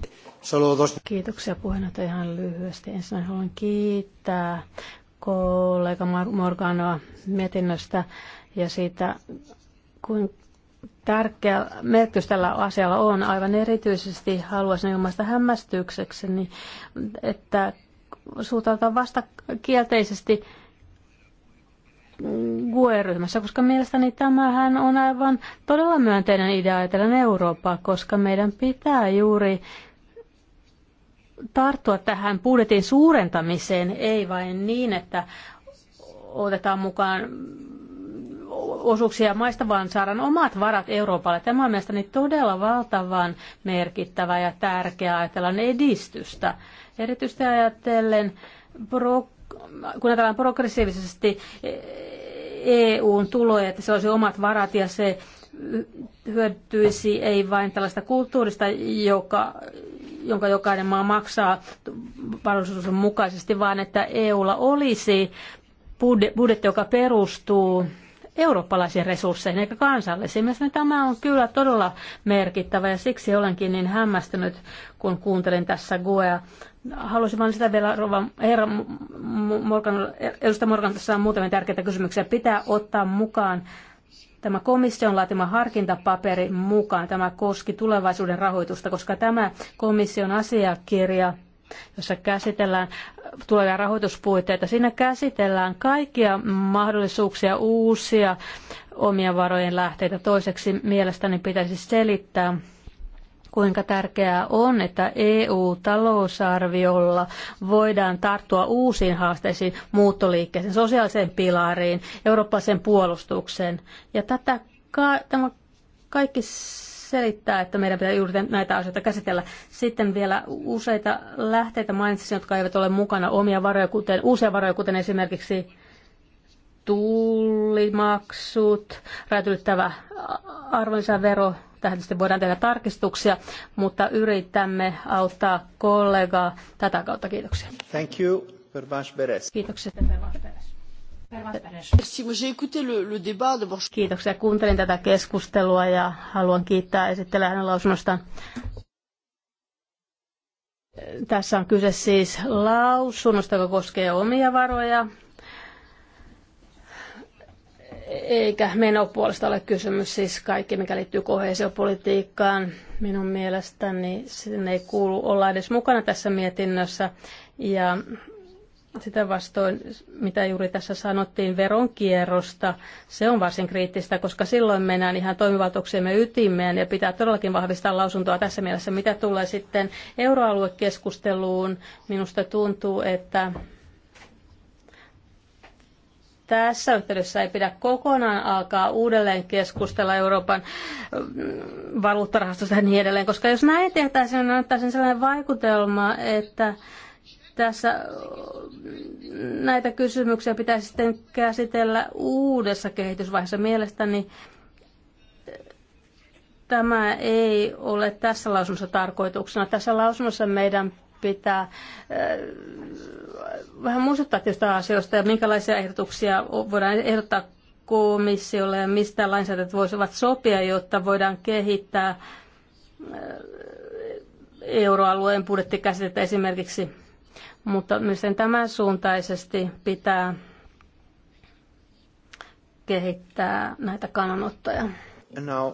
Kiitoksia puheenjohtaja ihan lyhyesti. Ensin haluan kiittää kollega Morganoa mietinnöstä ja siitä, kuin tärkeä merkitys tällä asialla on. Aivan erityisesti haluaisin ilmaista hämmästyksekseni, että suhtautua vasta kielteisesti GUE-ryhmässä, koska mielestäni tämähän on aivan todella myönteinen idea ajatellen Eurooppaa, koska meidän pitää juuri tarttua tähän budjetin suurentamiseen, ei vain niin, että otetaan mukaan osuuksia maista, vaan saadaan omat varat Euroopalle. Tämä on mielestäni todella valtavan merkittävä ja tärkeä ajatellaan edistystä. Erityisesti ajatellen, pro, kun ajatellaan progressiivisesti EUn tuloja, että se olisi omat varat ja se hyötyisi ei vain tällaista kulttuurista, joka jonka jokainen maa maksaa varallisuuden mukaisesti, vaan että EUlla olisi budjetti, joka perustuu eurooppalaisiin resursseihin eikä kansallisiin. Mielestäni tämä on kyllä todella merkittävä ja siksi olenkin niin hämmästynyt, kun kuuntelin tässä Guea. Haluaisin vain sitä vielä, Rova, herra Morgan, edustaja Morgan, tässä on muutamia tärkeitä kysymyksiä. Pitää ottaa mukaan tämä komission laatima harkintapaperi mukaan. Tämä koski tulevaisuuden rahoitusta, koska tämä komission asiakirja jossa käsitellään tulevia rahoituspuitteita. Siinä käsitellään kaikkia mahdollisuuksia, uusia omien varojen lähteitä. Toiseksi mielestäni pitäisi selittää kuinka tärkeää on, että EU-talousarviolla voidaan tarttua uusiin haasteisiin, muuttoliikkeeseen, sosiaaliseen pilariin, eurooppalaiseen puolustukseen. Ja tätä ka- tämä kaikki selittää, että meidän pitää juuri näitä asioita käsitellä. Sitten vielä useita lähteitä mainitsin, jotka eivät ole mukana omia varoja, kuten, uusia varoja, kuten esimerkiksi tullimaksut, räätylyttävä arvonlisävero, Tähän tietysti voidaan tehdä tarkistuksia, mutta yritämme auttaa kollegaa tätä kautta. Kiitoksia. Thank you, Beres. Kiitoksia, Beres. Kiitoksia. Kuuntelin tätä keskustelua ja haluan kiittää esittelijä hänen lausunnostaan. Tässä on kyse siis lausunnosta, joka koskee omia varoja eikä menopuolesta ole kysymys, siis kaikki mikä liittyy kohesiopolitiikkaan minun mielestäni sen ei kuulu olla edes mukana tässä mietinnössä ja sitä vastoin, mitä juuri tässä sanottiin veronkierrosta, se on varsin kriittistä, koska silloin mennään ihan toimivaltuuksiemme ytimeen ja pitää todellakin vahvistaa lausuntoa tässä mielessä. Mitä tulee sitten euroaluekeskusteluun, minusta tuntuu, että tässä yhteydessä ei pidä kokonaan alkaa uudelleen keskustella Euroopan mm, valuuttarahastosta ja niin edelleen, koska jos näin tehtäisiin, niin annettaisiin sellainen vaikutelma, että tässä mm, näitä kysymyksiä pitäisi sitten käsitellä uudessa kehitysvaiheessa. Mielestäni tämä ei ole tässä lausunnossa tarkoituksena. Tässä lausunnossa meidän pitää äh, vähän muistuttaa tästä asioista ja minkälaisia ehdotuksia voidaan ehdottaa komissiolle ja mistä lainsäädäntöt voisivat sopia, jotta voidaan kehittää äh, euroalueen budjettikäsitettä esimerkiksi. Mutta myös tämän suuntaisesti pitää kehittää näitä kannanottoja. Now,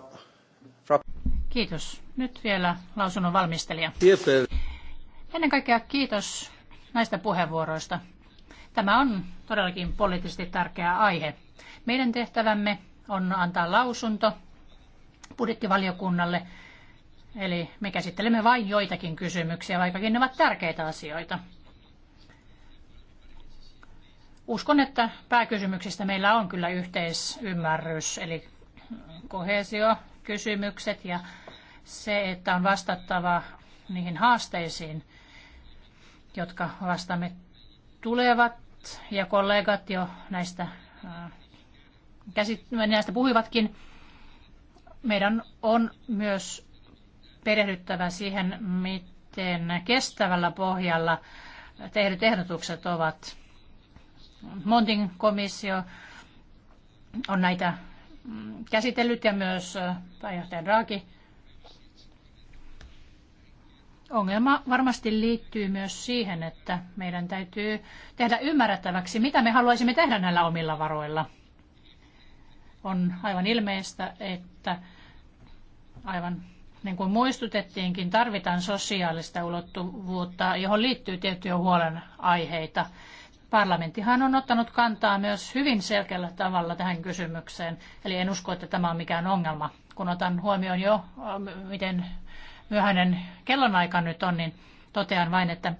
Kiitos. Nyt vielä lausunnon valmistelija. Ennen kaikkea kiitos näistä puheenvuoroista. Tämä on todellakin poliittisesti tärkeä aihe. Meidän tehtävämme on antaa lausunto budjettivaliokunnalle, eli me käsittelemme vain joitakin kysymyksiä, vaikkakin ne ovat tärkeitä asioita. Uskon, että pääkysymyksistä meillä on kyllä yhteisymmärrys, eli kohesio, kysymykset ja se, että on vastattava niihin haasteisiin, jotka vastamme tulevat ja kollegat jo näistä, käsit- näistä puhuivatkin. Meidän on myös perehdyttävä siihen, miten kestävällä pohjalla tehdyt ehdotukset ovat. Montin komissio on näitä mm, käsitellyt ja myös pääjohtaja Draghi Ongelma varmasti liittyy myös siihen, että meidän täytyy tehdä ymmärrettäväksi, mitä me haluaisimme tehdä näillä omilla varoilla. On aivan ilmeistä, että aivan niin kuin muistutettiinkin, tarvitaan sosiaalista ulottuvuutta, johon liittyy tiettyjä huolenaiheita. Parlamenttihan on ottanut kantaa myös hyvin selkeällä tavalla tähän kysymykseen, eli en usko, että tämä on mikään ongelma, kun otan huomioon jo, miten myöhäinen kellonaika nyt on, niin totean vain, että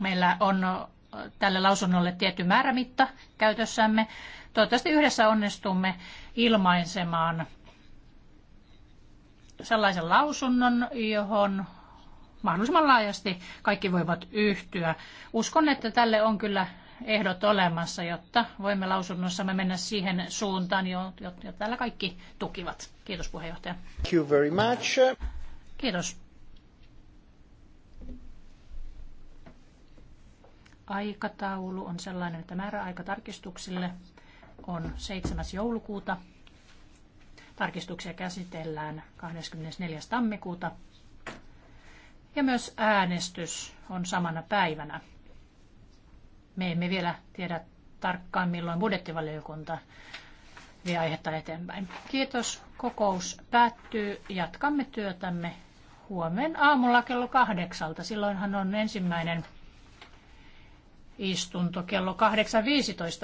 meillä on tälle lausunnolle tietty määrämitta käytössämme. Toivottavasti yhdessä onnistumme ilmaisemaan sellaisen lausunnon, johon mahdollisimman laajasti kaikki voivat yhtyä. Uskon, että tälle on kyllä ehdot olemassa, jotta voimme lausunnossamme mennä siihen suuntaan, jota täällä kaikki tukivat. Kiitos puheenjohtaja. Thank you very much. Kiitos. Aikataulu on sellainen, että määräaika tarkistuksille on 7. joulukuuta. Tarkistuksia käsitellään 24. tammikuuta. Ja myös äänestys on samana päivänä. Me emme vielä tiedä tarkkaan, milloin budjettivaliokunta vie aihetta eteenpäin. Kiitos. Kokous päättyy. Jatkamme työtämme huomenna aamulla kello kahdeksalta. Silloinhan on ensimmäinen istunto kello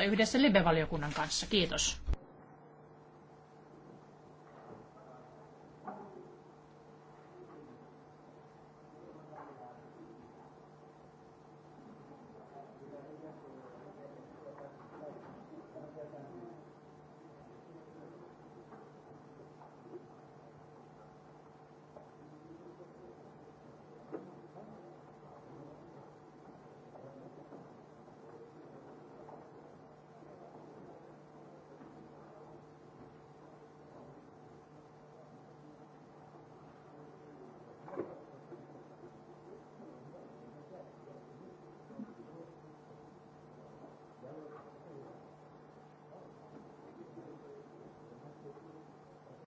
8.15 yhdessä libevaliokunnan kanssa. Kiitos.